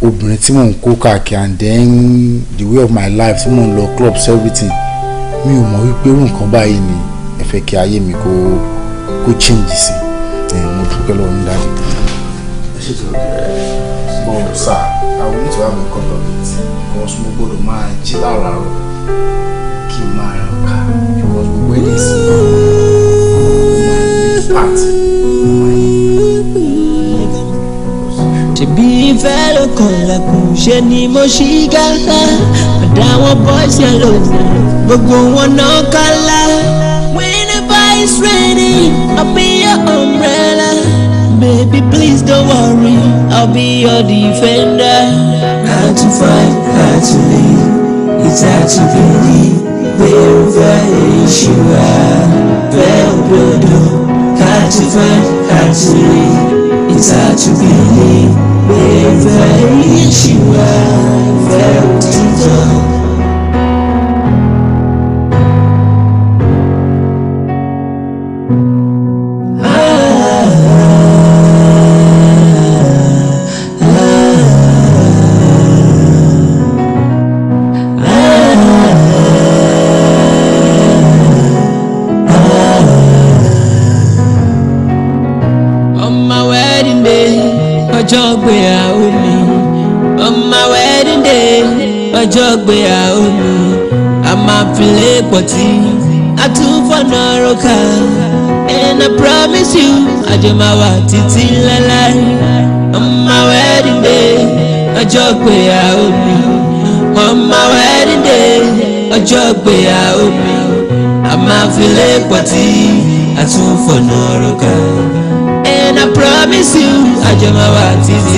S3: obìnrin tí mò ń kó káàkiri and then the way of my life tí mò ń lọ clubs everything mi ò mọ̀ wípé irú nǹkan báyìí ni ẹ fẹ́ kí ayé mi kó kó change sí ẹ mo dúpẹ́ lọ́wọ́ ní dáadé. ẹ ṣètò ọ̀gá ẹ kan sir i will need to have a cup of it because mo gbọ́dọ̀ máa jí láràárọ̀ kí n máa ràn ká because gbogbo ẹni sí i máa ní part
S1: tẹ̀bí ìfẹ́ ló kàn lẹ́kùn ṣe ni mo ṣì gàgà ọ̀dà àwọn bọ́ọ̀sì ẹ̀ lò gbogbo wọn náà kálá. when the ready I'll be your umbrella. baby, please don't worry, I'll be your defender. How to fight, how to leave, it's hard to believe. Wherever you are,
S2: Belgrado. Hard to find, hard to leave, it's hard to believe. Wherever you are, Belgrado.
S1: Poti, I do for Naroka. And I promise you, I do my what it's in la la. On my wedding day, I joke where I will On my wedding day, I joke where I will be.
S2: I'm a fillet Poti, I do for Naroka. And I promise you, I do my what it's in